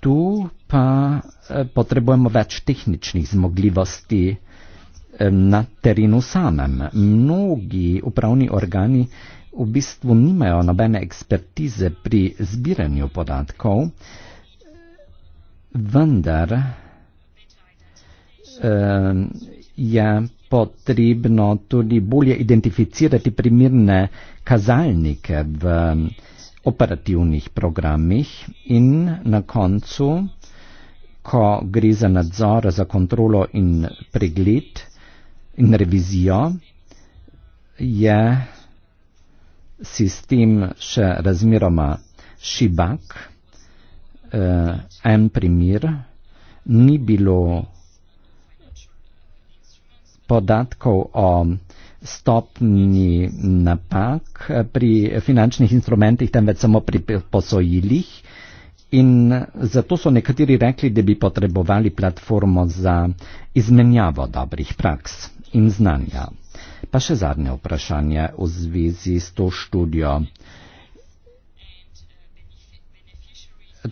Speaker 2: tu pa e, potrebujemo več tehničnih zmogljivosti na terenu samem. Mnogi upravni organi v bistvu nimajo nobene ekspertize pri zbiranju podatkov, vendar eh, je potrebno tudi bolje identificirati primirne kazalnike v operativnih programih in na koncu, ko gre za nadzor, za kontrolo in pregled in revizijo, je sistem še razmeroma šibak. Eh, en primer, ni bilo podatkov o stopni napak pri finančnih instrumentih, temveč samo pri posojilih. In zato so nekateri rekli, da bi potrebovali platformo za izmenjavo dobrih praks in znanja. Pa še zadnje vprašanje v zvezi s to študijo.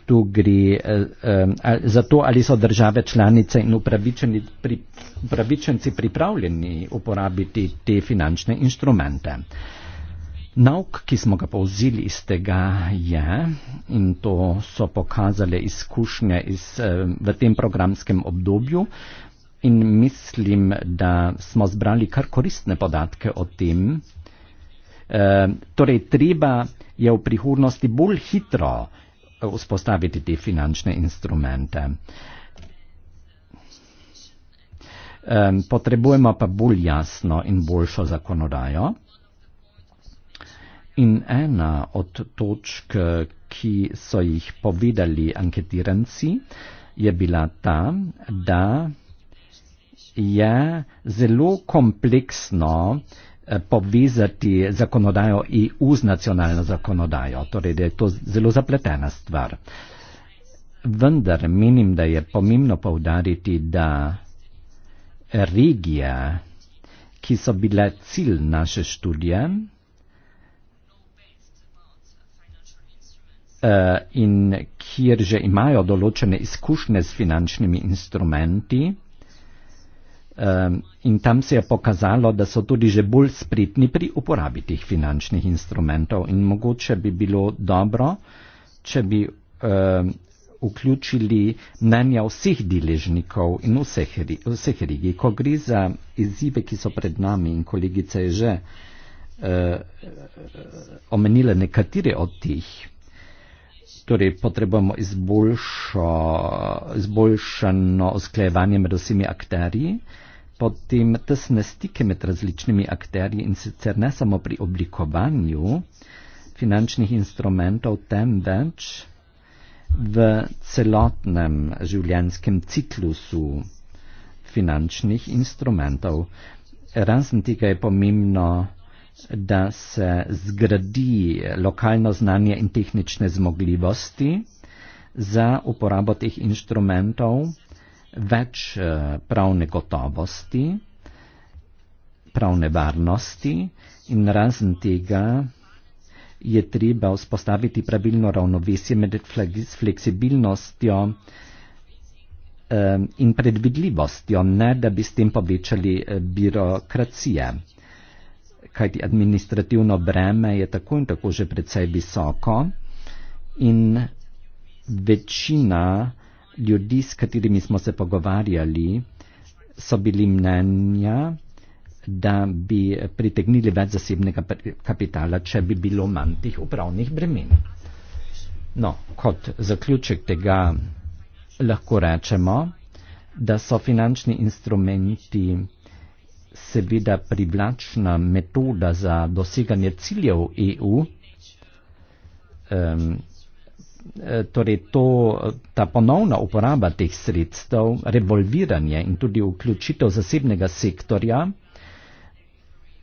Speaker 2: Tu gre eh, eh, za to, ali so države članice in upravičenci pripravljeni uporabiti te finančne inštrumente. Nauk, ki smo ga povzili iz tega, je, in to so pokazale izkušnje iz, eh, v tem programskem obdobju, in mislim, da smo zbrali kar koristne podatke o tem. E, torej, treba je v prihodnosti bolj hitro vzpostaviti te finančne instrumente. E, potrebujemo pa bolj jasno in boljšo zakonodajo. In ena od točk, ki so jih povedali anketiranci, je bila ta, da je zelo kompleksno eh, povezati zakonodajo EU z nacionalno zakonodajo, torej da je to zelo zapletena stvar. Vendar menim, da je pomembno povdariti, da regije, ki so bile cilj naše študije eh, in kjer že imajo določene izkušnje s finančnimi instrumenti, um, in tam se je pokazalo, da so tudi že bolj spretni pri uporabi teh finančnih instrumentov in mogoče bi bilo dobro, če bi um, vključili mnenja vseh deležnikov in vseh, vseh regij. Ko gre za izzive, ki so pred nami in kolegica je že uh, omenila nekatere od teh, Torej, potrebujemo izboljšo, izboljšano usklajevanje med vsemi akterji, potem tesne stike med različnimi akterji in sicer ne samo pri oblikovanju finančnih instrumentov, temveč v celotnem življenjskem ciklusu finančnih instrumentov. Razen tega je pomembno, da se zgradi lokalno znanje in tehnične zmogljivosti za uporabo teh inštrumentov, več eh, pravne gotovosti, pravne varnosti in razen tega je treba vzpostaviti pravilno ravnovesje med fleksibilnostjo eh, in predvidljivostjo, ne da bi s tem povečali eh, birokracije kajti administrativno breme je tako in tako že precej visoko in večina ljudi, s katerimi smo se pogovarjali, so bili mnenja, da bi pritegnili več zasebnega kapitala, če bi bilo manj tih upravnih bremen. No, kot zaključek tega lahko rečemo, da so finančni instrumenti seveda privlačna metoda za doseganje ciljev EU. Um, e, torej to, ta ponovna uporaba teh sredstev, revolviranje in tudi vključitev zasebnega sektorja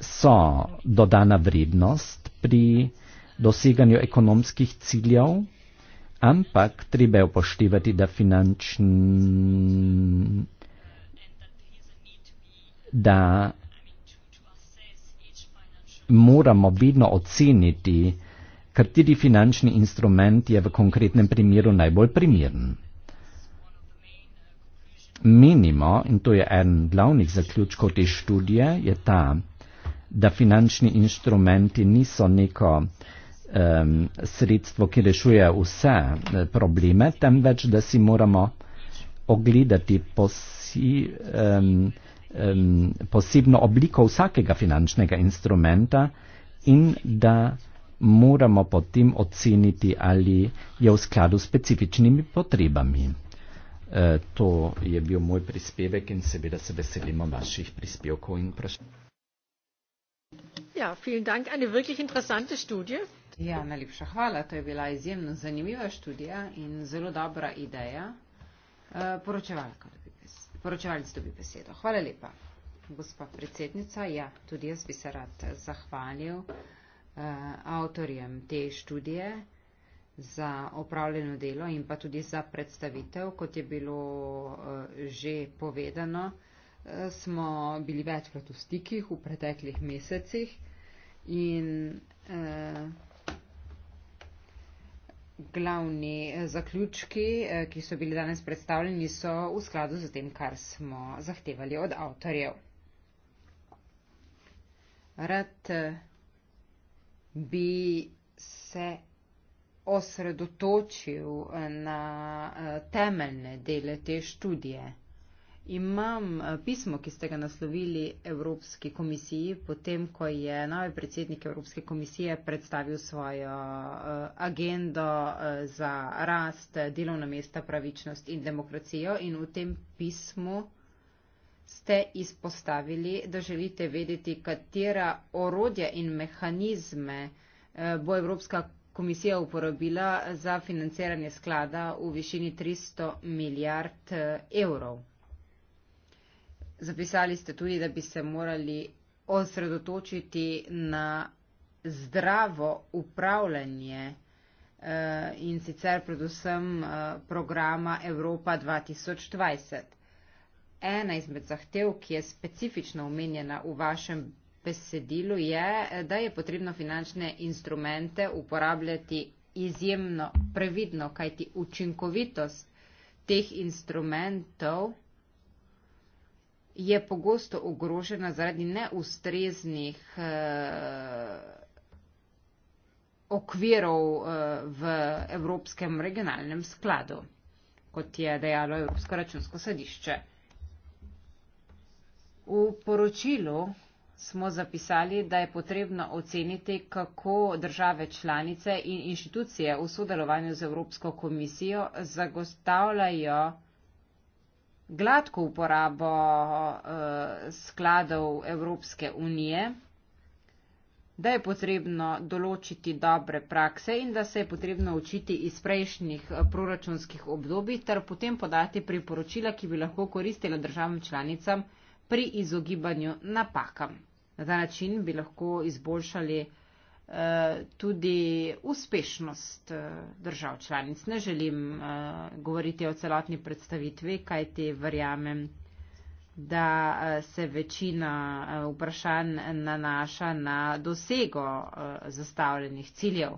Speaker 2: so dodana vrednost pri doseganju ekonomskih ciljev, ampak treba je upoštevati, da finančni da moramo vedno oceniti, kateri finančni instrument je v konkretnem primeru najbolj primeren. Menimo, in to je en glavnih zaključkov te študije, je ta, da finančni inštrumenti niso neko um, sredstvo, ki rešuje vse eh, probleme, temveč, da si moramo ogledati posi, um, posebno obliko vsakega finančnega instrumenta in da moramo potem oceniti, ali je v skladu s specifičnimi potrebami. E, to je bil moj prispevek in seveda se veselimo vaših prispevkov in vprašanj.
Speaker 1: Ja, vielen Dank, eine wirklich interessante Studie. Ja,
Speaker 3: najlepša hvala, to je bila izjemno zanimiva študija in zelo dobra ideja. E, poročevalka. Poročalec dobi besedo. Hvala lepa, gospa predsednica. Ja, tudi jaz bi se rad eh, zahvalil eh, avtorjem te študije za opravljeno delo in pa tudi za predstavitev, kot je bilo eh, že povedano. Eh, smo bili večkrat v stikih v preteklih mesecih in. Eh, Glavni eh, zaključki, eh, ki so bili danes predstavljeni, so v skladu z tem, kar smo zahtevali od avtorjev. Rad eh, bi se osredotočil na temeljne dele te študije. Imam eh, pismo, ki ste ga naslovili Evropski komisiji, potem, ko je novi predsednik Evropske komisije predstavil svojo eh, agendo eh, za rast, delovna mesta, pravičnost in demokracijo. In v tem pismu ste izpostavili, da želite vedeti, katera orodja in mehanizme bo Evropska komisija uporabila za financiranje sklada v višini 300 milijard evrov. Zapisali ste tudi, da bi se morali osredotočiti na zdravo upravljanje eh, in sicer predvsem eh, programa Evropa 2020. Ena izmed zahtev, ki je specifično omenjena v vašem besedilu, je, da je potrebno finančne instrumente uporabljati izjemno previdno, kajti učinkovitost teh instrumentov je pogosto ogrožena zaradi neustreznih eh, okvirov eh, v Evropskem regionalnem skladu, kot je dejalo Evropsko računsko sodišče. V poročilu smo zapisali, da je potrebno oceniti, kako države članice in inštitucije v sodelovanju z Evropsko komisijo zagotavljajo gladko uporabo uh, skladov Evropske unije, da je potrebno določiti dobre prakse in da se je potrebno učiti iz prejšnjih eh, proračunskih obdobij ter potem podati priporočila, ki bi lahko koristila državam članicam pri izogibanju napakam. Na ta način bi lahko izboljšali uh, tudi uspešnost eh, držav članic. Ne želim eh, govoriti o celotni predstavitvi, kaj ti verjamem, da eh, se večina vprašanj nanaša na dosego zastavljenih ciljev.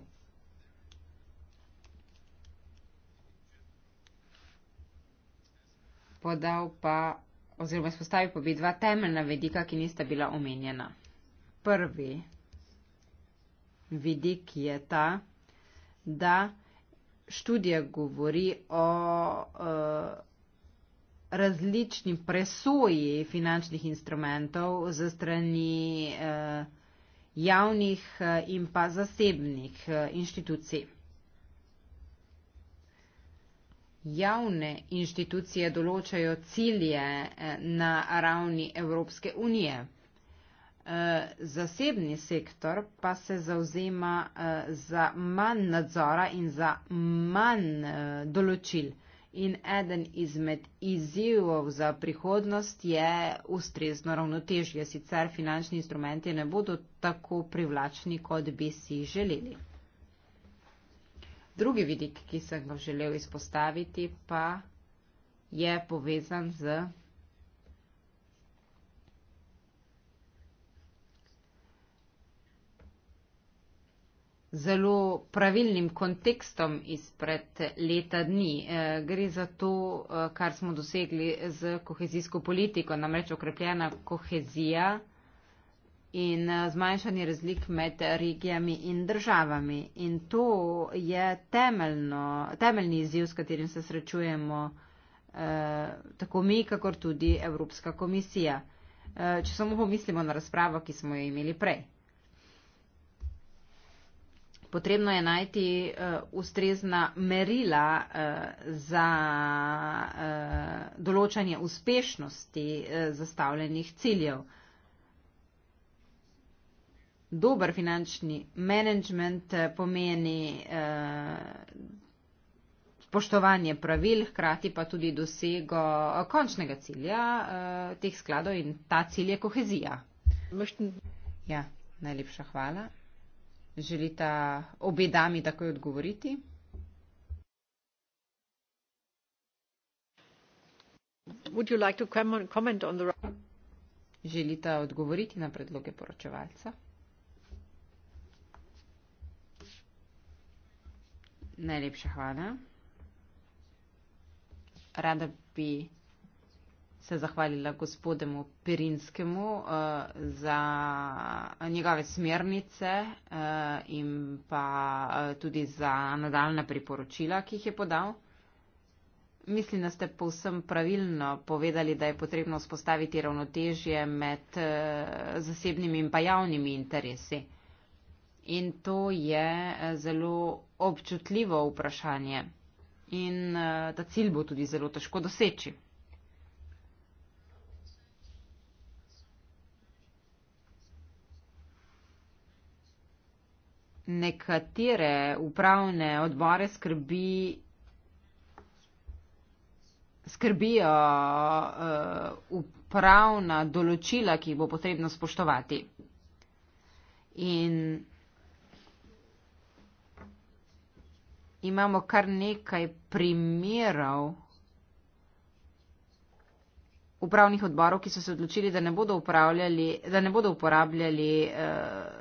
Speaker 3: Podal pa oziroma izpostavil pa bi dva temeljna vedika, ki nista bila omenjena. Prvi vidik je ta, da študija govori o uh, različni presoji finančnih instrumentov za strani uh, javnih eh, in pa zasebnih uh, inštitucij. Javne inštitucije določajo cilje na ravni Evropske unije. Eh, zasebni sektor pa se zauzema eh, za manj nadzora in za manj eh, določil. In eden izmed izzivov za prihodnost je ustrezno ravnotežje, sicer finančni instrumenti ne bodo tako privlačni, kot bi si želeli. Drugi vidik, ki sem ga želel izpostaviti, pa je povezan z zelo pravilnim kontekstom izpred leta dni. Eh, gre za to, eh, kar smo dosegli z kohezijsko politiko, namreč okrepljena kohezija in eh, zmanjšanje razlik med regijami in državami. In to je temeljno, temeljni izziv, s katerim se srečujemo tako mi, kakor tudi Evropska komisija. Če samo pomislimo na razpravo, ki smo jo imeli prej potrebno je najti uh, ustrezna merila uh, za uh, določanje uspešnosti uh, zastavljenih ciljev. Dober finančni menedžment pomeni eh, spoštovanje pravil, hkrati pa tudi dosego končnega cilja eh, teh skladov in ta cilj je kohezija. Ja, najlepša hvala. Želite obe dami takoj odgovoriti? Like the... Želite odgovoriti na predloge poročevalca? Najlepša hvala. Rada bi se zahvalila gospodemu Pirinskemu uh, za njegove smernice uh, in pa uh, tudi za nadaljna priporočila, ki jih je podal. Mislim, da ste povsem pravilno povedali, da je potrebno vzpostaviti ravnotežje med uh, zasebnimi in pa javnimi interesi. In to je zelo občutljivo vprašanje. In uh, ta cilj bo tudi zelo težko doseči. nekatere upravne odbore skrbi, skrbijo uh, upravna določila, ki jih bo potrebno spoštovati. In imamo kar nekaj primerov upravnih odborov, ki so se odločili, da ne bodo, da ne bodo uporabljali uh,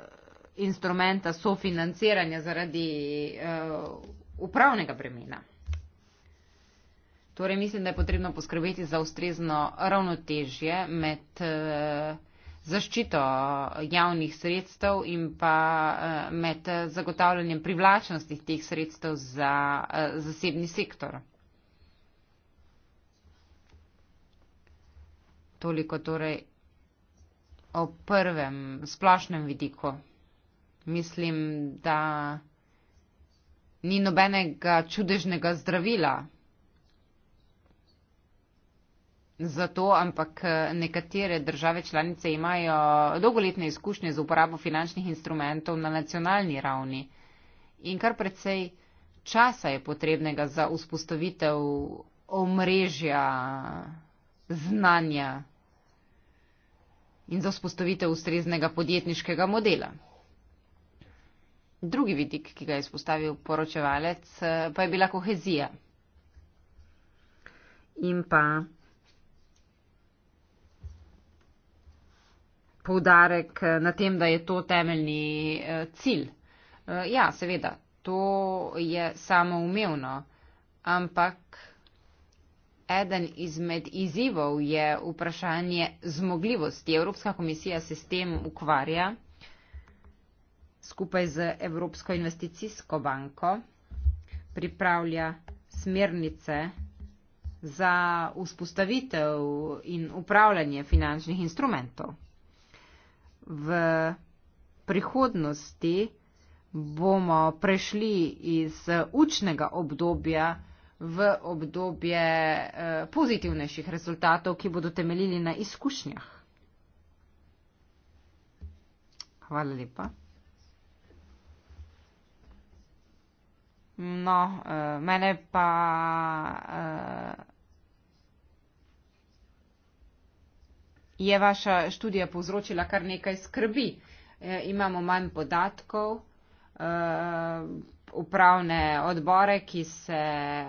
Speaker 3: instrumenta sofinanciranja zaradi uh, upravnega bremena. Torej mislim, da je potrebno poskrbeti za ustrezno ravnotežje med uh, zaščito javnih sredstev in pa uh, med zagotavljanjem privlačnosti teh sredstev za uh, zasebni sektor. Toliko torej o prvem splošnem vidiku. Mislim, da ni nobenega čudežnega zdravila za to, ampak nekatere države članice imajo dolgoletne izkušnje z uporabo finančnih instrumentov na nacionalni ravni. In kar precej časa je potrebnega za vzpostavitev omrežja znanja in za vzpostavitev ustreznega podjetniškega modela. Drugi vidik, ki ga je izpostavil poročevalec, eh, pa je bila kohezija. In pa poudarek eh, na tem, da je to temeljni eh, cilj. Ja, seveda, to je samoumevno, ampak eden izmed izzivov je vprašanje zmogljivosti. Evropska komisija se s tem ukvarja skupaj z Evropsko investicijsko banko pripravlja smernice za vzpostavitev in upravljanje finančnih instrumentov. V prihodnosti bomo prešli iz učnega obdobja v obdobje eh, pozitivnejših rezultatov, ki bodo temeljili na izkušnjah. Hvala lepa. No, uh, mene pa. Uh, je vaša študija povzročila kar nekaj skrbi. E, imamo manj podatkov, uh, upravne odbore, ki se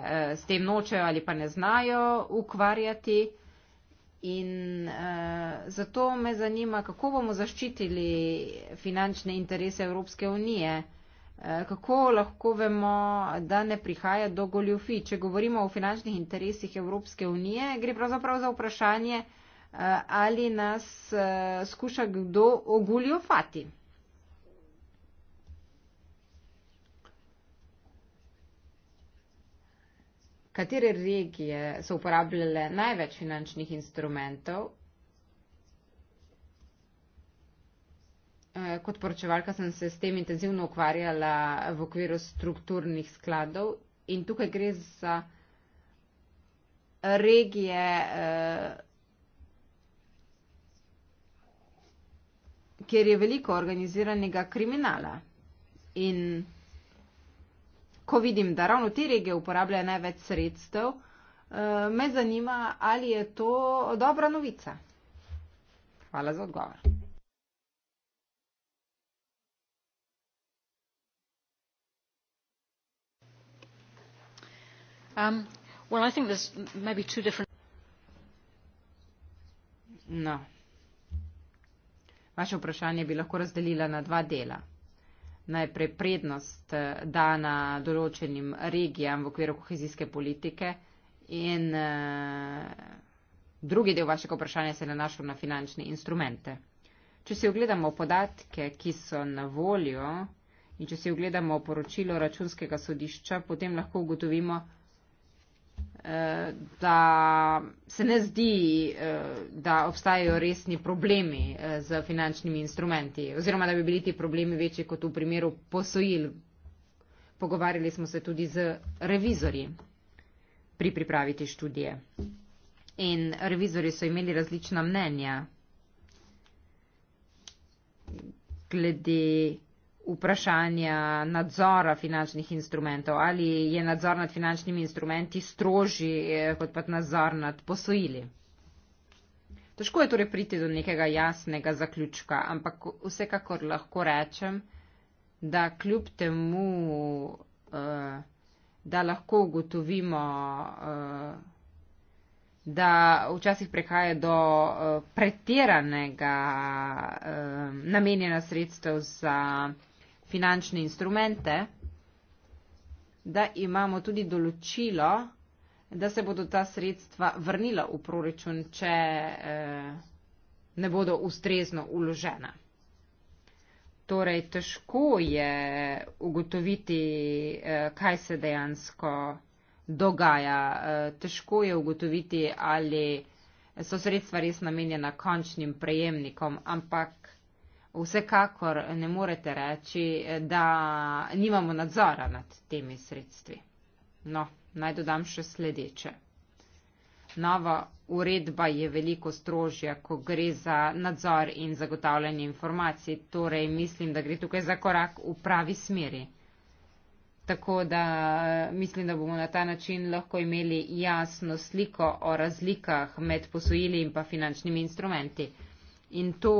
Speaker 3: uh, s tem nočejo ali pa ne znajo ukvarjati. In uh, zato me zanima, kako bomo zaščitili finančne interese Evropske unije. Uh, Eh, kako lahko vemo, da ne prihaja do goljufi? Če govorimo o finančnih interesih Evropske unije, gre pravzaprav za vprašanje, eh, ali nas eh, skuša kdo oguljofati. Katere regije so uporabljale največ finančnih instrumentov Eh, kot poročevalka sem se s tem intenzivno ukvarjala v okviru strukturnih skladov in tukaj gre za regije, eh, kjer je veliko organiziranega kriminala. In ko vidim, da ravno te regije uporabljajo največ sredstev, eh, me zanima, ali je to dobra novica. Hvala za odgovor.
Speaker 1: Um, well i think there's maybe two different
Speaker 3: no vaše vprašanje bi lahko razdelila na dva dela najprej prednost eh, dana določenim regijam v okviru kohezijske politike in eh, drugi del vašega vprašanja se nanašal na finančne instrumente. Če si ogledamo podatke, ki so na voljo in če si ogledamo poročilo računskega sodišča, potem lahko ugotovimo, da se ne zdi, eh, da obstajajo resni problemi eh, z finančnimi instrumenti oziroma da bi bili ti problemi večji kot v primeru posojil. Pogovarjali smo se tudi z revizorji pri pripravi te študije. In revizori so imeli različna mnenja glede vprašanja nadzora finančnih instrumentov, ali je nadzor nad finančnimi instrumenti strožji eh, kot pa nadzor nad posojili. Težko je torej priti do nekega jasnega zaključka, ampak vsekakor lahko rečem, da kljub temu, eh, da lahko ugotovimo, eh, da včasih prehaja do pretiranega namenjena sredstev za finančne instrumente, da imamo tudi določilo, da se bodo ta sredstva vrnila v proračun, če eh, ne bodo ustrezno uložena. Torej, težko je ugotoviti, eh, kaj se dejansko dogaja. Eh, težko je ugotoviti, ali so sredstva res namenjena končnim prejemnikom, ampak vsekakor ne morete reči, da nimamo nadzora nad temi sredstvi. No, naj dodam še sledeče. Nova uredba je veliko strožja, ko gre za nadzor in zagotavljanje informacij, torej mislim, da gre tukaj za korak v pravi smeri. Tako da mislim, da bomo na ta način lahko imeli jasno sliko o razlikah med posojili in pa finančnimi instrumenti. In to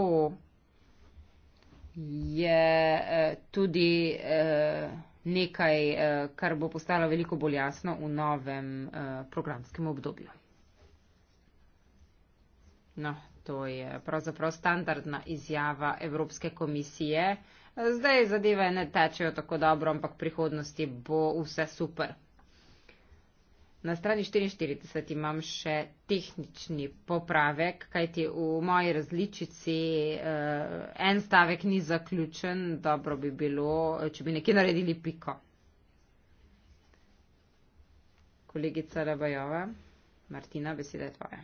Speaker 3: je eh, tudi eh, nekaj, eh, kar bo postalo veliko bolj jasno v novem programskem obdobju. No, to je pravzaprav standardna izjava Evropske komisije. Zdaj zadeve ne tečejo tako dobro, ampak v prihodnosti bo vse super. Na strani 44 imam še tehnični popravek, kajti v moji različici eh, en stavek ni zaključen, dobro bi bilo, eh, če bi nekje naredili piko. Kolegica Rebajova, Martina, beseda je tvoja.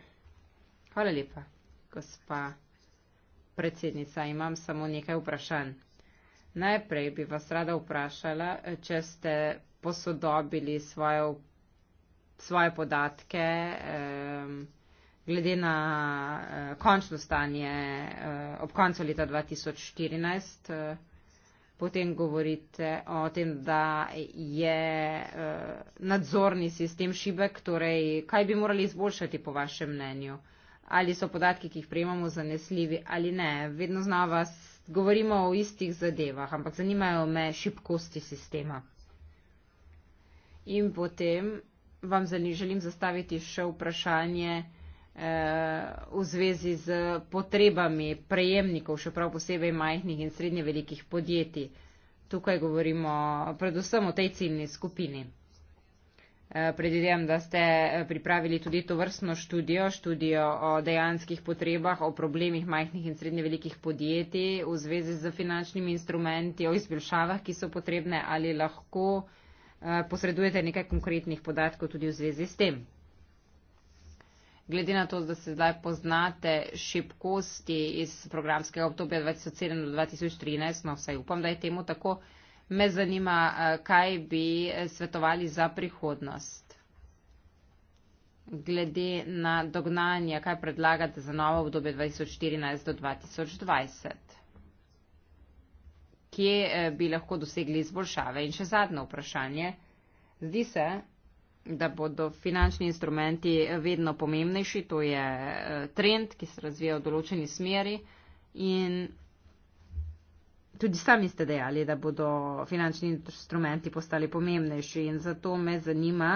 Speaker 3: Hvala lepa, gospa predsednica, imam samo nekaj vprašanj. Najprej bi vas rada vprašala, eh, če ste posodobili svoje vprašanje svoje podatke glede na eh, končno stanje eh, ob koncu leta 2014. Eh, potem govorite o tem, da je nadzorni sistem šibek, torej kaj bi morali izboljšati po vašem mnenju. Ali so podatki, ki jih prejemamo, zanesljivi ali ne. Vedno znova govorimo o istih zadevah, ampak zanimajo me šibkosti sistema. In potem vam želim zastaviti še vprašanje eh, v zvezi z potrebami prejemnikov, še prav posebej majhnih in srednje velikih podjetij. Tukaj govorimo predvsem o tej ciljni skupini. Eh, predvidevam, da ste eh, pripravili tudi to vrstno študijo, študijo o dejanskih potrebah, o problemih majhnih in srednje velikih podjetij v zvezi z finančnimi instrumenti, o izboljšavah, ki so potrebne ali lahko. Eh, posredujete nekaj konkretnih podatkov tudi v zvezi s tem. Glede na to, da se zdaj poznate šibkosti iz programskega obdobja 2007-2013, no vsaj upam, da je temu tako, me zanima, eh, kaj bi eh, svetovali za prihodnost. Glede na dognanje, kaj predlagate za novo obdobje 2014-2020 kje eh, bi lahko dosegli izboljšave. In še zadnje vprašanje. Zdi se, da bodo finančni instrumenti eh, vedno pomembnejši. To je eh, trend, ki se razvija v določeni smeri. In tudi sami ste dejali, da bodo finančni instrumenti postali pomembnejši. In zato me zanima,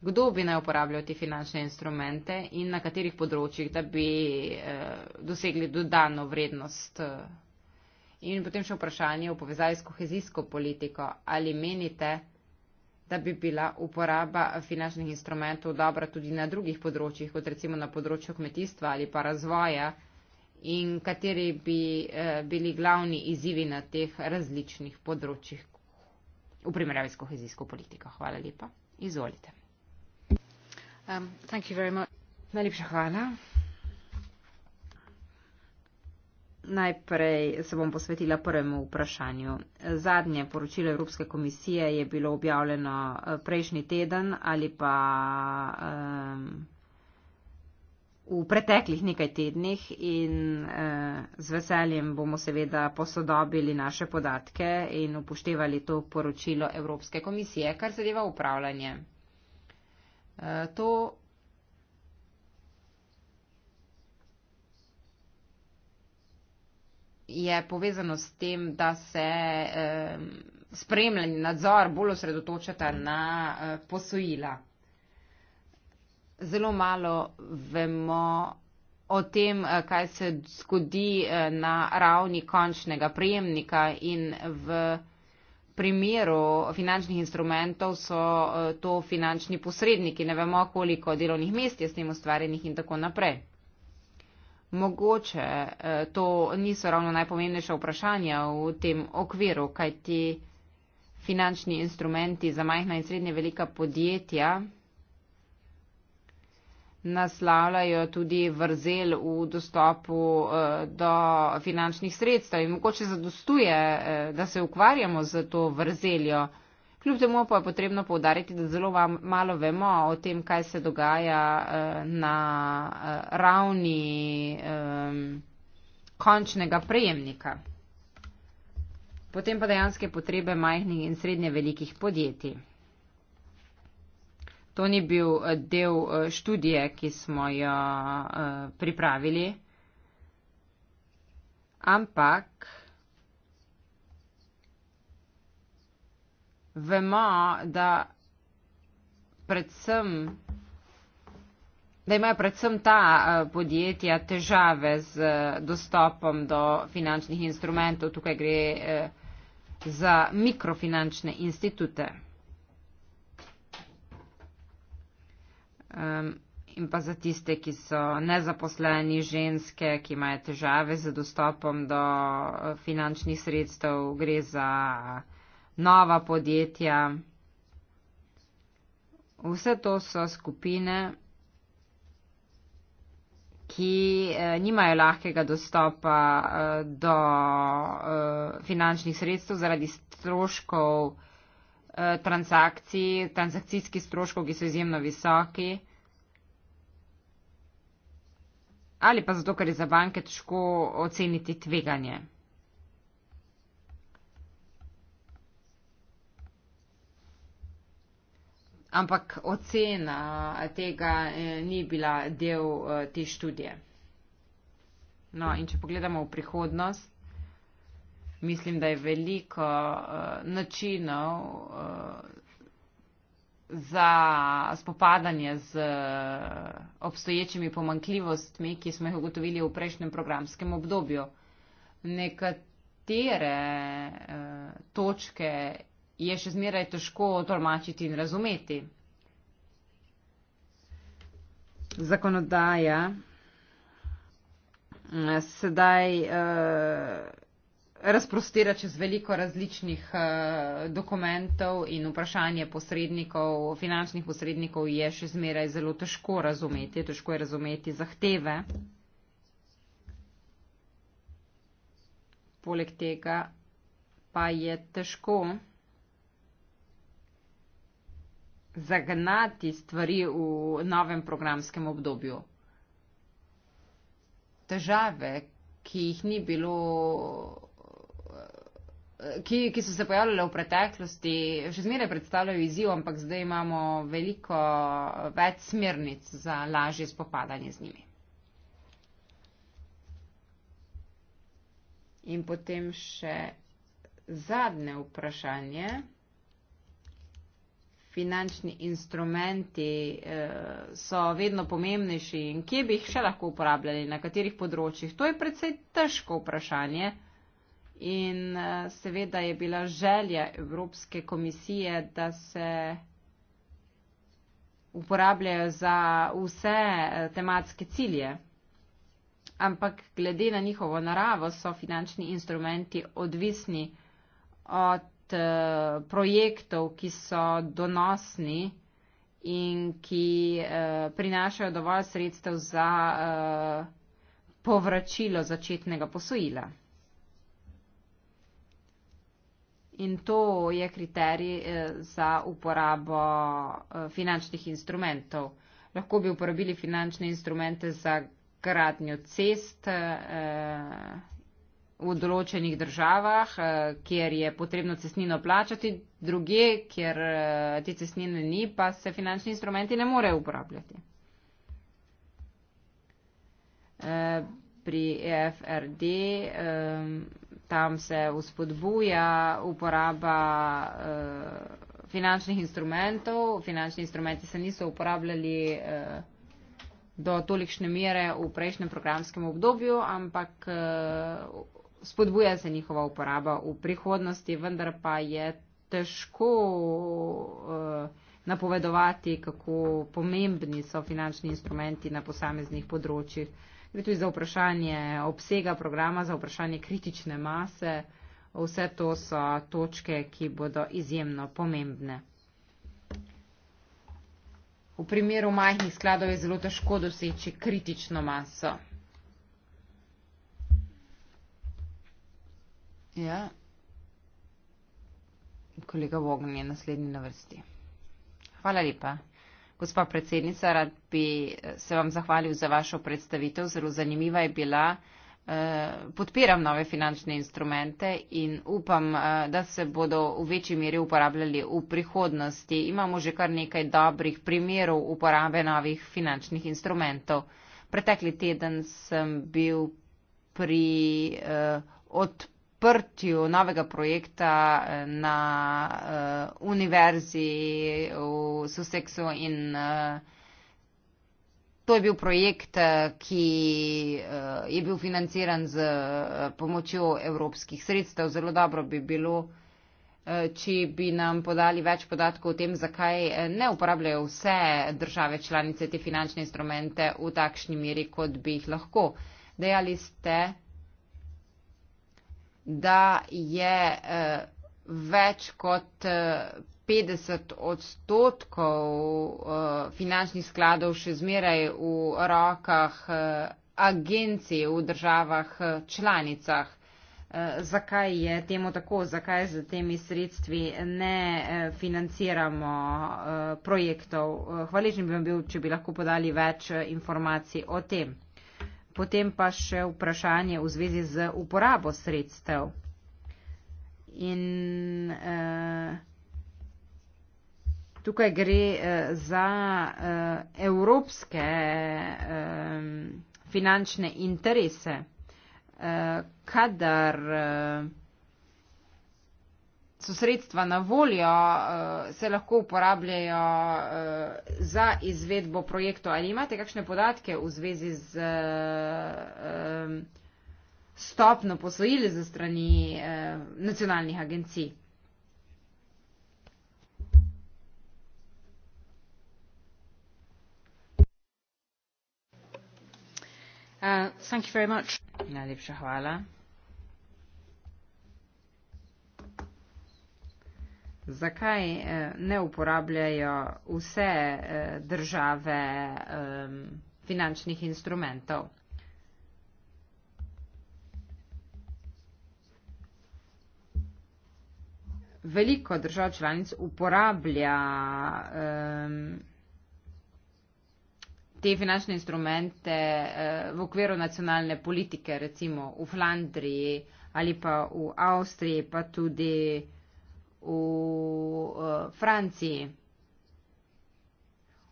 Speaker 3: kdo bi naj uporabljal te finančne instrumente in na katerih področjih, da bi eh, dosegli dodano vrednost. In potem še vprašanje v povezavi s kohezijsko politiko. Ali menite, da bi bila uporaba finančnih instrumentov dobra tudi na drugih področjih, kot recimo na področju kmetijstva ali pa razvoja, in kateri bi eh, bili glavni izzivi na teh različnih področjih v primerjavi s kohezijsko politiko? Hvala lepa. Izvolite. Um, Najlepša hvala. Najprej se bom posvetila prvemu vprašanju. Zadnje poročilo Evropske komisije je bilo objavljeno eh, prejšnji teden ali pa um, v preteklih nekaj tednih in uh, z veseljem bomo seveda posodobili naše podatke in upoštevali to poročilo Evropske komisije, kar zadeva upravljanje. To je povezano s tem, da se spremljanje in nadzor bolj osredotočata na e, posojila. Zelo malo vemo o tem, e, kaj se zgodi e, na ravni končnega prejemnika in v primeru finančnih instrumentov so eh, to finančni posredniki, ne vemo, koliko delovnih mest je s tem ustvarjenih in tako naprej. Mogoče eh, to niso ravno najpomembnejša vprašanja v tem okviru, kaj ti finančni instrumenti za majhna in srednje velika podjetja naslavljajo tudi vrzel v dostopu eh, do finančnih sredstev in mogoče zadostuje, eh, da se ukvarjamo z to vrzeljo. Kljub temu pa je potrebno povdariti, da zelo malo vemo o tem, kaj se dogaja eh, na ravni ehm, končnega prejemnika. Potem pa dejanske potrebe majhnih in srednje velikih podjetij. To ni bil eh, del eh, študije, ki smo jo eh, pripravili, ampak vemo, da, predvsem, da imajo predvsem ta podjetja težave z dostopom do finančnih instrumentov. Tukaj gre za mikrofinančne institute. Um, in pa za tiste, ki so nezaposleni, ženske, ki imajo težave z dostopom do eh, finančnih sredstev, gre za nova podjetja. Vse to so skupine, ki eh, nimajo lahkega dostopa eh, do eh, finančnih sredstev zaradi stroškov. Eh, transakcij, transakcijski stroškov, ki so izjemno visoki. Ali pa zato, ker je za banke težko oceniti tveganje. Ampak ocena eh, tega eh, ni bila del te študije. No, in če pogledamo v prihodnost, mislim, da je veliko uh, načinov uh, za spopadanje z eh, obstoječimi pomankljivostmi, ki smo jih ugotovili v prejšnjem programskem obdobju. Nekatere uh, točke je še zmeraj težko tolmačiti in razumeti. Zakonodaja sedaj uh, razprostira čez veliko različnih uh, dokumentov in vprašanje posrednikov, finančnih posrednikov je še zmeraj zelo težko razumeti, težko je razumeti zahteve. Poleg tega pa je težko zagnati stvari v novem programskem obdobju. Težave, ki jih ni bilo ki, ki so se pojavljale v preteklosti, še zmeraj predstavljajo izziv, ampak zdaj imamo veliko več smernic za lažje spopadanje z njimi. In potem še zadnje vprašanje. Finančni instrumenti eh, so vedno pomembnejši in kje bi jih še lahko uporabljali, na katerih področjih. To je predvsej težko vprašanje. Eh, In eh, seveda je bila želja Evropske komisije, da se uporabljajo za vse eh, tematske cilje. Ampak glede na njihovo naravo so finančni instrumenti odvisni od eh, projektov, ki so donosni in ki prinašajo dovolj sredstev za povračilo začetnega posojila. in to je kriterij eh, za uporabo eh, finančnih instrumentov. Lahko bi uporabili finančne instrumente za gradnjo cest eh, v določenih državah, kjer je potrebno cestnino plačati, druge, kjer te cestnine ni, pa se finančni instrumenti ne morejo uporabljati. Pri e FRD um, tam se uspodbuja uporaba uh, finančnih instrumentov. Finančni instrumenti se niso uporabljali uh, do tolikšne mere v prejšnjem programskem obdobju, ampak uh, spodbuja se njihova uporaba v prihodnosti, vendar pa je težko uh, napovedovati, kako pomembni so finančni instrumenti na posameznih področjih. Uh, gre tudi za vprašanje obsega programa, za vprašanje kritične mase. Vse to so točke, ki bodo izjemno pomembne. V primeru majhnih skladov je zelo težko doseči kritično maso. Ja. Kolega Vogn je naslednji na vrsti. Hvala lepa. Gospa predsednica, rad bi eh, se vam zahvalil za vašo predstavitev. Zelo zanimiva je bila. Eh, podpiram nove finančne instrumente in upam, eh, da se bodo v večji meri uporabljali v prihodnosti. Imamo že kar nekaj dobrih primerov uporabe novih finančnih instrumentov. Pretekli teden sem bil pri odpravljanju odprtju novega projekta eh, na uh, univerzi v Sussexu in uh, to je bil projekt, ki uh, je bil financiran z pomočjo evropskih sredstev. Zelo dobro bi bilo, uh, če bi nam podali več podatkov o tem, zakaj ne uporabljajo vse države članice te finančne instrumente v takšni meri, kot bi jih lahko. Dejali ste, da je eh, več kot 50 eh, odstotkov eh, finančnih skladov še zmeraj v rokah agencij v državah članicah. Zakaj je temu tako, zakaj z temi sredstvi ne financiramo projektov? Hvaležen bi vam bil, če bi lahko podali več informacij o tem. Potem pa še vprašanje v zvezi z uporabo sredstev. In eh, tukaj gre eh, za eh, evropske eh, finančne interese. Eh, kadar eh, so sredstva na voljo, eh, se lahko uporabljajo eh, za izvedbo projektov. Ali imate kakšne podatke v zvezi z eh, stopno posojili za strani nacionalnih agencij? Uh, Najlepša hvala. zakaj eh, ne uporabljajo vse eh, države finančnih instrumentov. Veliko držav članic uporablja um, te finančne instrumente uh, v okviru nacionalne politike, recimo v Flandriji ali pa v Avstriji, pa tudi uh, v uh, Franciji.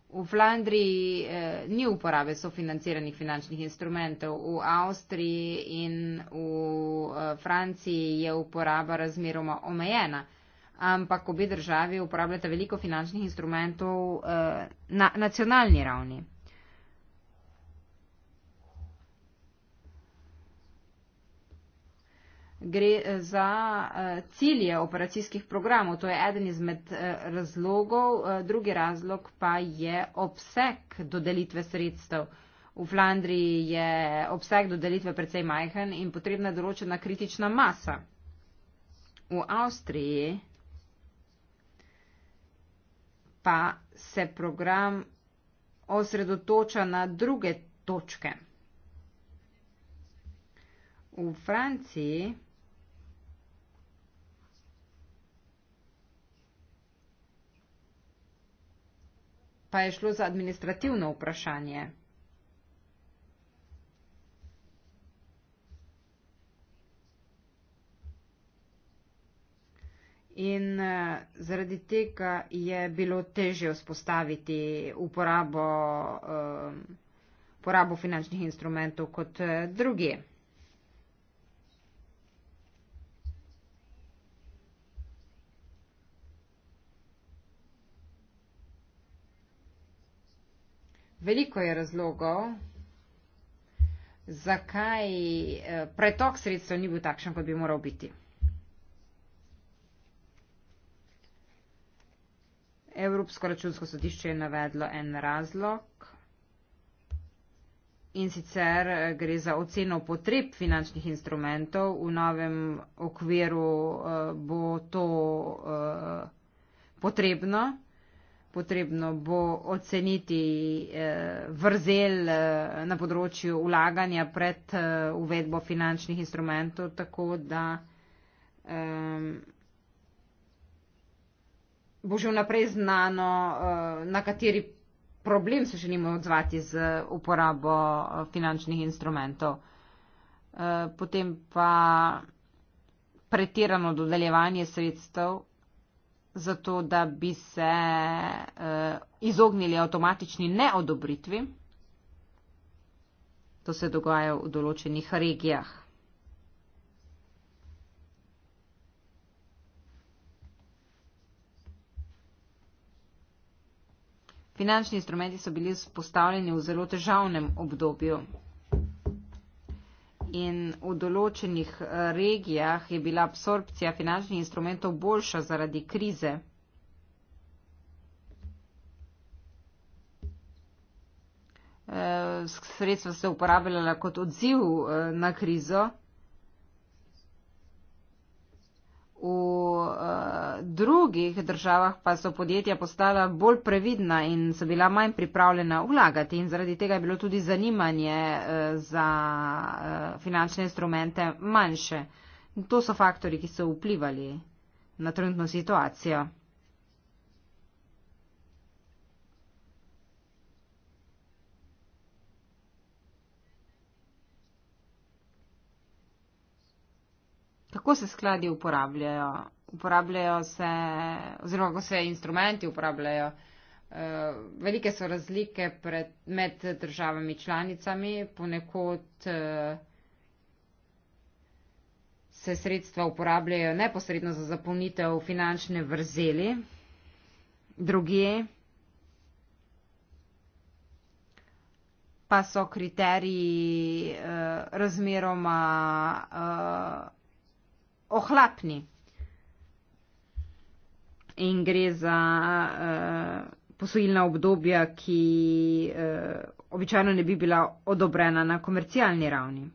Speaker 3: V Flandriji eh, ni uporabe sofinanciranih finančnih instrumentov, v Avstriji in v eh, Franciji je uporaba razmeroma omejena, ampak obe državi uporabljata veliko finančnih instrumentov eh, na nacionalni ravni. gre eh, za eh, cilje operacijskih programov. To je eden izmed eh, razlogov. Drugi razlog pa je obseg dodelitve sredstev. V Flandriji je obseg dodelitve precej majhen in potrebna je določena kritična masa. V Avstriji pa se program osredotoča na druge točke. V Franciji pa je šlo za administrativno vprašanje. In eh, zaradi tega je bilo težje vzpostaviti uporabo, uporabo eh, finančnih instrumentov kot eh, drugi. Veliko je razlogov, zakaj eh, pretok sredstev ni bil takšen, kot bi moral biti. Evropsko računsko sodišče je navedlo en razlog in sicer eh, gre za oceno potreb finančnih instrumentov. V novem okviru eh, bo to potrebno potrebno bo oceniti eh, vrzel eh, na področju ulaganja pred eh, uvedbo finančnih instrumentov, tako da ehm, bo že vnaprej znano, na kateri problem se želimo odzvati z uporabo finančnih instrumentov. Potem pa pretirano dodeljevanje sredstev zato da bi se uh, izognili avtomatični neodobritvi. To se dogaja v določenih regijah. Finančni instrumenti so bili vzpostavljeni v zelo težavnem obdobju in v določenih eh, regijah je bila absorpcija finančnih instrumentov boljša zaradi krize. Eh, sredstva se uporabljala kot odziv eh, na krizo. V uh, drugih državah pa so podjetja postala bolj previdna in so bila manj pripravljena vlagati in zaradi tega je bilo tudi zanimanje uh, za uh, finančne instrumente manjše. In to so faktori, ki so vplivali na trenutno situacijo. Kako se skladi uporabljajo? Uporabljajo se, oziroma kako se instrumenti uporabljajo. Eh, velike so razlike pred, med državami članicami, ponekod eh, se sredstva uporabljajo neposredno za zapolnitev finančne vrzeli, druge pa so kriteriji eh, razmeroma eh, ohlapni. In gre za uh, posojilna obdobja, ki uh, običajno ne bi bila odobrena na komercialni ravni.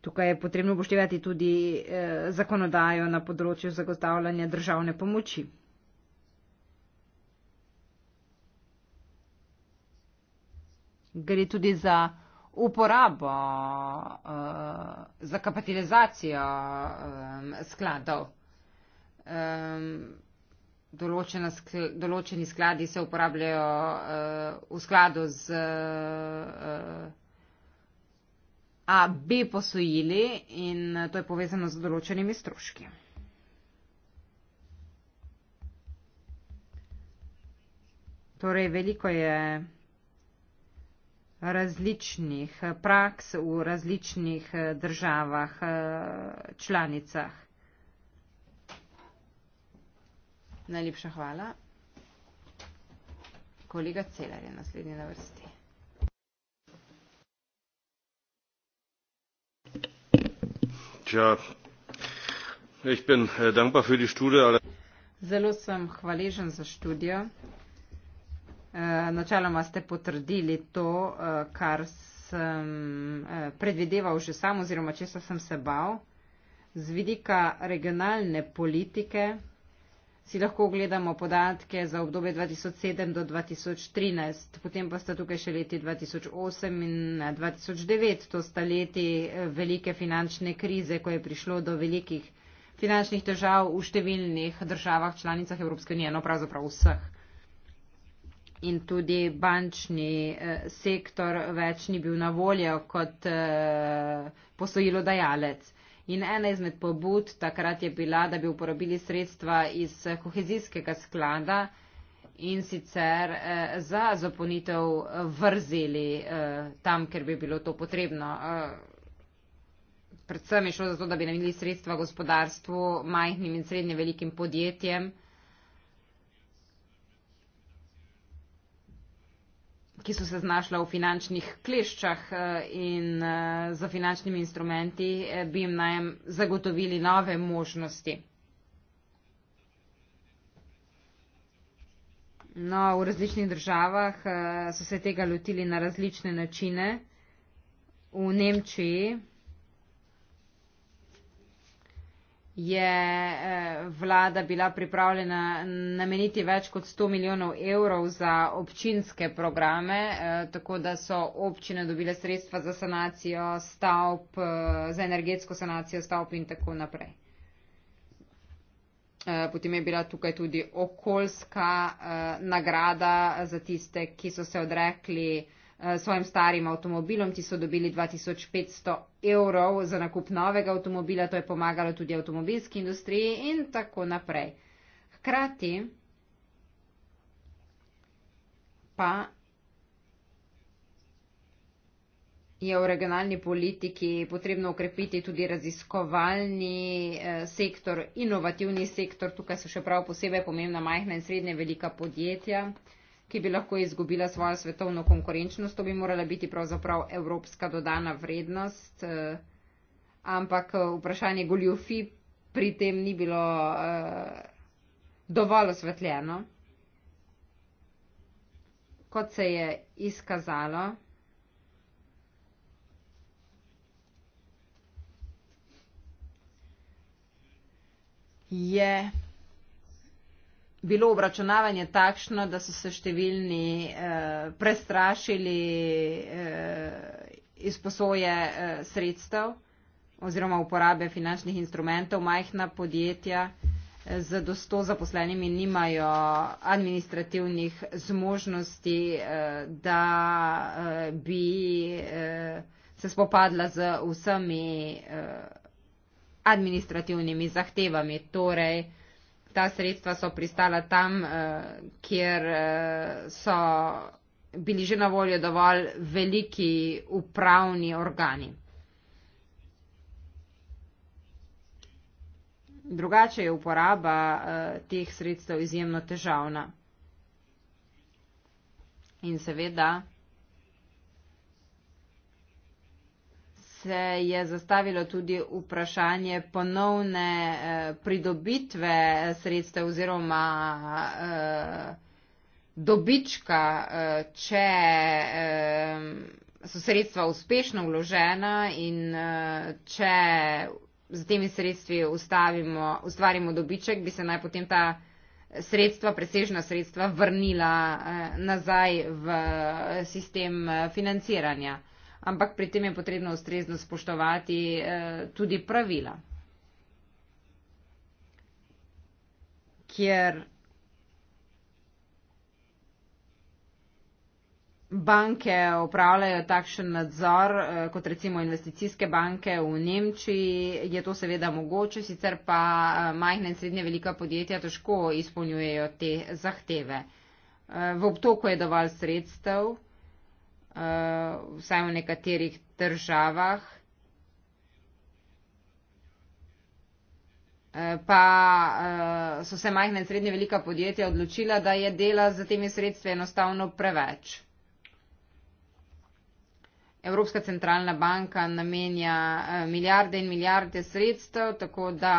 Speaker 3: Tukaj je potrebno upoštevati tudi eh, zakonodajo na področju zagotavljanja državne pomoči. Gre tudi za uporabo, eh, za kapitalizacijo eh, skladov. Eh, določena, določeni skladi se uporabljajo v skladu z A, B posojili in to je povezano z določenimi stroški. Torej, veliko je različnih praks v različnih eh, državah eh, članicah. Najlepša hvala. Kolega Celar je naslednji na vrsti.
Speaker 1: Eh,
Speaker 3: Zelo sem hvaležen za študijo. Eh, načeloma ste potrdili to, eh, kar sem eh, predvideval že sam oziroma česa sem se bal. Z vidika regionalne politike si lahko ogledamo podatke za obdobje 2007 do 2013, potem pa sta tukaj še leti 2008 in 2009. To sta leti velike finančne krize, ko je prišlo do velikih finančnih težav v številnih državah članicah Evropske unije, no pravzaprav vseh in tudi bančni eh, sektor več ni bil na voljo kot eh, posojilodajalec. In ena izmed pobud takrat je bila, da bi uporabili sredstva iz eh, kohezijskega sklada in sicer za zaponitev vrzeli tam, ker bi bilo to potrebno. Predvsem je šlo za to, da bi namenili sredstva gospodarstvu, majhnim in srednje velikim podjetjem, ki so se znašla v finančnih kleščah eh, in eh, za finančnimi instrumenti, eh, bi jim najem zagotovili nove možnosti. No, v različnih državah so se tega lotili na različne načine. V Nemčiji je eh, vlada bila pripravljena nameniti več kot 100 milijonov evrov za občinske programe, eh, tako da so občine dobile sredstva za sanacijo stavb, eh, za energetsko sanacijo stavb in tako naprej. Potem je bila tukaj tudi okoljska nagrada za tiste, ki so se odrekli Eh, svojim starim avtomobilom, ti so dobili 2500 evrov za nakup novega avtomobila, to je pomagalo tudi avtomobilski industriji in tako naprej. Hkrati pa je v regionalni politiki potrebno ukrepiti tudi raziskovalni eh, sektor, inovativni sektor, tukaj so še prav posebej pomembna majhna in srednje velika podjetja ki bi lahko izgubila svojo svetovno konkurenčnost, to bi morala biti pravzaprav evropska dodana vrednost, eh, ampak eh, vprašanje goljufi pri tem ni bilo eh, dovolj osvetljeno. Kot se je izkazalo, je bilo obračunavanje takšno, da so se številni eh, prestrašili eh, izposoje eh, sredstev oziroma uporabe finančnih instrumentov. Majhna podjetja eh, z do 100 zaposlenimi nimajo administrativnih zmožnosti, eh, da eh, bi eh, se spopadla z vsemi eh, administrativnimi zahtevami. Torej, eh, ta sredstva so pristala tam, eh, kjer eh, so bili že na voljo dovolj veliki upravni organi. Drugače je uporaba eh, teh sredstev izjemno težavna. In seveda, se je zastavilo tudi vprašanje ponovne eh, pridobitve eh, sredstev oziroma eh, dobička, če so sredstva uspešno vložena in če z temi sredstvi ustavimo, ustvarimo dobiček, bi se naj potem ta sredstva, presežna sredstva vrnila nazaj v sistem financiranja ampak pri tem je potrebno ustrezno spoštovati eh, tudi pravila, kjer banke upravljajo takšen nadzor, eh, kot recimo investicijske banke v Nemčiji, je to seveda mogoče, sicer pa eh, majhne in srednje velika podjetja težko izpolnjujejo te zahteve. Eh, v obtoku je dovolj sredstev, uh, vsaj v nekaterih državah. Eh, pa eh, so se majhne in srednje velika podjetja odločila, da je dela za temi sredstvi enostavno preveč. Evropska centralna banka namenja eh, milijarde in milijarde sredstev, tako da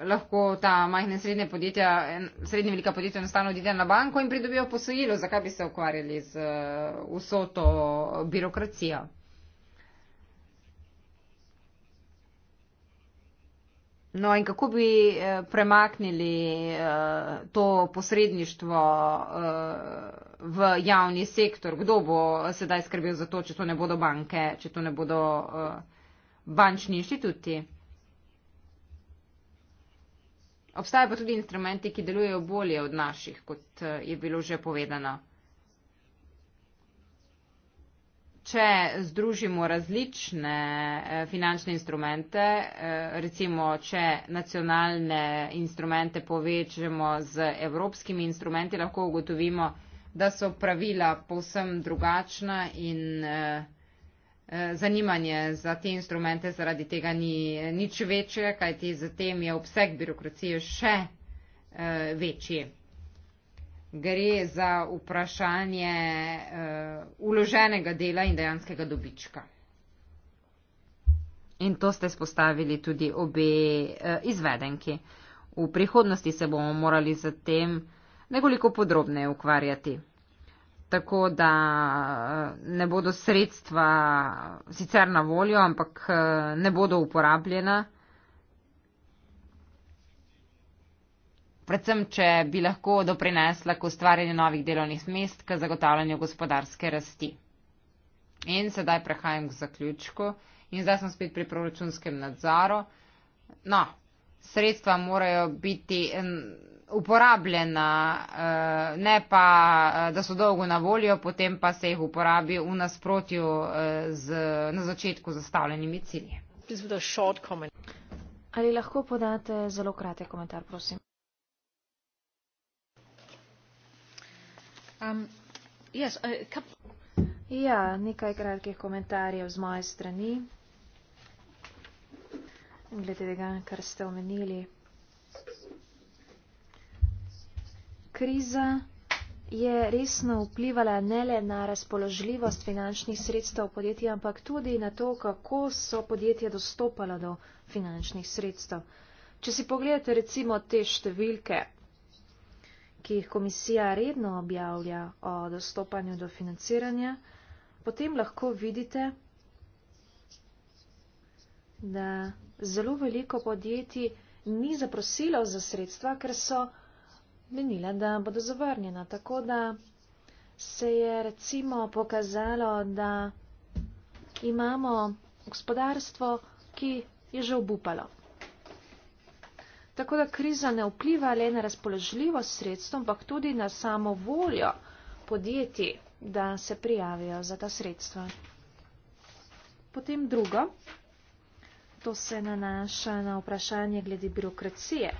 Speaker 3: eh, lahko ta majhne srednje podjetja, srednje velika podjetja enostavno odide na banko in pridobijo posojilo. Zakaj bi se ukvarjali z eh, vso to birokracijo? No in kako bi premaknili to posredništvo? v javni sektor, kdo bo sedaj skrbel za to, če to ne bodo banke, če to ne bodo uh, bančni inštituti. Obstaja pa tudi instrumenti, ki delujejo bolje od naših, kot eh, je bilo že povedano. Če združimo različne eh, finančne instrumente, recimo če nacionalne instrumente povečamo z evropskimi instrumenti, lahko ugotovimo, da so pravila povsem drugačna in eh, eh, zanimanje za te instrumente zaradi tega ni nič večje, kajti zatem je obseg birokracije še eh, večji. Gre za vprašanje uloženega dela in dejanskega dobička. In to ste spostavili tudi obe izvedenki. V prihodnosti se bomo morali zatem nekoliko podrobneje ukvarjati. Tako da eh, ne bodo sredstva sicer na voljo, ampak eh, ne bodo uporabljena. Predvsem, če bi lahko doprinesla k ustvarjanju novih delovnih mest, k zagotavljanju gospodarske rasti. In sedaj prehajam k zaključku. In zdaj sem spet pri proračunskem nadzoru. No, sredstva morajo biti. En, uporabljena, eh, ne pa, eh, da so dolgo na voljo, potem pa se jih uporabi v nasprotju eh, z na začetku zastavljenimi cilji.
Speaker 4: Ali lahko podate zelo kratek komentar, prosim? Um, yes, uh, kap... Ja, nekaj kratkih komentarjev z moje strani. Glede tega, kar ste omenili. kriza je resno vplivala ne le na razpoložljivost finančnih sredstev podjetij, ampak tudi na to, kako so podjetja dostopala do finančnih sredstev. Če si pogledate recimo te številke, ki jih komisija redno objavlja o dostopanju do financiranja, potem lahko vidite, da zelo veliko podjetij ni zaprosilo za sredstva, ker so menila, da bodo zavrnjena. Tako da se je recimo pokazalo, da imamo gospodarstvo, ki je že obupalo. Tako da kriza ne vpliva le na razpoložljivost sredstva, ampak tudi na samo voljo podjetij, da se prijavijo za ta sredstva. Potem drugo, to se nanaša na vprašanje glede birokracije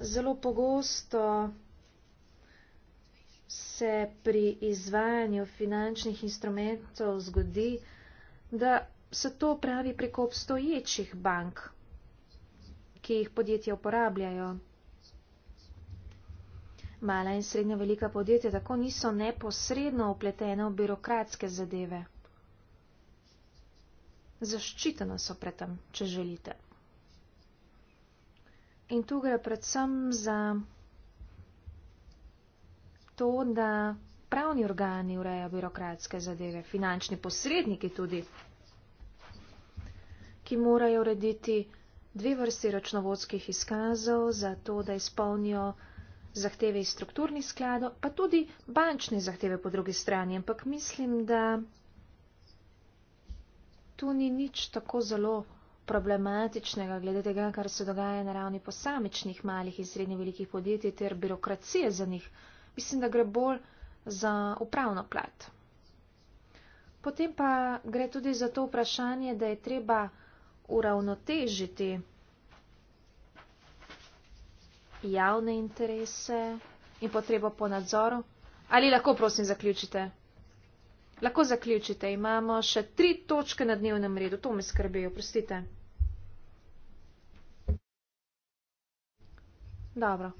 Speaker 4: zelo pogosto se pri izvajanju finančnih instrumentov zgodi, da se to pravi preko obstoječih bank, ki jih podjetja uporabljajo. Mala in srednja velika podjetja tako niso neposredno upletena v birokratske zadeve. Zaščitena so pred tem, če želite. In tu gre predvsem za to, da pravni organi urejajo birokratske zadeve, finančni posredniki tudi, ki morajo urediti dve vrsti računovodskih izkazov za to, da izpolnijo zahteve iz strukturnih skladov, pa tudi bančne zahteve po drugi strani. Ampak mislim, da tu ni nič tako zelo problematičnega glede tega, kar se dogaja na ravni posamičnih malih in srednje velikih podjetij ter birokracije za njih. Mislim, da gre bolj za upravno plat. Potem pa gre tudi za to vprašanje, da je treba uravnotežiti javne interese in potrebo po nadzoru. Ali lahko, prosim, zaključite? Lahko zaključite, imamo še tri točke na dnevnem redu, to me skrbi, oprostite. Dobro.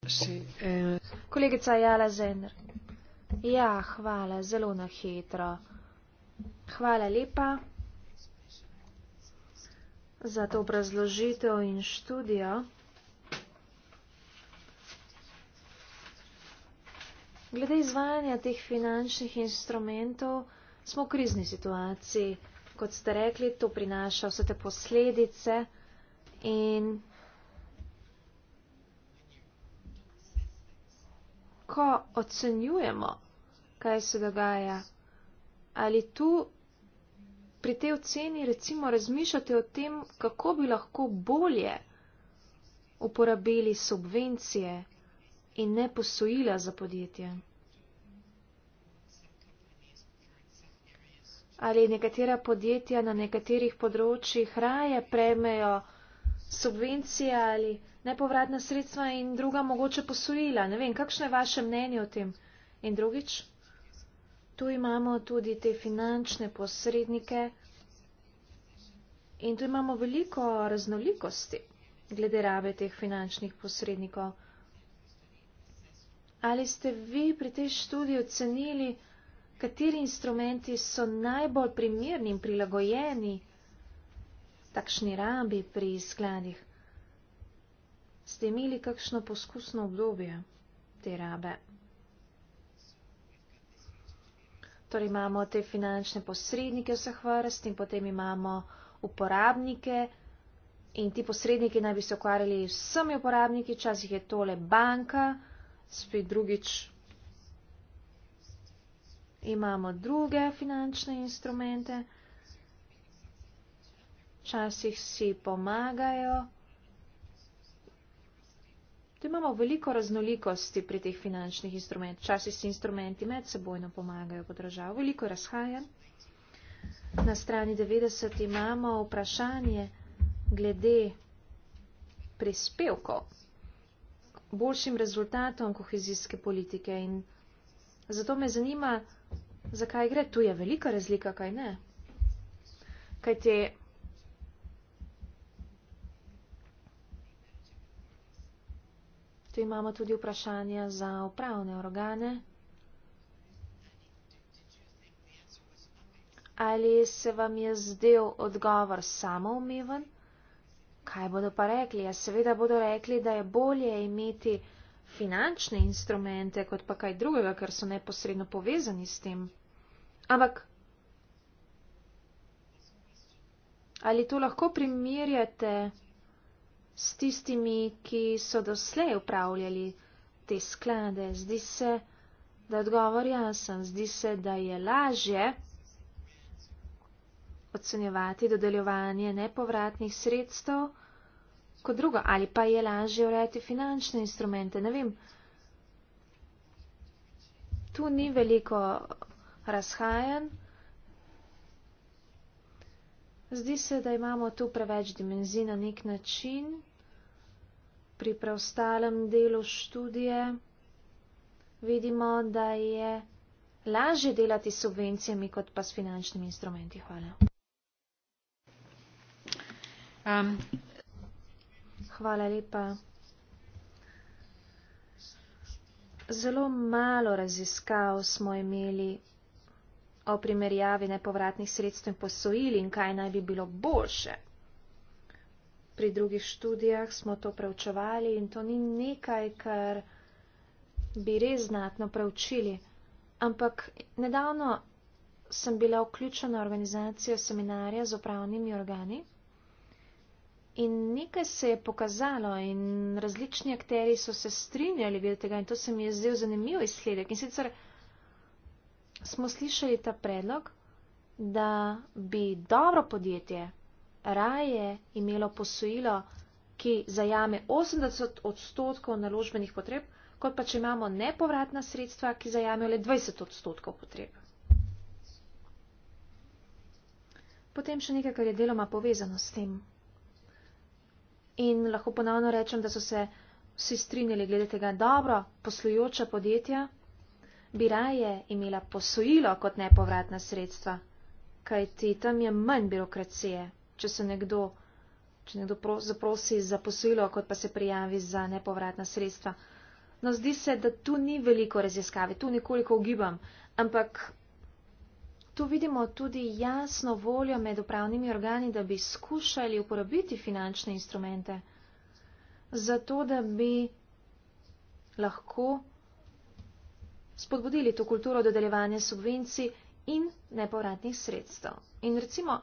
Speaker 1: Eh,
Speaker 4: Kolegica Jala Zener. Ja, hvala, zelo na hitro. Hvala lepa za to obrazložitev in študijo. Glede izvajanja teh finančnih instrumentov smo v krizni situaciji. Kot ste rekli, to prinaša vse te posledice in ko ocenjujemo, kaj se dogaja, ali tu pri tej oceni recimo razmišljate o tem, kako bi lahko bolje uporabili subvencije in ne posojila za podjetje. Ali nekatera podjetja na nekaterih področjih raje premejo subvencije ali nepovratna sredstva in druga mogoče posojila. Ne vem, kakšno je vaše mnenje o tem. In drugič, tu imamo tudi te finančne posrednike in tu imamo veliko raznolikosti glede rabe teh finančnih posrednikov ali ste vi pri tej študiji ocenili, kateri instrumenti so najbolj primerni in prilagojeni takšni rabi pri skladih? Ste imeli kakšno poskusno obdobje te rabe? Torej imamo te finančne posrednike vseh vrst in potem imamo uporabnike in ti posredniki naj bi se ukvarjali s vsemi uporabniki, včasih je tole banka spet drugič imamo druge finančne instrumente, včasih si pomagajo. Tu imamo veliko raznolikosti pri teh finančnih instrumentih. Včasih si instrumenti medsebojno pomagajo po državi. Veliko razhajam. Na strani 90 imamo vprašanje glede prispevkov boljšim rezultatom kohezijske politike in zato me zanima, zakaj gre. Tu je velika razlika, kaj ne. Kaj te Tu imamo tudi vprašanja za upravne organe. Ali se vam je zdel odgovor samoumeven? kaj bodo pa rekli? Ja, seveda bodo rekli, da je bolje imeti finančne instrumente, kot pa kaj drugega, ker so neposredno povezani s tem. Ampak ali to lahko primerjate s tistimi, ki so doslej upravljali te sklade? Zdi se, da odgovor jasen, zdi se, da je lažje ocenjevati dodeljevanje nepovratnih sredstev, kot drugo, ali pa je lažje urejati finančne instrumente, ne vem. Tu ni veliko razhajanj. Zdi se, da imamo tu preveč dimenzij na nek način. Pri preostalem delu študije vidimo, da je lažje delati s subvencijami, kot pa s finančnimi instrumenti. Hvala. Um, Hvala lepa. Zelo malo raziskav smo imeli o primerjavi nepovratnih sredstev in posojil in kaj naj bi bilo boljše. Pri drugih študijah smo to preučevali in to ni nekaj, kar bi res znatno preučili. Ampak nedavno sem bila vključena v organizacijo seminarja z upravnimi organi In nekaj se je pokazalo in različni akteri so se strinjali glede tega in to se mi je zdel zanimiv izsledek. In sicer smo slišali ta predlog, da bi dobro podjetje raje imelo posojilo, ki zajame 80 odstotkov naložbenih potreb, kot pa če imamo nepovratna sredstva, ki zajamejo le 20 odstotkov potreb. Potem še nekaj, kar je deloma povezano s tem. In lahko ponovno rečem, da so se vsi strinjali glede tega dobro poslujoča podjetja, bi raje imela posojilo kot nepovratna sredstva, kajti tam je manj birokracije, če se nekdo, če nekdo zaprosi za posojilo, kot pa se prijavi za nepovratna sredstva. No, zdi se, da tu ni veliko raziskave, tu nekoliko ugibam, ampak Tu vidimo tudi jasno voljo med upravnimi organi, da bi skušali uporabiti finančne instrumente, zato da bi lahko spodbudili to kulturo dodeljevanja subvencij in nepovratnih sredstev. In recimo,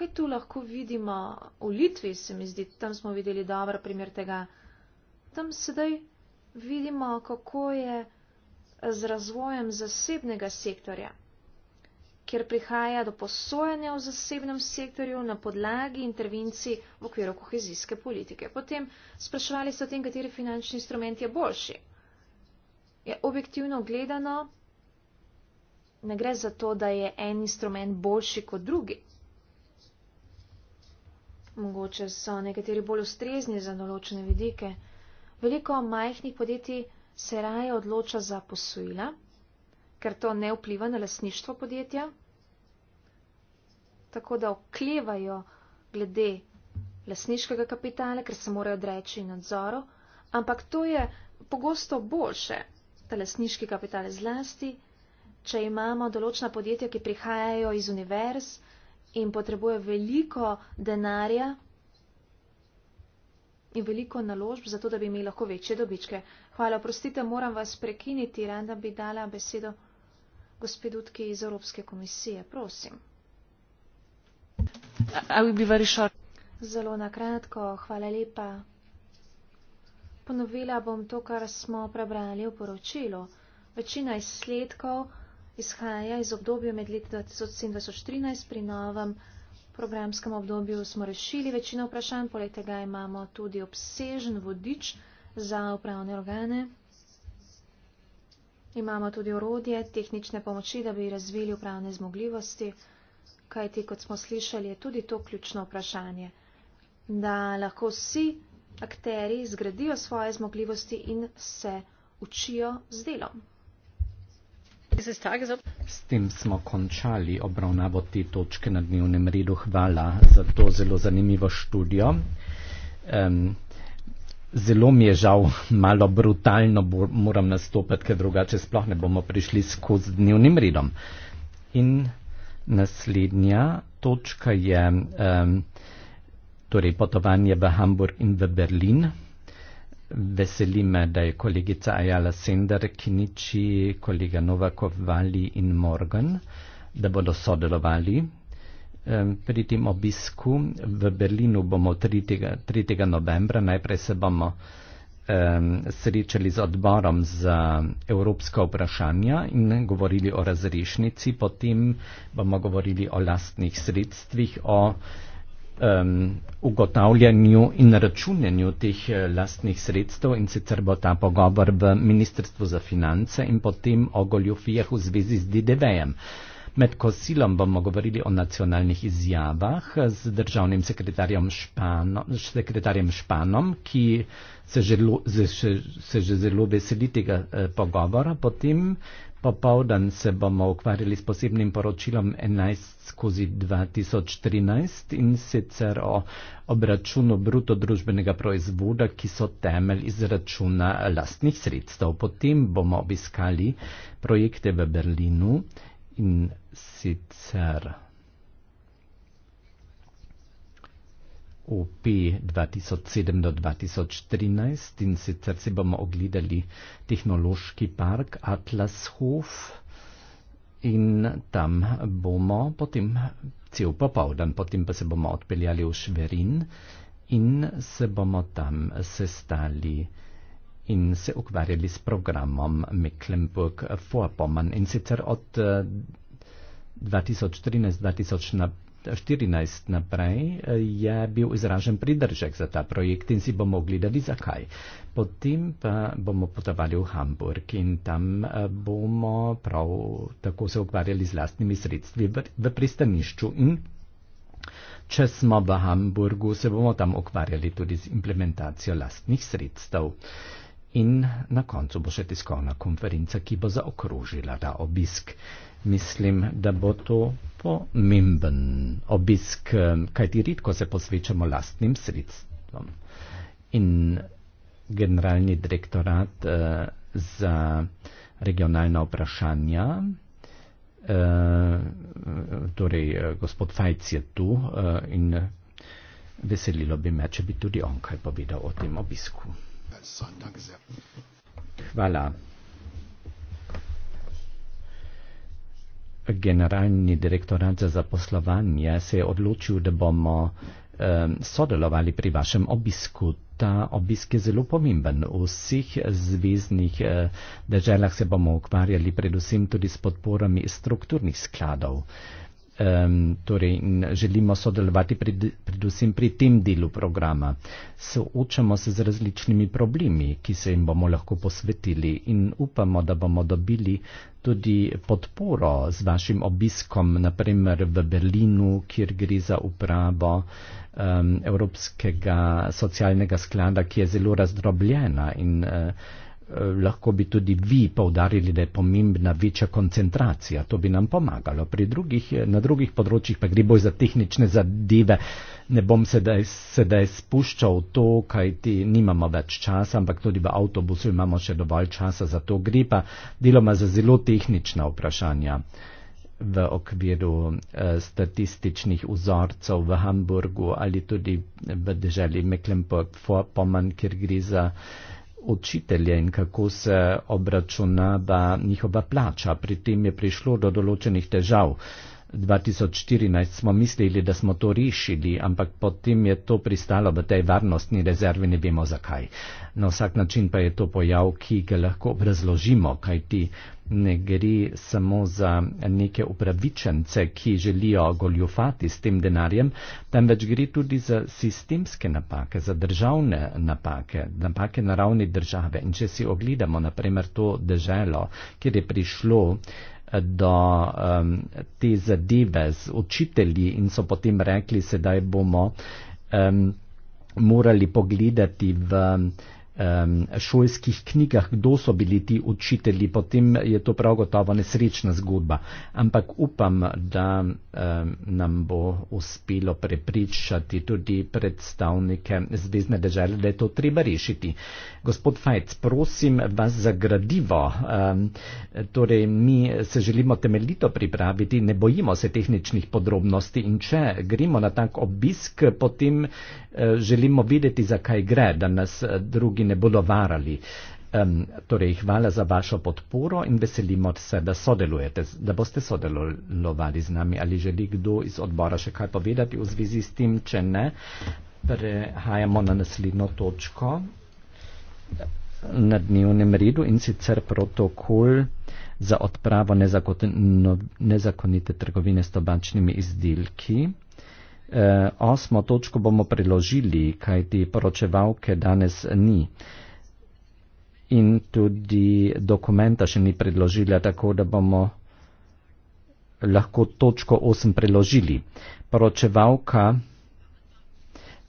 Speaker 4: kaj tu lahko vidimo v Litvi, se mi zdi, tam smo videli dober primer tega. Tam sedaj vidimo, kako je z razvojem zasebnega sektorja kjer prihaja do posojanja v zasebnem sektorju na podlagi intervencij v okviru kohezijske politike. Potem spraševali so o tem, kateri finančni instrument je boljši. Je objektivno gledano, ne gre za to, da je en instrument boljši kot drugi. Mogoče so nekateri bolj ustrezni za določene vidike. Veliko majhnih podjetij se raje odloča za posojila, ker to ne vpliva na lasništvo podjetja tako da oklevajo glede lasniškega kapitala, ker se morajo odreči nadzoru, ampak to je pogosto boljše, ta lasniški kapital zlasti, če imamo določena podjetja, ki prihajajo iz univerz in potrebujejo veliko denarja in veliko naložb, zato da bi imeli lahko večje dobičke. Hvala, oprostite, moram vas prekiniti, rada bi dala besedo gospedutki iz Evropske komisije, prosim. Zelo nakratko, hvala lepa. Ponovila bom to, kar smo prebrali v poročilu. Večina izsledkov izhaja iz obdobja med leti 2013 pri novem programskem obdobju smo rešili večino vprašanj, poleg tega imamo tudi obsežen vodič za upravne organe. Imamo tudi orodje, tehnične pomoči, da bi razvili upravne zmogljivosti kajti kot smo slišali, je tudi to ključno vprašanje, da lahko vsi akteri zgradijo svoje zmogljivosti in se učijo z delom.
Speaker 2: S tem smo končali obravnavo te točke na dnevnem redu. Hvala za to zelo zanimivo študijo. Um, zelo mi je žal, malo brutalno bo, moram nastopiti, ker drugače sploh ne bomo prišli skozi dnevnim redom. In Naslednja točka je um, torej potovanje v Hamburg in v Berlin. Veseli me, da je kolegica Ajala Sender, Kiniči, kolega Novakov, Vali in Morgan, da bodo sodelovali um, pri tem obisku. V Berlinu bomo 3. 3. novembra, najprej se bomo um, srečali z odborom za evropska vprašanja in govorili o razrešnici, potem bomo govorili o lastnih sredstvih, o um, ugotavljanju in računjanju teh eh, lastnih sredstev in sicer bo ta pogovor v Ministrstvu za finance in potem o goljofijah v zvezi z DDV-jem. Uh, Med kosilom bomo govorili o nacionalnih izjavah z državnim sekretarjem, špano, sekretarjem Španom, ki se že, se, se že zelo veseli tega eh, pogovora. Potem popovdan se bomo ukvarjali s posebnim poročilom 11 skozi 2013 in sicer o obračunu bruto družbenega proizvoda, ki so temelj izračuna lastnih sredstev. Potem bomo obiskali projekte v Berlinu in sicer OP 2007 do 2013 in sicer si bomo ogledali tehnološki park Atlashof in tam bomo potem cel popovdan, potem pa se bomo odpeljali v Šverin in se bomo tam sestali in se ukvarjali s programom Mecklenburg-Vorpommern. In sicer od uh, eh, 2013-2014 naprej uh, je bil izražen pridržek za ta projekt in si bomo gledali zakaj. Potem pa bomo potovali v Hamburg in tam uh, bomo prav tako se ukvarjali z lastnimi sredstvi v, v pristanišču. In Če smo v Hamburgu, se bomo tam ukvarjali tudi z implementacijo lastnih sredstev. Uh, in na koncu bo še tiskovna konferenca, ki bo zaokrožila ta obisk. Mislim, da bo to pomemben obisk, eh, kajti redko se posvečamo lastnim sredstvom. In generalni direktorat eh, za regionalna vprašanja, eh, torej eh, gospod Fajc je tu eh, in veselilo bi me, če bi tudi on kaj povedal o tem obisku als Sohn. Danke sehr. Voilà. Generalni direktorat za zaposlovanje se je odločil, da bomo um, sodelovali pri vašem obisku. Ta obisk je zelo pomemben. V vseh zvezdnih uh, eh, državah se bomo ukvarjali predvsem tudi s podporami strukturnih skladov um, torej želimo sodelovati pred, predvsem pri tem delu programa. Soočamo se z različnimi problemi, ki se jim bomo lahko posvetili in upamo, da bomo dobili tudi podporo z vašim obiskom, naprimer v Berlinu, kjer gre za upravo um, Evropskega socialnega sklada, ki je zelo razdrobljena. In, uh, Eh, lahko bi tudi vi povdarili, da je pomembna večja koncentracija. To bi nam pomagalo. Drugih, eh, na drugih področjih pa gre bolj za tehnične zadeve. Ne bom sedaj, sedaj spuščal to, kaj ti nimamo več časa, ampak tudi v avtobusu imamo še dovolj časa za to. Gre pa deloma za zelo tehnična vprašanja v okviru eh, statističnih vzorcev v Hamburgu ali tudi v deželi Mecklenburg-Pommern, kjer gre za eh, učitelje in kako se obračunava njihova plača. Pri tem je prišlo do določenih težav. 2014 smo mislili, da smo to rešili, ampak potem je to pristalo v tej varnostni rezervi, ne vemo zakaj. Na vsak način pa je to pojav, ki ga lahko razložimo, kajti ne gre samo za neke upravičence, ki želijo goljufati s tem denarjem, temveč gre tudi za sistemske napake, za državne napake, napake na ravni države. In če si ogledamo naprimer to deželo, kjer je prišlo eh, do um, te zadeve z učitelji in so potem rekli, sedaj bomo um, morali pogledati v um, um, šolskih knjigah, kdo so bili ti učitelji, potem je to prav gotovo nesrečna zgodba. Ampak upam, da um, nam bo uspelo prepričati tudi predstavnike Zvezdne države, da je to treba rešiti. Gospod Fajc, prosim vas za gradivo. Um, torej, mi se želimo temeljito pripraviti, ne bojimo se tehničnih podrobnosti in če gremo na tak obisk, potem uh, želimo videti, zakaj gre, da nas drugi ne bodo varali. Um, torej, hvala za vašo podporo in veselimo se, da sodelujete, da boste sodelovali z nami. Ali želi kdo iz odbora še kaj povedati v zvezi s tem, če ne, prehajamo na naslednjo točko na dnevnem redu in sicer protokol za odpravo nezakonite trgovine s tobačnimi izdelki. Eh, osmo točko bomo priložili, kaj ti poročevalke danes ni. In tudi dokumenta še ni predložila, tako da bomo lahko točko 8 priložili. Poročevalka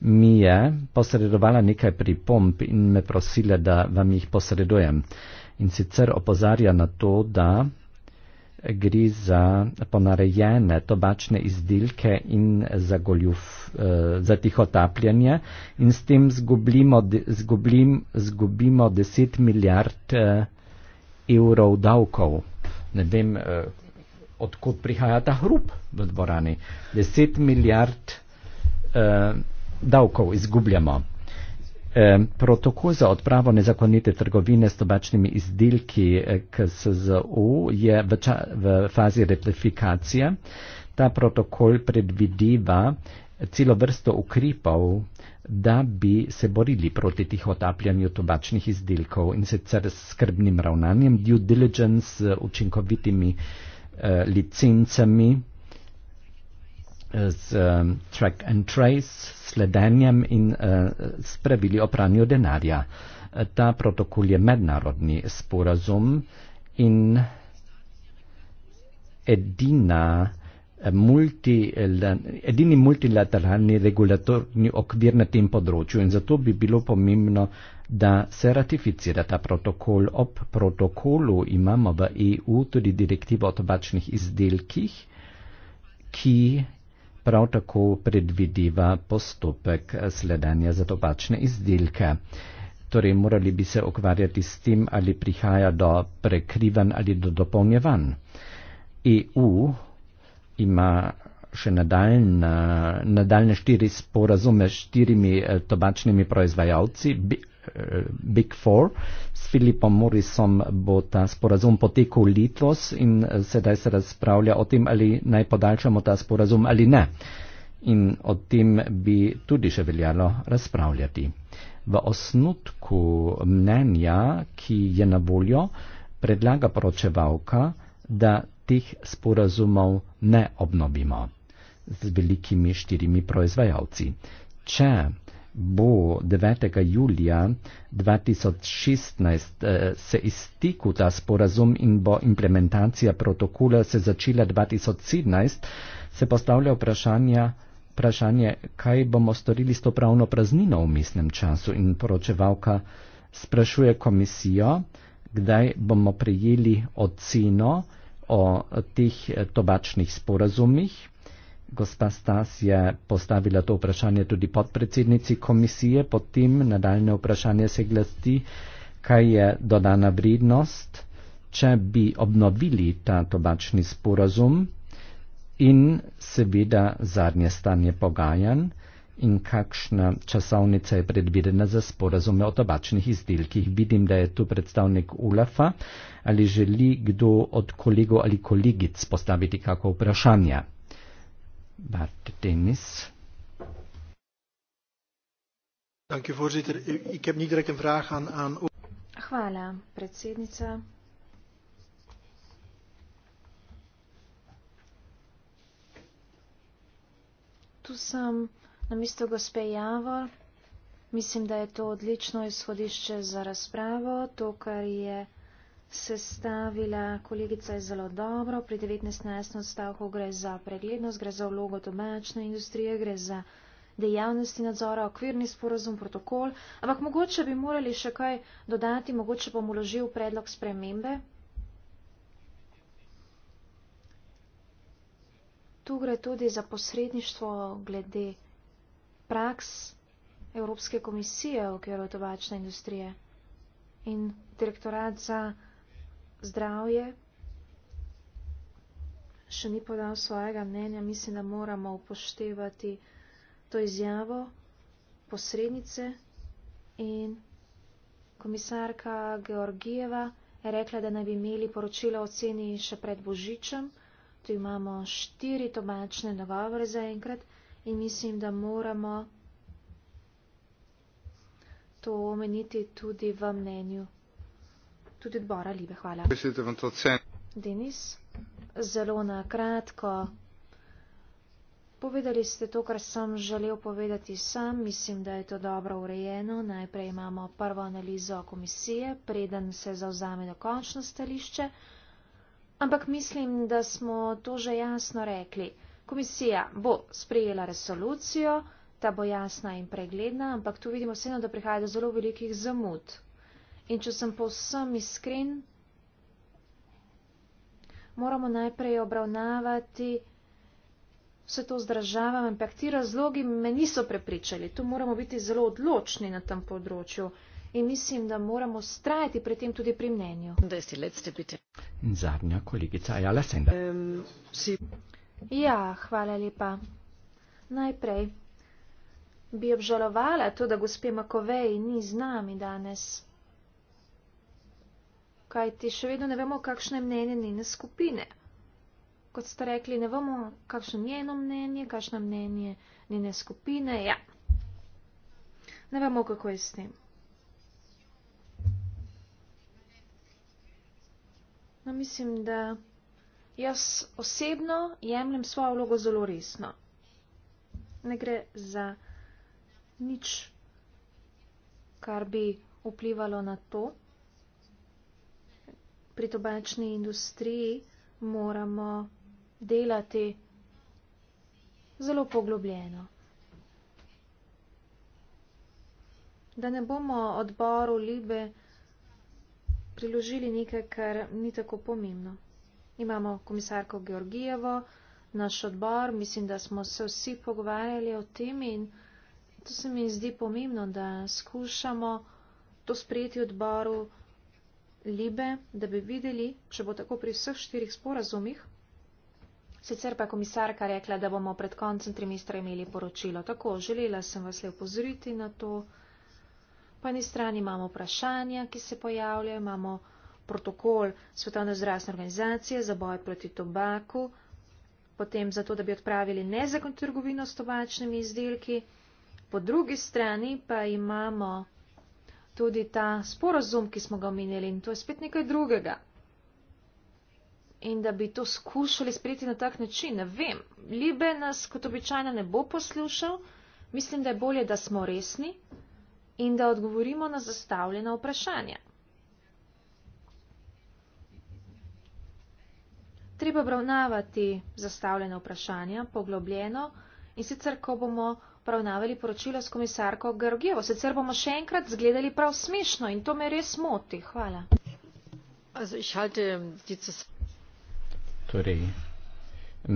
Speaker 2: mi je posredovala nekaj pripomb in me prosila, da vam jih posredujem. In sicer opozarja na to, da gre za ponarejene tobačne izdelke in za, goljuf, eh, za tihotapljanje in s tem zgubimo, zgubim, zgubimo 10 milijard eh, evrov davkov. Ne vem, eh, odkud prihaja ta hrup v dvorani. 10 milijard davkov izgubljamo. Protokol za odpravo nezakonite trgovine s tobačnimi izdelki eh, KSZU je v, ča, v fazi replifikacije. Ta protokol predvideva celo vrsto ukrepov, da bi se borili proti tihotapljanju tobačnih izdelkov in sicer s skrbnim ravnanjem, due diligence, učinkovitimi eh, licencami z um, track and trace, sledenjem in uh, s pravili o pranju denarja. Ta protokol je mednarodni sporazum in edina eh, Multi, edini multilateralni regulatorni okvir na tem področju in zato bi bilo pomembno, da se ratificira ta protokol. Ob protokolu imamo v EU tudi direktivo o tobačnih izdelkih, ki prav tako predvideva postopek sledenja za tobačne izdelke. Torej, morali bi se okvarjati s tem, ali prihaja do prekrivan ali do dopolnjevan. EU ima še nadaljne, nadaljne štiri sporazume s štirimi eh, tobačnimi proizvajalci, eh, Big Four, Filipom Morisom bo ta sporazum potekal letos in eh, sedaj se razpravlja o tem, ali naj podaljšamo ta sporazum ali ne. In o tem bi tudi še veljalo razpravljati. V osnutku mnenja, ki je na voljo, predlaga poročevalka, da teh sporazumov ne obnovimo z velikimi štirimi proizvajalci. Če bo 9. julija 2016 eh, se iztekel ta sporazum in bo implementacija protokola se začela 2017, se postavlja vprašanje, vprašanje kaj bomo storili s to pravno praznino v mestnem času. In poročevalka sprašuje komisijo, kdaj bomo prejeli oceno o teh eh, tobačnih sporazumih. Gospa Stas je postavila to vprašanje tudi podpredsednici komisije, potem nadaljne vprašanje se glasti, kaj je dodana vrednost, če bi obnovili ta tobačni sporazum in seveda zadnje stanje pogajan in kakšna časovnica je predvidena za sporazume o tobačnih izdelkih. Vidim, da je tu predstavnik ULAFA. Ali želi kdo od kolegov ali kolegic postaviti kako vprašanje? Bart Dennis.
Speaker 1: Dank u, voorzitter. Ik heb niet direct een vraag aan... aan...
Speaker 4: Hvala, predsednica. Tu sem na mesto gospe Javor. Mislim, da je to odlično izhodišče za razpravo. To, kar je sestavila kolegica je zelo dobro. Pri 19. stavku gre za preglednost, gre za vlogo domačne industrije, gre za dejavnosti nadzora, okvirni sporozum, protokol. Ampak mogoče bi morali še kaj dodati, mogoče bom uložil predlog spremembe. Tu gre tudi za posredništvo glede praks Evropske komisije v okviru tobačne industrije in direktorat za zdravje še ni podal svojega mnenja, mislim, da moramo upoštevati to izjavo posrednice in komisarka Georgijeva je rekla, da naj bi imeli poročilo o ceni še pred Božičem. Tu imamo štiri tobačne dogovore zaenkrat in mislim, da moramo to omeniti tudi v mnenju tudi odbora Libe. Hvala. Denis, zelo na kratko. Povedali ste to, kar sem želel povedati sam. Mislim, da je to dobro urejeno. Najprej imamo prvo analizo komisije, preden se zauzame dokončno stališče. Ampak mislim, da smo to že jasno rekli. Komisija bo sprejela resolucijo, ta bo jasna in pregledna, ampak tu vidimo vseeno, da prihaja do zelo velikih zamud. In če sem povsem iskren, moramo najprej obravnavati vse to zdržavam, ampak ti razlogi me niso prepričali. Tu moramo biti zelo odločni na tem področju. In mislim, da moramo strajati pri tem tudi pri mnenju.
Speaker 2: Zadnja kolegica Jala Senda. Um,
Speaker 4: ja, hvala lepa. Najprej bi obžalovala to, da gospe Makovej ni z nami danes kaj ti še vedno ne vemo, kakšno je mnenje njene skupine. Kot ste rekli, ne vemo, kakšno je njeno mnenje, kakšno je mnenje njene skupine. Ja. Ne vemo, kako je s tem. No, mislim, da jaz osebno jemljem svojo vlogo zelo resno. Ne gre za nič, kar bi vplivalo na to pri tobačni industriji moramo delati zelo poglobljeno. Da ne bomo odboru Libe priložili nekaj, kar ni tako pomembno. Imamo komisarko Georgijevo, naš odbor, mislim, da smo se vsi pogovarjali o tem in to se mi zdi pomembno, da skušamo to sprejeti odboru. Libe, da bi videli, če bo tako pri vseh štirih sporazumih. Sicer pa je komisarka rekla, da bomo pred koncem trimestra imeli poročilo. Tako, želela sem vas le upozoriti na to. Po eni strani imamo vprašanja, ki se pojavljajo, imamo protokol Svetovne zdravstvene organizacije za boj proti tobaku, potem zato, da bi odpravili nezakon trgovino s tobačnimi izdelki. Po drugi strani pa imamo tudi ta sporazum, ki smo ga omenjali in to je spet nekaj drugega. In da bi to skušali sprejeti na tak način, ne vem. Libe nas kot običajno ne bo poslušal, mislim, da je bolje, da smo resni in da odgovorimo na zastavljena vprašanja. Treba obravnavati zastavljena vprašanja poglobljeno in sicer, ko bomo obravnavali poročilo s komisarko Georgijevo. Sicer bomo še enkrat zgledali prav smešno in to me res moti. Hvala.
Speaker 2: Torej,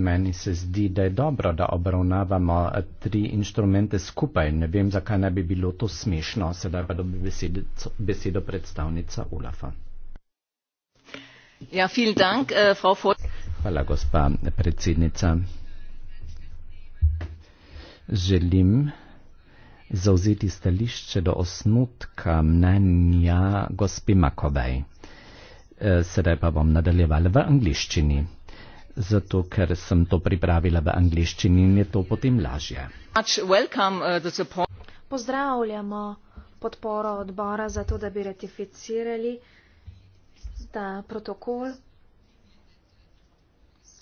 Speaker 2: meni se zdi, da je dobro, da obravnavamo eh, tri inštrumente skupaj. Ne vem, zakaj ne bi bilo to smešno. Sedaj pa dobi besedico, besedo predstavnica ULAFA.
Speaker 1: Ja, vielen Dank, äh, Frau
Speaker 2: Hvala, gospa predsednica želim zauzeti stališče do osnutka mnenja gospi Makovej. E, sedaj pa bom nadaljevala v angliščini, zato ker sem to pripravila v angliščini in je to potem lažje.
Speaker 4: Uh, Pozdravljamo podporo odbora za to, da bi ratificirali ta protokol.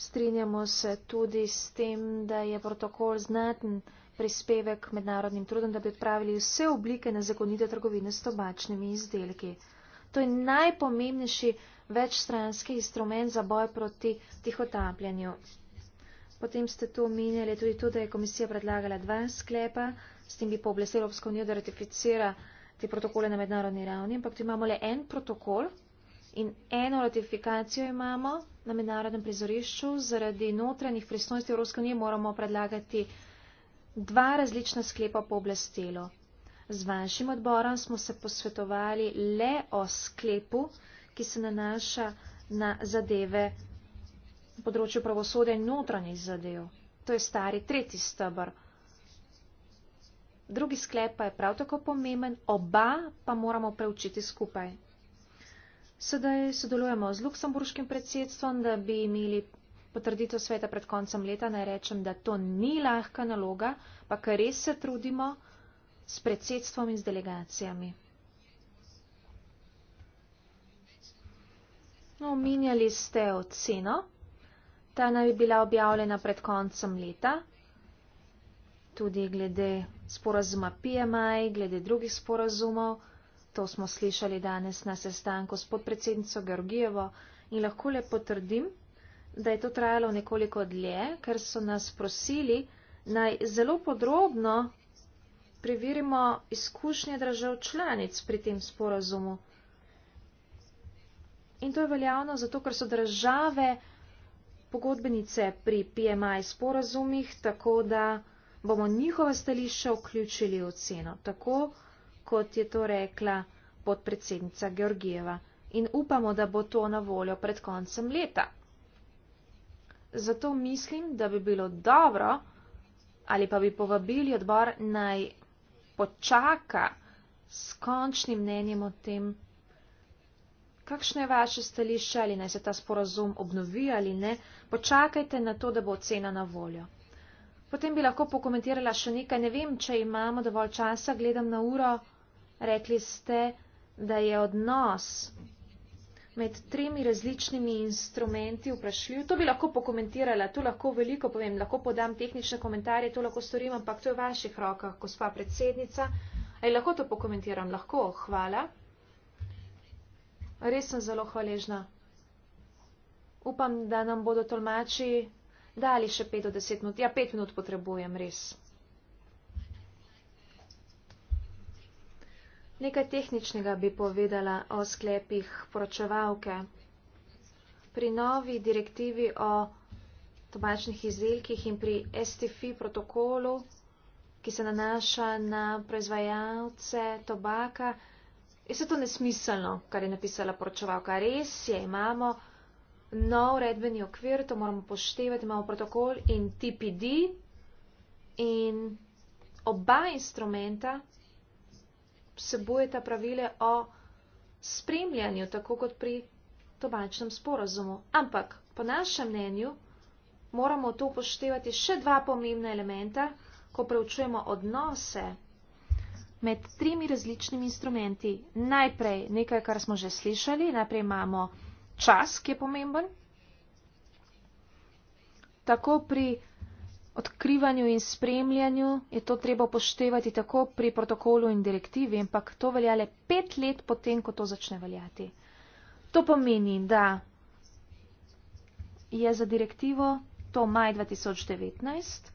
Speaker 4: Strinjamo se tudi s tem, da je protokol znaten prispevek k mednarodnim trudom, da bi odpravili vse oblike nezakonite trgovine s tobačnimi izdelki. To je najpomembnejši večstranski instrument za boj proti tihotapljanju. Potem ste to omenjali tudi to, da je komisija predlagala dva sklepa, s tem bi pooblastila Evropsko unijo, da ratificira te protokole na mednarodni ravni, ampak tu imamo le en protokol, In eno ratifikacijo imamo na mednarodnem prizorišču, zaradi notranjih pristojnosti Evropske unije moramo predlagati dva različna sklepa po oblastilu. Z vašim odborom smo se posvetovali le o sklepu, ki se nanaša na zadeve področju pravosodja in notranjih zadev. To je stari tretji stebr. Drugi sklep pa je prav tako pomemben, oba pa moramo preučiti skupaj. Sedaj sodelujemo z luksemburškim predsedstvom, da bi imeli potrditev sveta pred koncem leta. Naj rečem, da to ni lahka naloga, pa kar res se trudimo s predsedstvom in z delegacijami. No, omenjali ste oceno. Ta naj bi bila objavljena pred koncem leta. Tudi glede sporazuma PMI, glede drugih sporazumov. To smo slišali danes na sestanku s podpredsednico Georgijevo in lahko le potrdim, da je to trajalo nekoliko dlje, ker so nas prosili naj zelo podrobno preverimo izkušnje držav članic pri tem sporazumu. In to je veljavno zato, ker so države pogodbenice pri PMI sporazumih, tako da bomo njihova stališča vključili v ceno. Tako kot je to rekla podpredsednica Georgijeva. In upamo, da bo to na voljo pred koncem leta. Zato mislim, da bi bilo dobro, ali pa bi povabili odbor naj počaka s končnim mnenjem o tem, kakšno je vaše stališče, ali naj se ta sporozum obnovi ali ne, počakajte na to, da bo cena na voljo. Potem bi lahko pokomentirala še nekaj, ne vem, če imamo dovolj časa, gledam na uro. Rekli ste, da je odnos med tremi različnimi instrumenti vprašljiv. To bi lahko pokomentirala, to lahko veliko povem, lahko podam tehnične komentarje, to lahko storim, ampak to je v vaših rokah, gospa predsednica. Ali lahko to pokomentiram? Lahko, hvala. Res sem zelo hvaležna. Upam, da nam bodo tolmači dali še 5 do 10 minut. Ja, 5 minut potrebujem, res. Nekaj tehničnega bi povedala o sklepih poročevalke. Pri novi direktivi o tobačnih izdelkih in pri STFI protokolu, ki se nanaša na proizvajalce tobaka, je se to nesmiselno, kar je napisala poročevalka. Res je, imamo nov redbeni okvir, to moramo poštevati, imamo protokol in TPD in oba instrumenta vsebujeta pravile o spremljanju, tako kot pri tobačnem sporazumu. Ampak, po našem mnenju, moramo to upoštevati še dva pomembna elementa, ko preučujemo odnose med trimi različnimi instrumenti. Najprej nekaj, kar smo že slišali, najprej imamo čas, ki je pomemben. Tako pri odkrivanju in spremljanju je to treba poštevati tako pri protokolu in direktivi, ampak to velja le pet let potem, ko to začne veljati. To pomeni, da je za direktivo to maj 2019.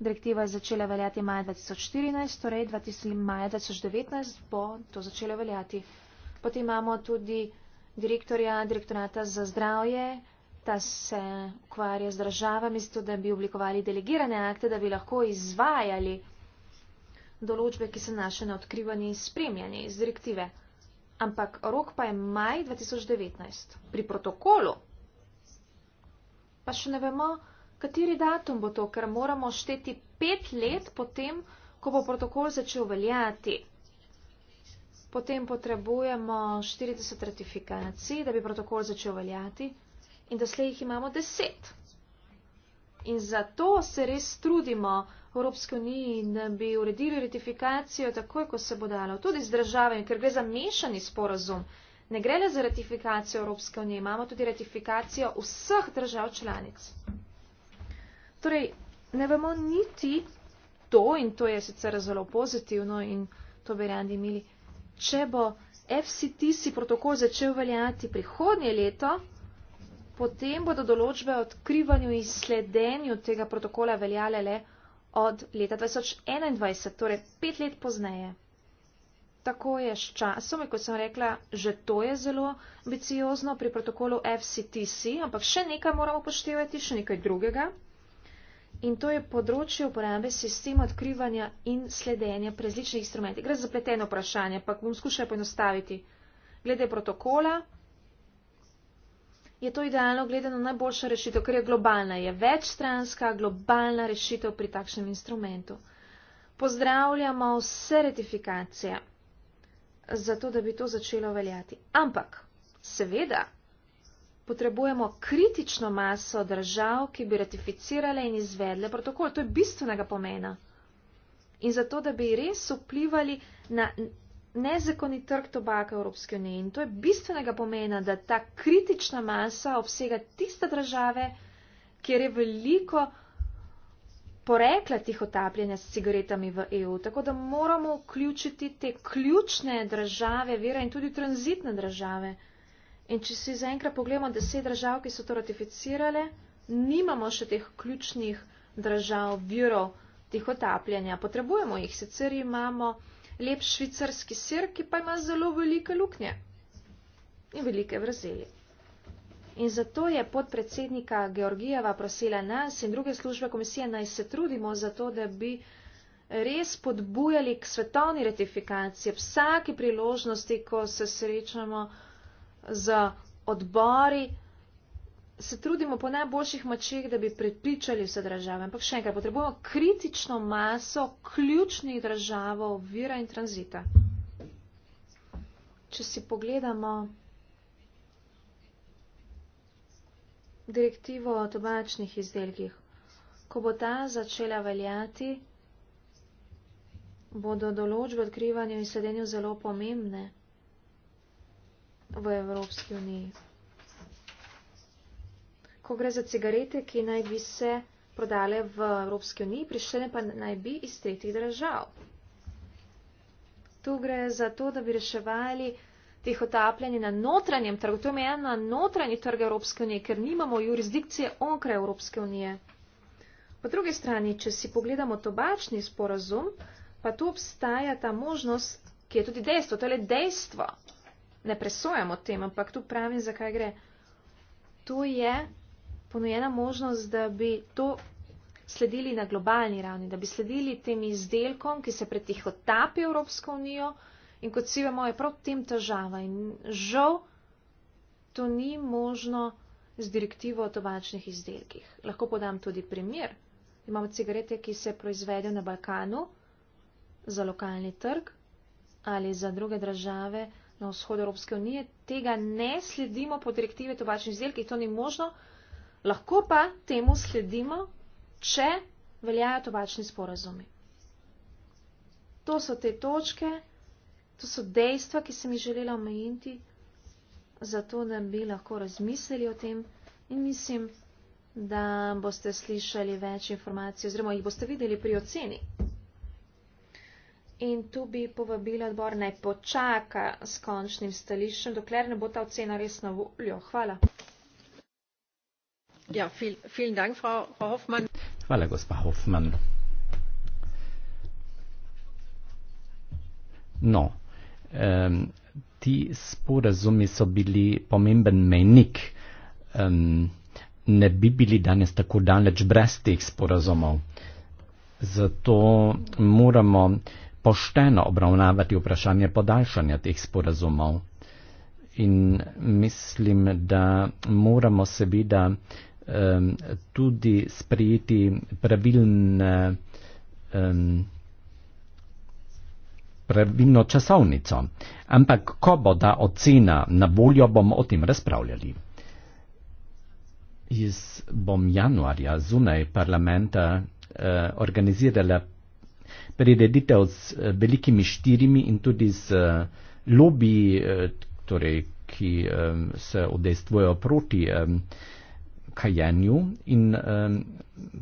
Speaker 4: Direktiva je začela veljati maja 2014, torej 20. maja 2019 bo to začelo veljati. Potem imamo tudi direktorja direktorata za zdravje, da se ukvarja z državami, zato da bi oblikovali delegirane akte, da bi lahko izvajali določbe, ki se naše na odkrivanje in spremljanje iz direktive. Ampak rok pa je maj 2019. Pri protokolu pa še ne vemo, kateri datum bo to, ker moramo šteti pet let potem, ko bo protokol začel veljati. Potem potrebujemo 40 ratifikacij, da bi protokol začel veljati in doslej jih imamo deset. In zato se res trudimo v Evropske uniji, da bi uredili ratifikacijo takoj, ko se bo dalo. Tudi z državami, ker gre za mešani sporazum. Ne gre le za ratifikacijo Evropske unije, imamo tudi ratifikacijo vseh držav članic. Torej, ne vemo niti to, in to je sicer zelo pozitivno in to bi radi imeli, če bo FCTC protokol začel veljati prihodnje leto, potem bodo določbe o odkrivanju in sledenju tega protokola veljale le od leta 2021, torej pet let pozneje. Tako je s časom, kot sem rekla, že to je zelo ambiciozno pri protokolu FCTC, ampak še nekaj moramo upoštevati, še nekaj drugega. In to je področje uporabe sistema odkrivanja in sledenja prezličnih instrumentov. Gre za zapleteno vprašanje, pa bom skušala poenostaviti. Glede protokola, je to idealno gledano najboljša rešitev, ker je globalna, je večstranska globalna rešitev pri takšnem instrumentu. Pozdravljamo vse ratifikacije, zato da bi to začelo veljati. Ampak, seveda, potrebujemo kritično maso držav, ki bi ratificirale in izvedle protokol. To je bistvenega pomena. In zato, da bi res vplivali na nezakoni trg tobaka Evropske unije in to je bistvenega pomena, da ta kritična masa obsega tiste države, kjer je veliko porekla tih otapljanja s cigaretami v EU. Tako da moramo vključiti te ključne države, vira in tudi tranzitne države. In če si zaenkrat pogledamo deset držav, ki so to ratificirale, nimamo še teh ključnih držav, virov tih otapljanja. Potrebujemo jih, sicer imamo lep švicarski sir, ki pa ima zelo velike luknje in velike vrzeli. In zato je podpredsednika Georgijeva prosila nas in druge službe komisije naj se trudimo za to, da bi res podbujali k svetovni ratifikaciji vsake priložnosti, ko se srečamo z odbori, se trudimo po najboljših močeh, da bi prepričali vse države. Ampak še enkrat, potrebujemo kritično maso ključnih držav, vira in tranzita. Če si pogledamo direktivo o tobačnih izdelkih, ko bo ta začela veljati, bodo določbe odkrivanja in sledenju zelo pomembne v Evropski uniji ko gre za cigarete, ki naj bi se prodale v Evropski uniji, prišle pa naj bi iz tretjih držav. Tu gre za to, da bi reševali teh otapljanje na notranjem trgu. To je meni na notranji trg Evropske unije, ker nimamo jurisdikcije onkraj Evropske unije. Po drugi strani, če si pogledamo tobačni sporazum, pa tu obstaja ta možnost, ki je tudi dejstvo, to je le dejstvo. Ne presojamo tem, ampak tu pravim, zakaj gre. To je ponujena možnost, da bi to sledili na globalni ravni, da bi sledili tem izdelkom, ki se pretihotapi Evropsko unijo in kot si vemo, je prav tem težava in žal to ni možno z direktivo o tobačnih izdelkih. Lahko podam tudi primer. Imamo cigarete, ki se proizvedejo na Balkanu za lokalni trg ali za druge države na vzhodu Evropske unije. Tega ne sledimo po direktive o tobačnih izdelkih, to ni možno. Lahko pa temu sledimo, če veljajo tobačni sporazumi. To so te točke, to so dejstva, ki sem jih želela omejiti, zato da bi lahko razmislili o tem in mislim, da boste slišali več informacij oziroma jih boste videli pri oceni. In tu bi povabila odbor naj počaka s končnim stališčem, dokler ne bo ta ocena res na voljo. Hvala. Ja, viel, vielen Dank, Frau, Frau Hoffmann.
Speaker 2: Hvala, gospa Hoffmann. No, um, ti sporazumi so bili pomemben menik. Um, ne bi bili danes tako daleč brez teh sporazumov. Zato moramo pošteno obravnavati vprašanje podaljšanja teh sporazumov. In mislim, da moramo seveda. Da um, tudi sprejeti pravilne, um, pravilno časovnico. Ampak, ko bo ta ocena na voljo, bomo o tem razpravljali. Jaz bom januarja zunaj parlamenta eh, organizirala prireditev z eh, velikimi štirimi in tudi z eh, lobiji, eh, torej, ki eh, se odestvojo proti eh, kajenju in um,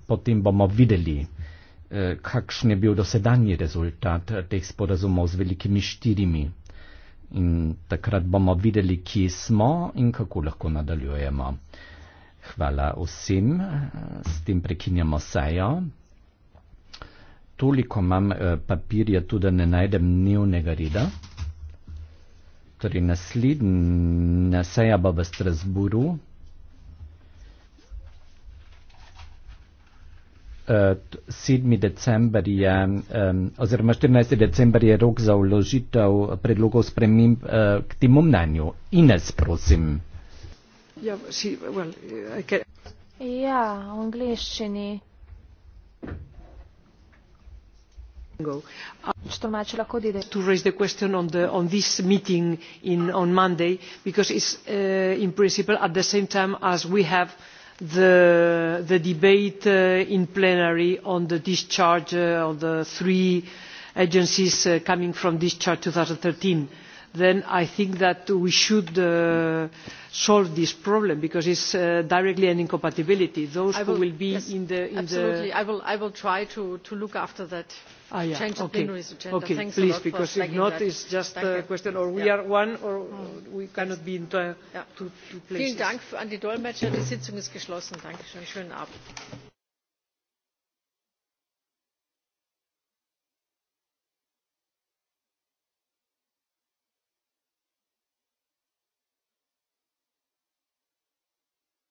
Speaker 2: potem bomo videli, uh, kakšen je bil dosedanji rezultat eh, teh sporazumov z velikimi štirimi. In takrat bomo videli, kje smo in kako lahko nadaljujemo. Hvala vsem, eh, s tem prekinjamo sejo. Toliko imam uh, papirja, tudi da ne najdem dnevnega reda. Torej, naslednja seja bo v Strasburu. 7. december je, oziroma 14. december je rok za uložitev predlogov sprememb eh, k temu mnenju. Ines, prosim.
Speaker 4: Ja, she, well, ja v angliščini. Što mače lahko dide?
Speaker 1: To raise the question on, the, on this meeting in, on Monday, because it's uh, in principle at the same time as we have the debate uh, in plenary on the discharge uh, of the three agencies uh, coming from discharge two thousand and thirteen then i think that we should uh, solve this problem because it is uh, directly an incompatibility. those who will be in the absolutely i will try to look after that ah, change of plenary's agenda. okay please because if not it is just a question of we are one or mm. we cannot be in two places.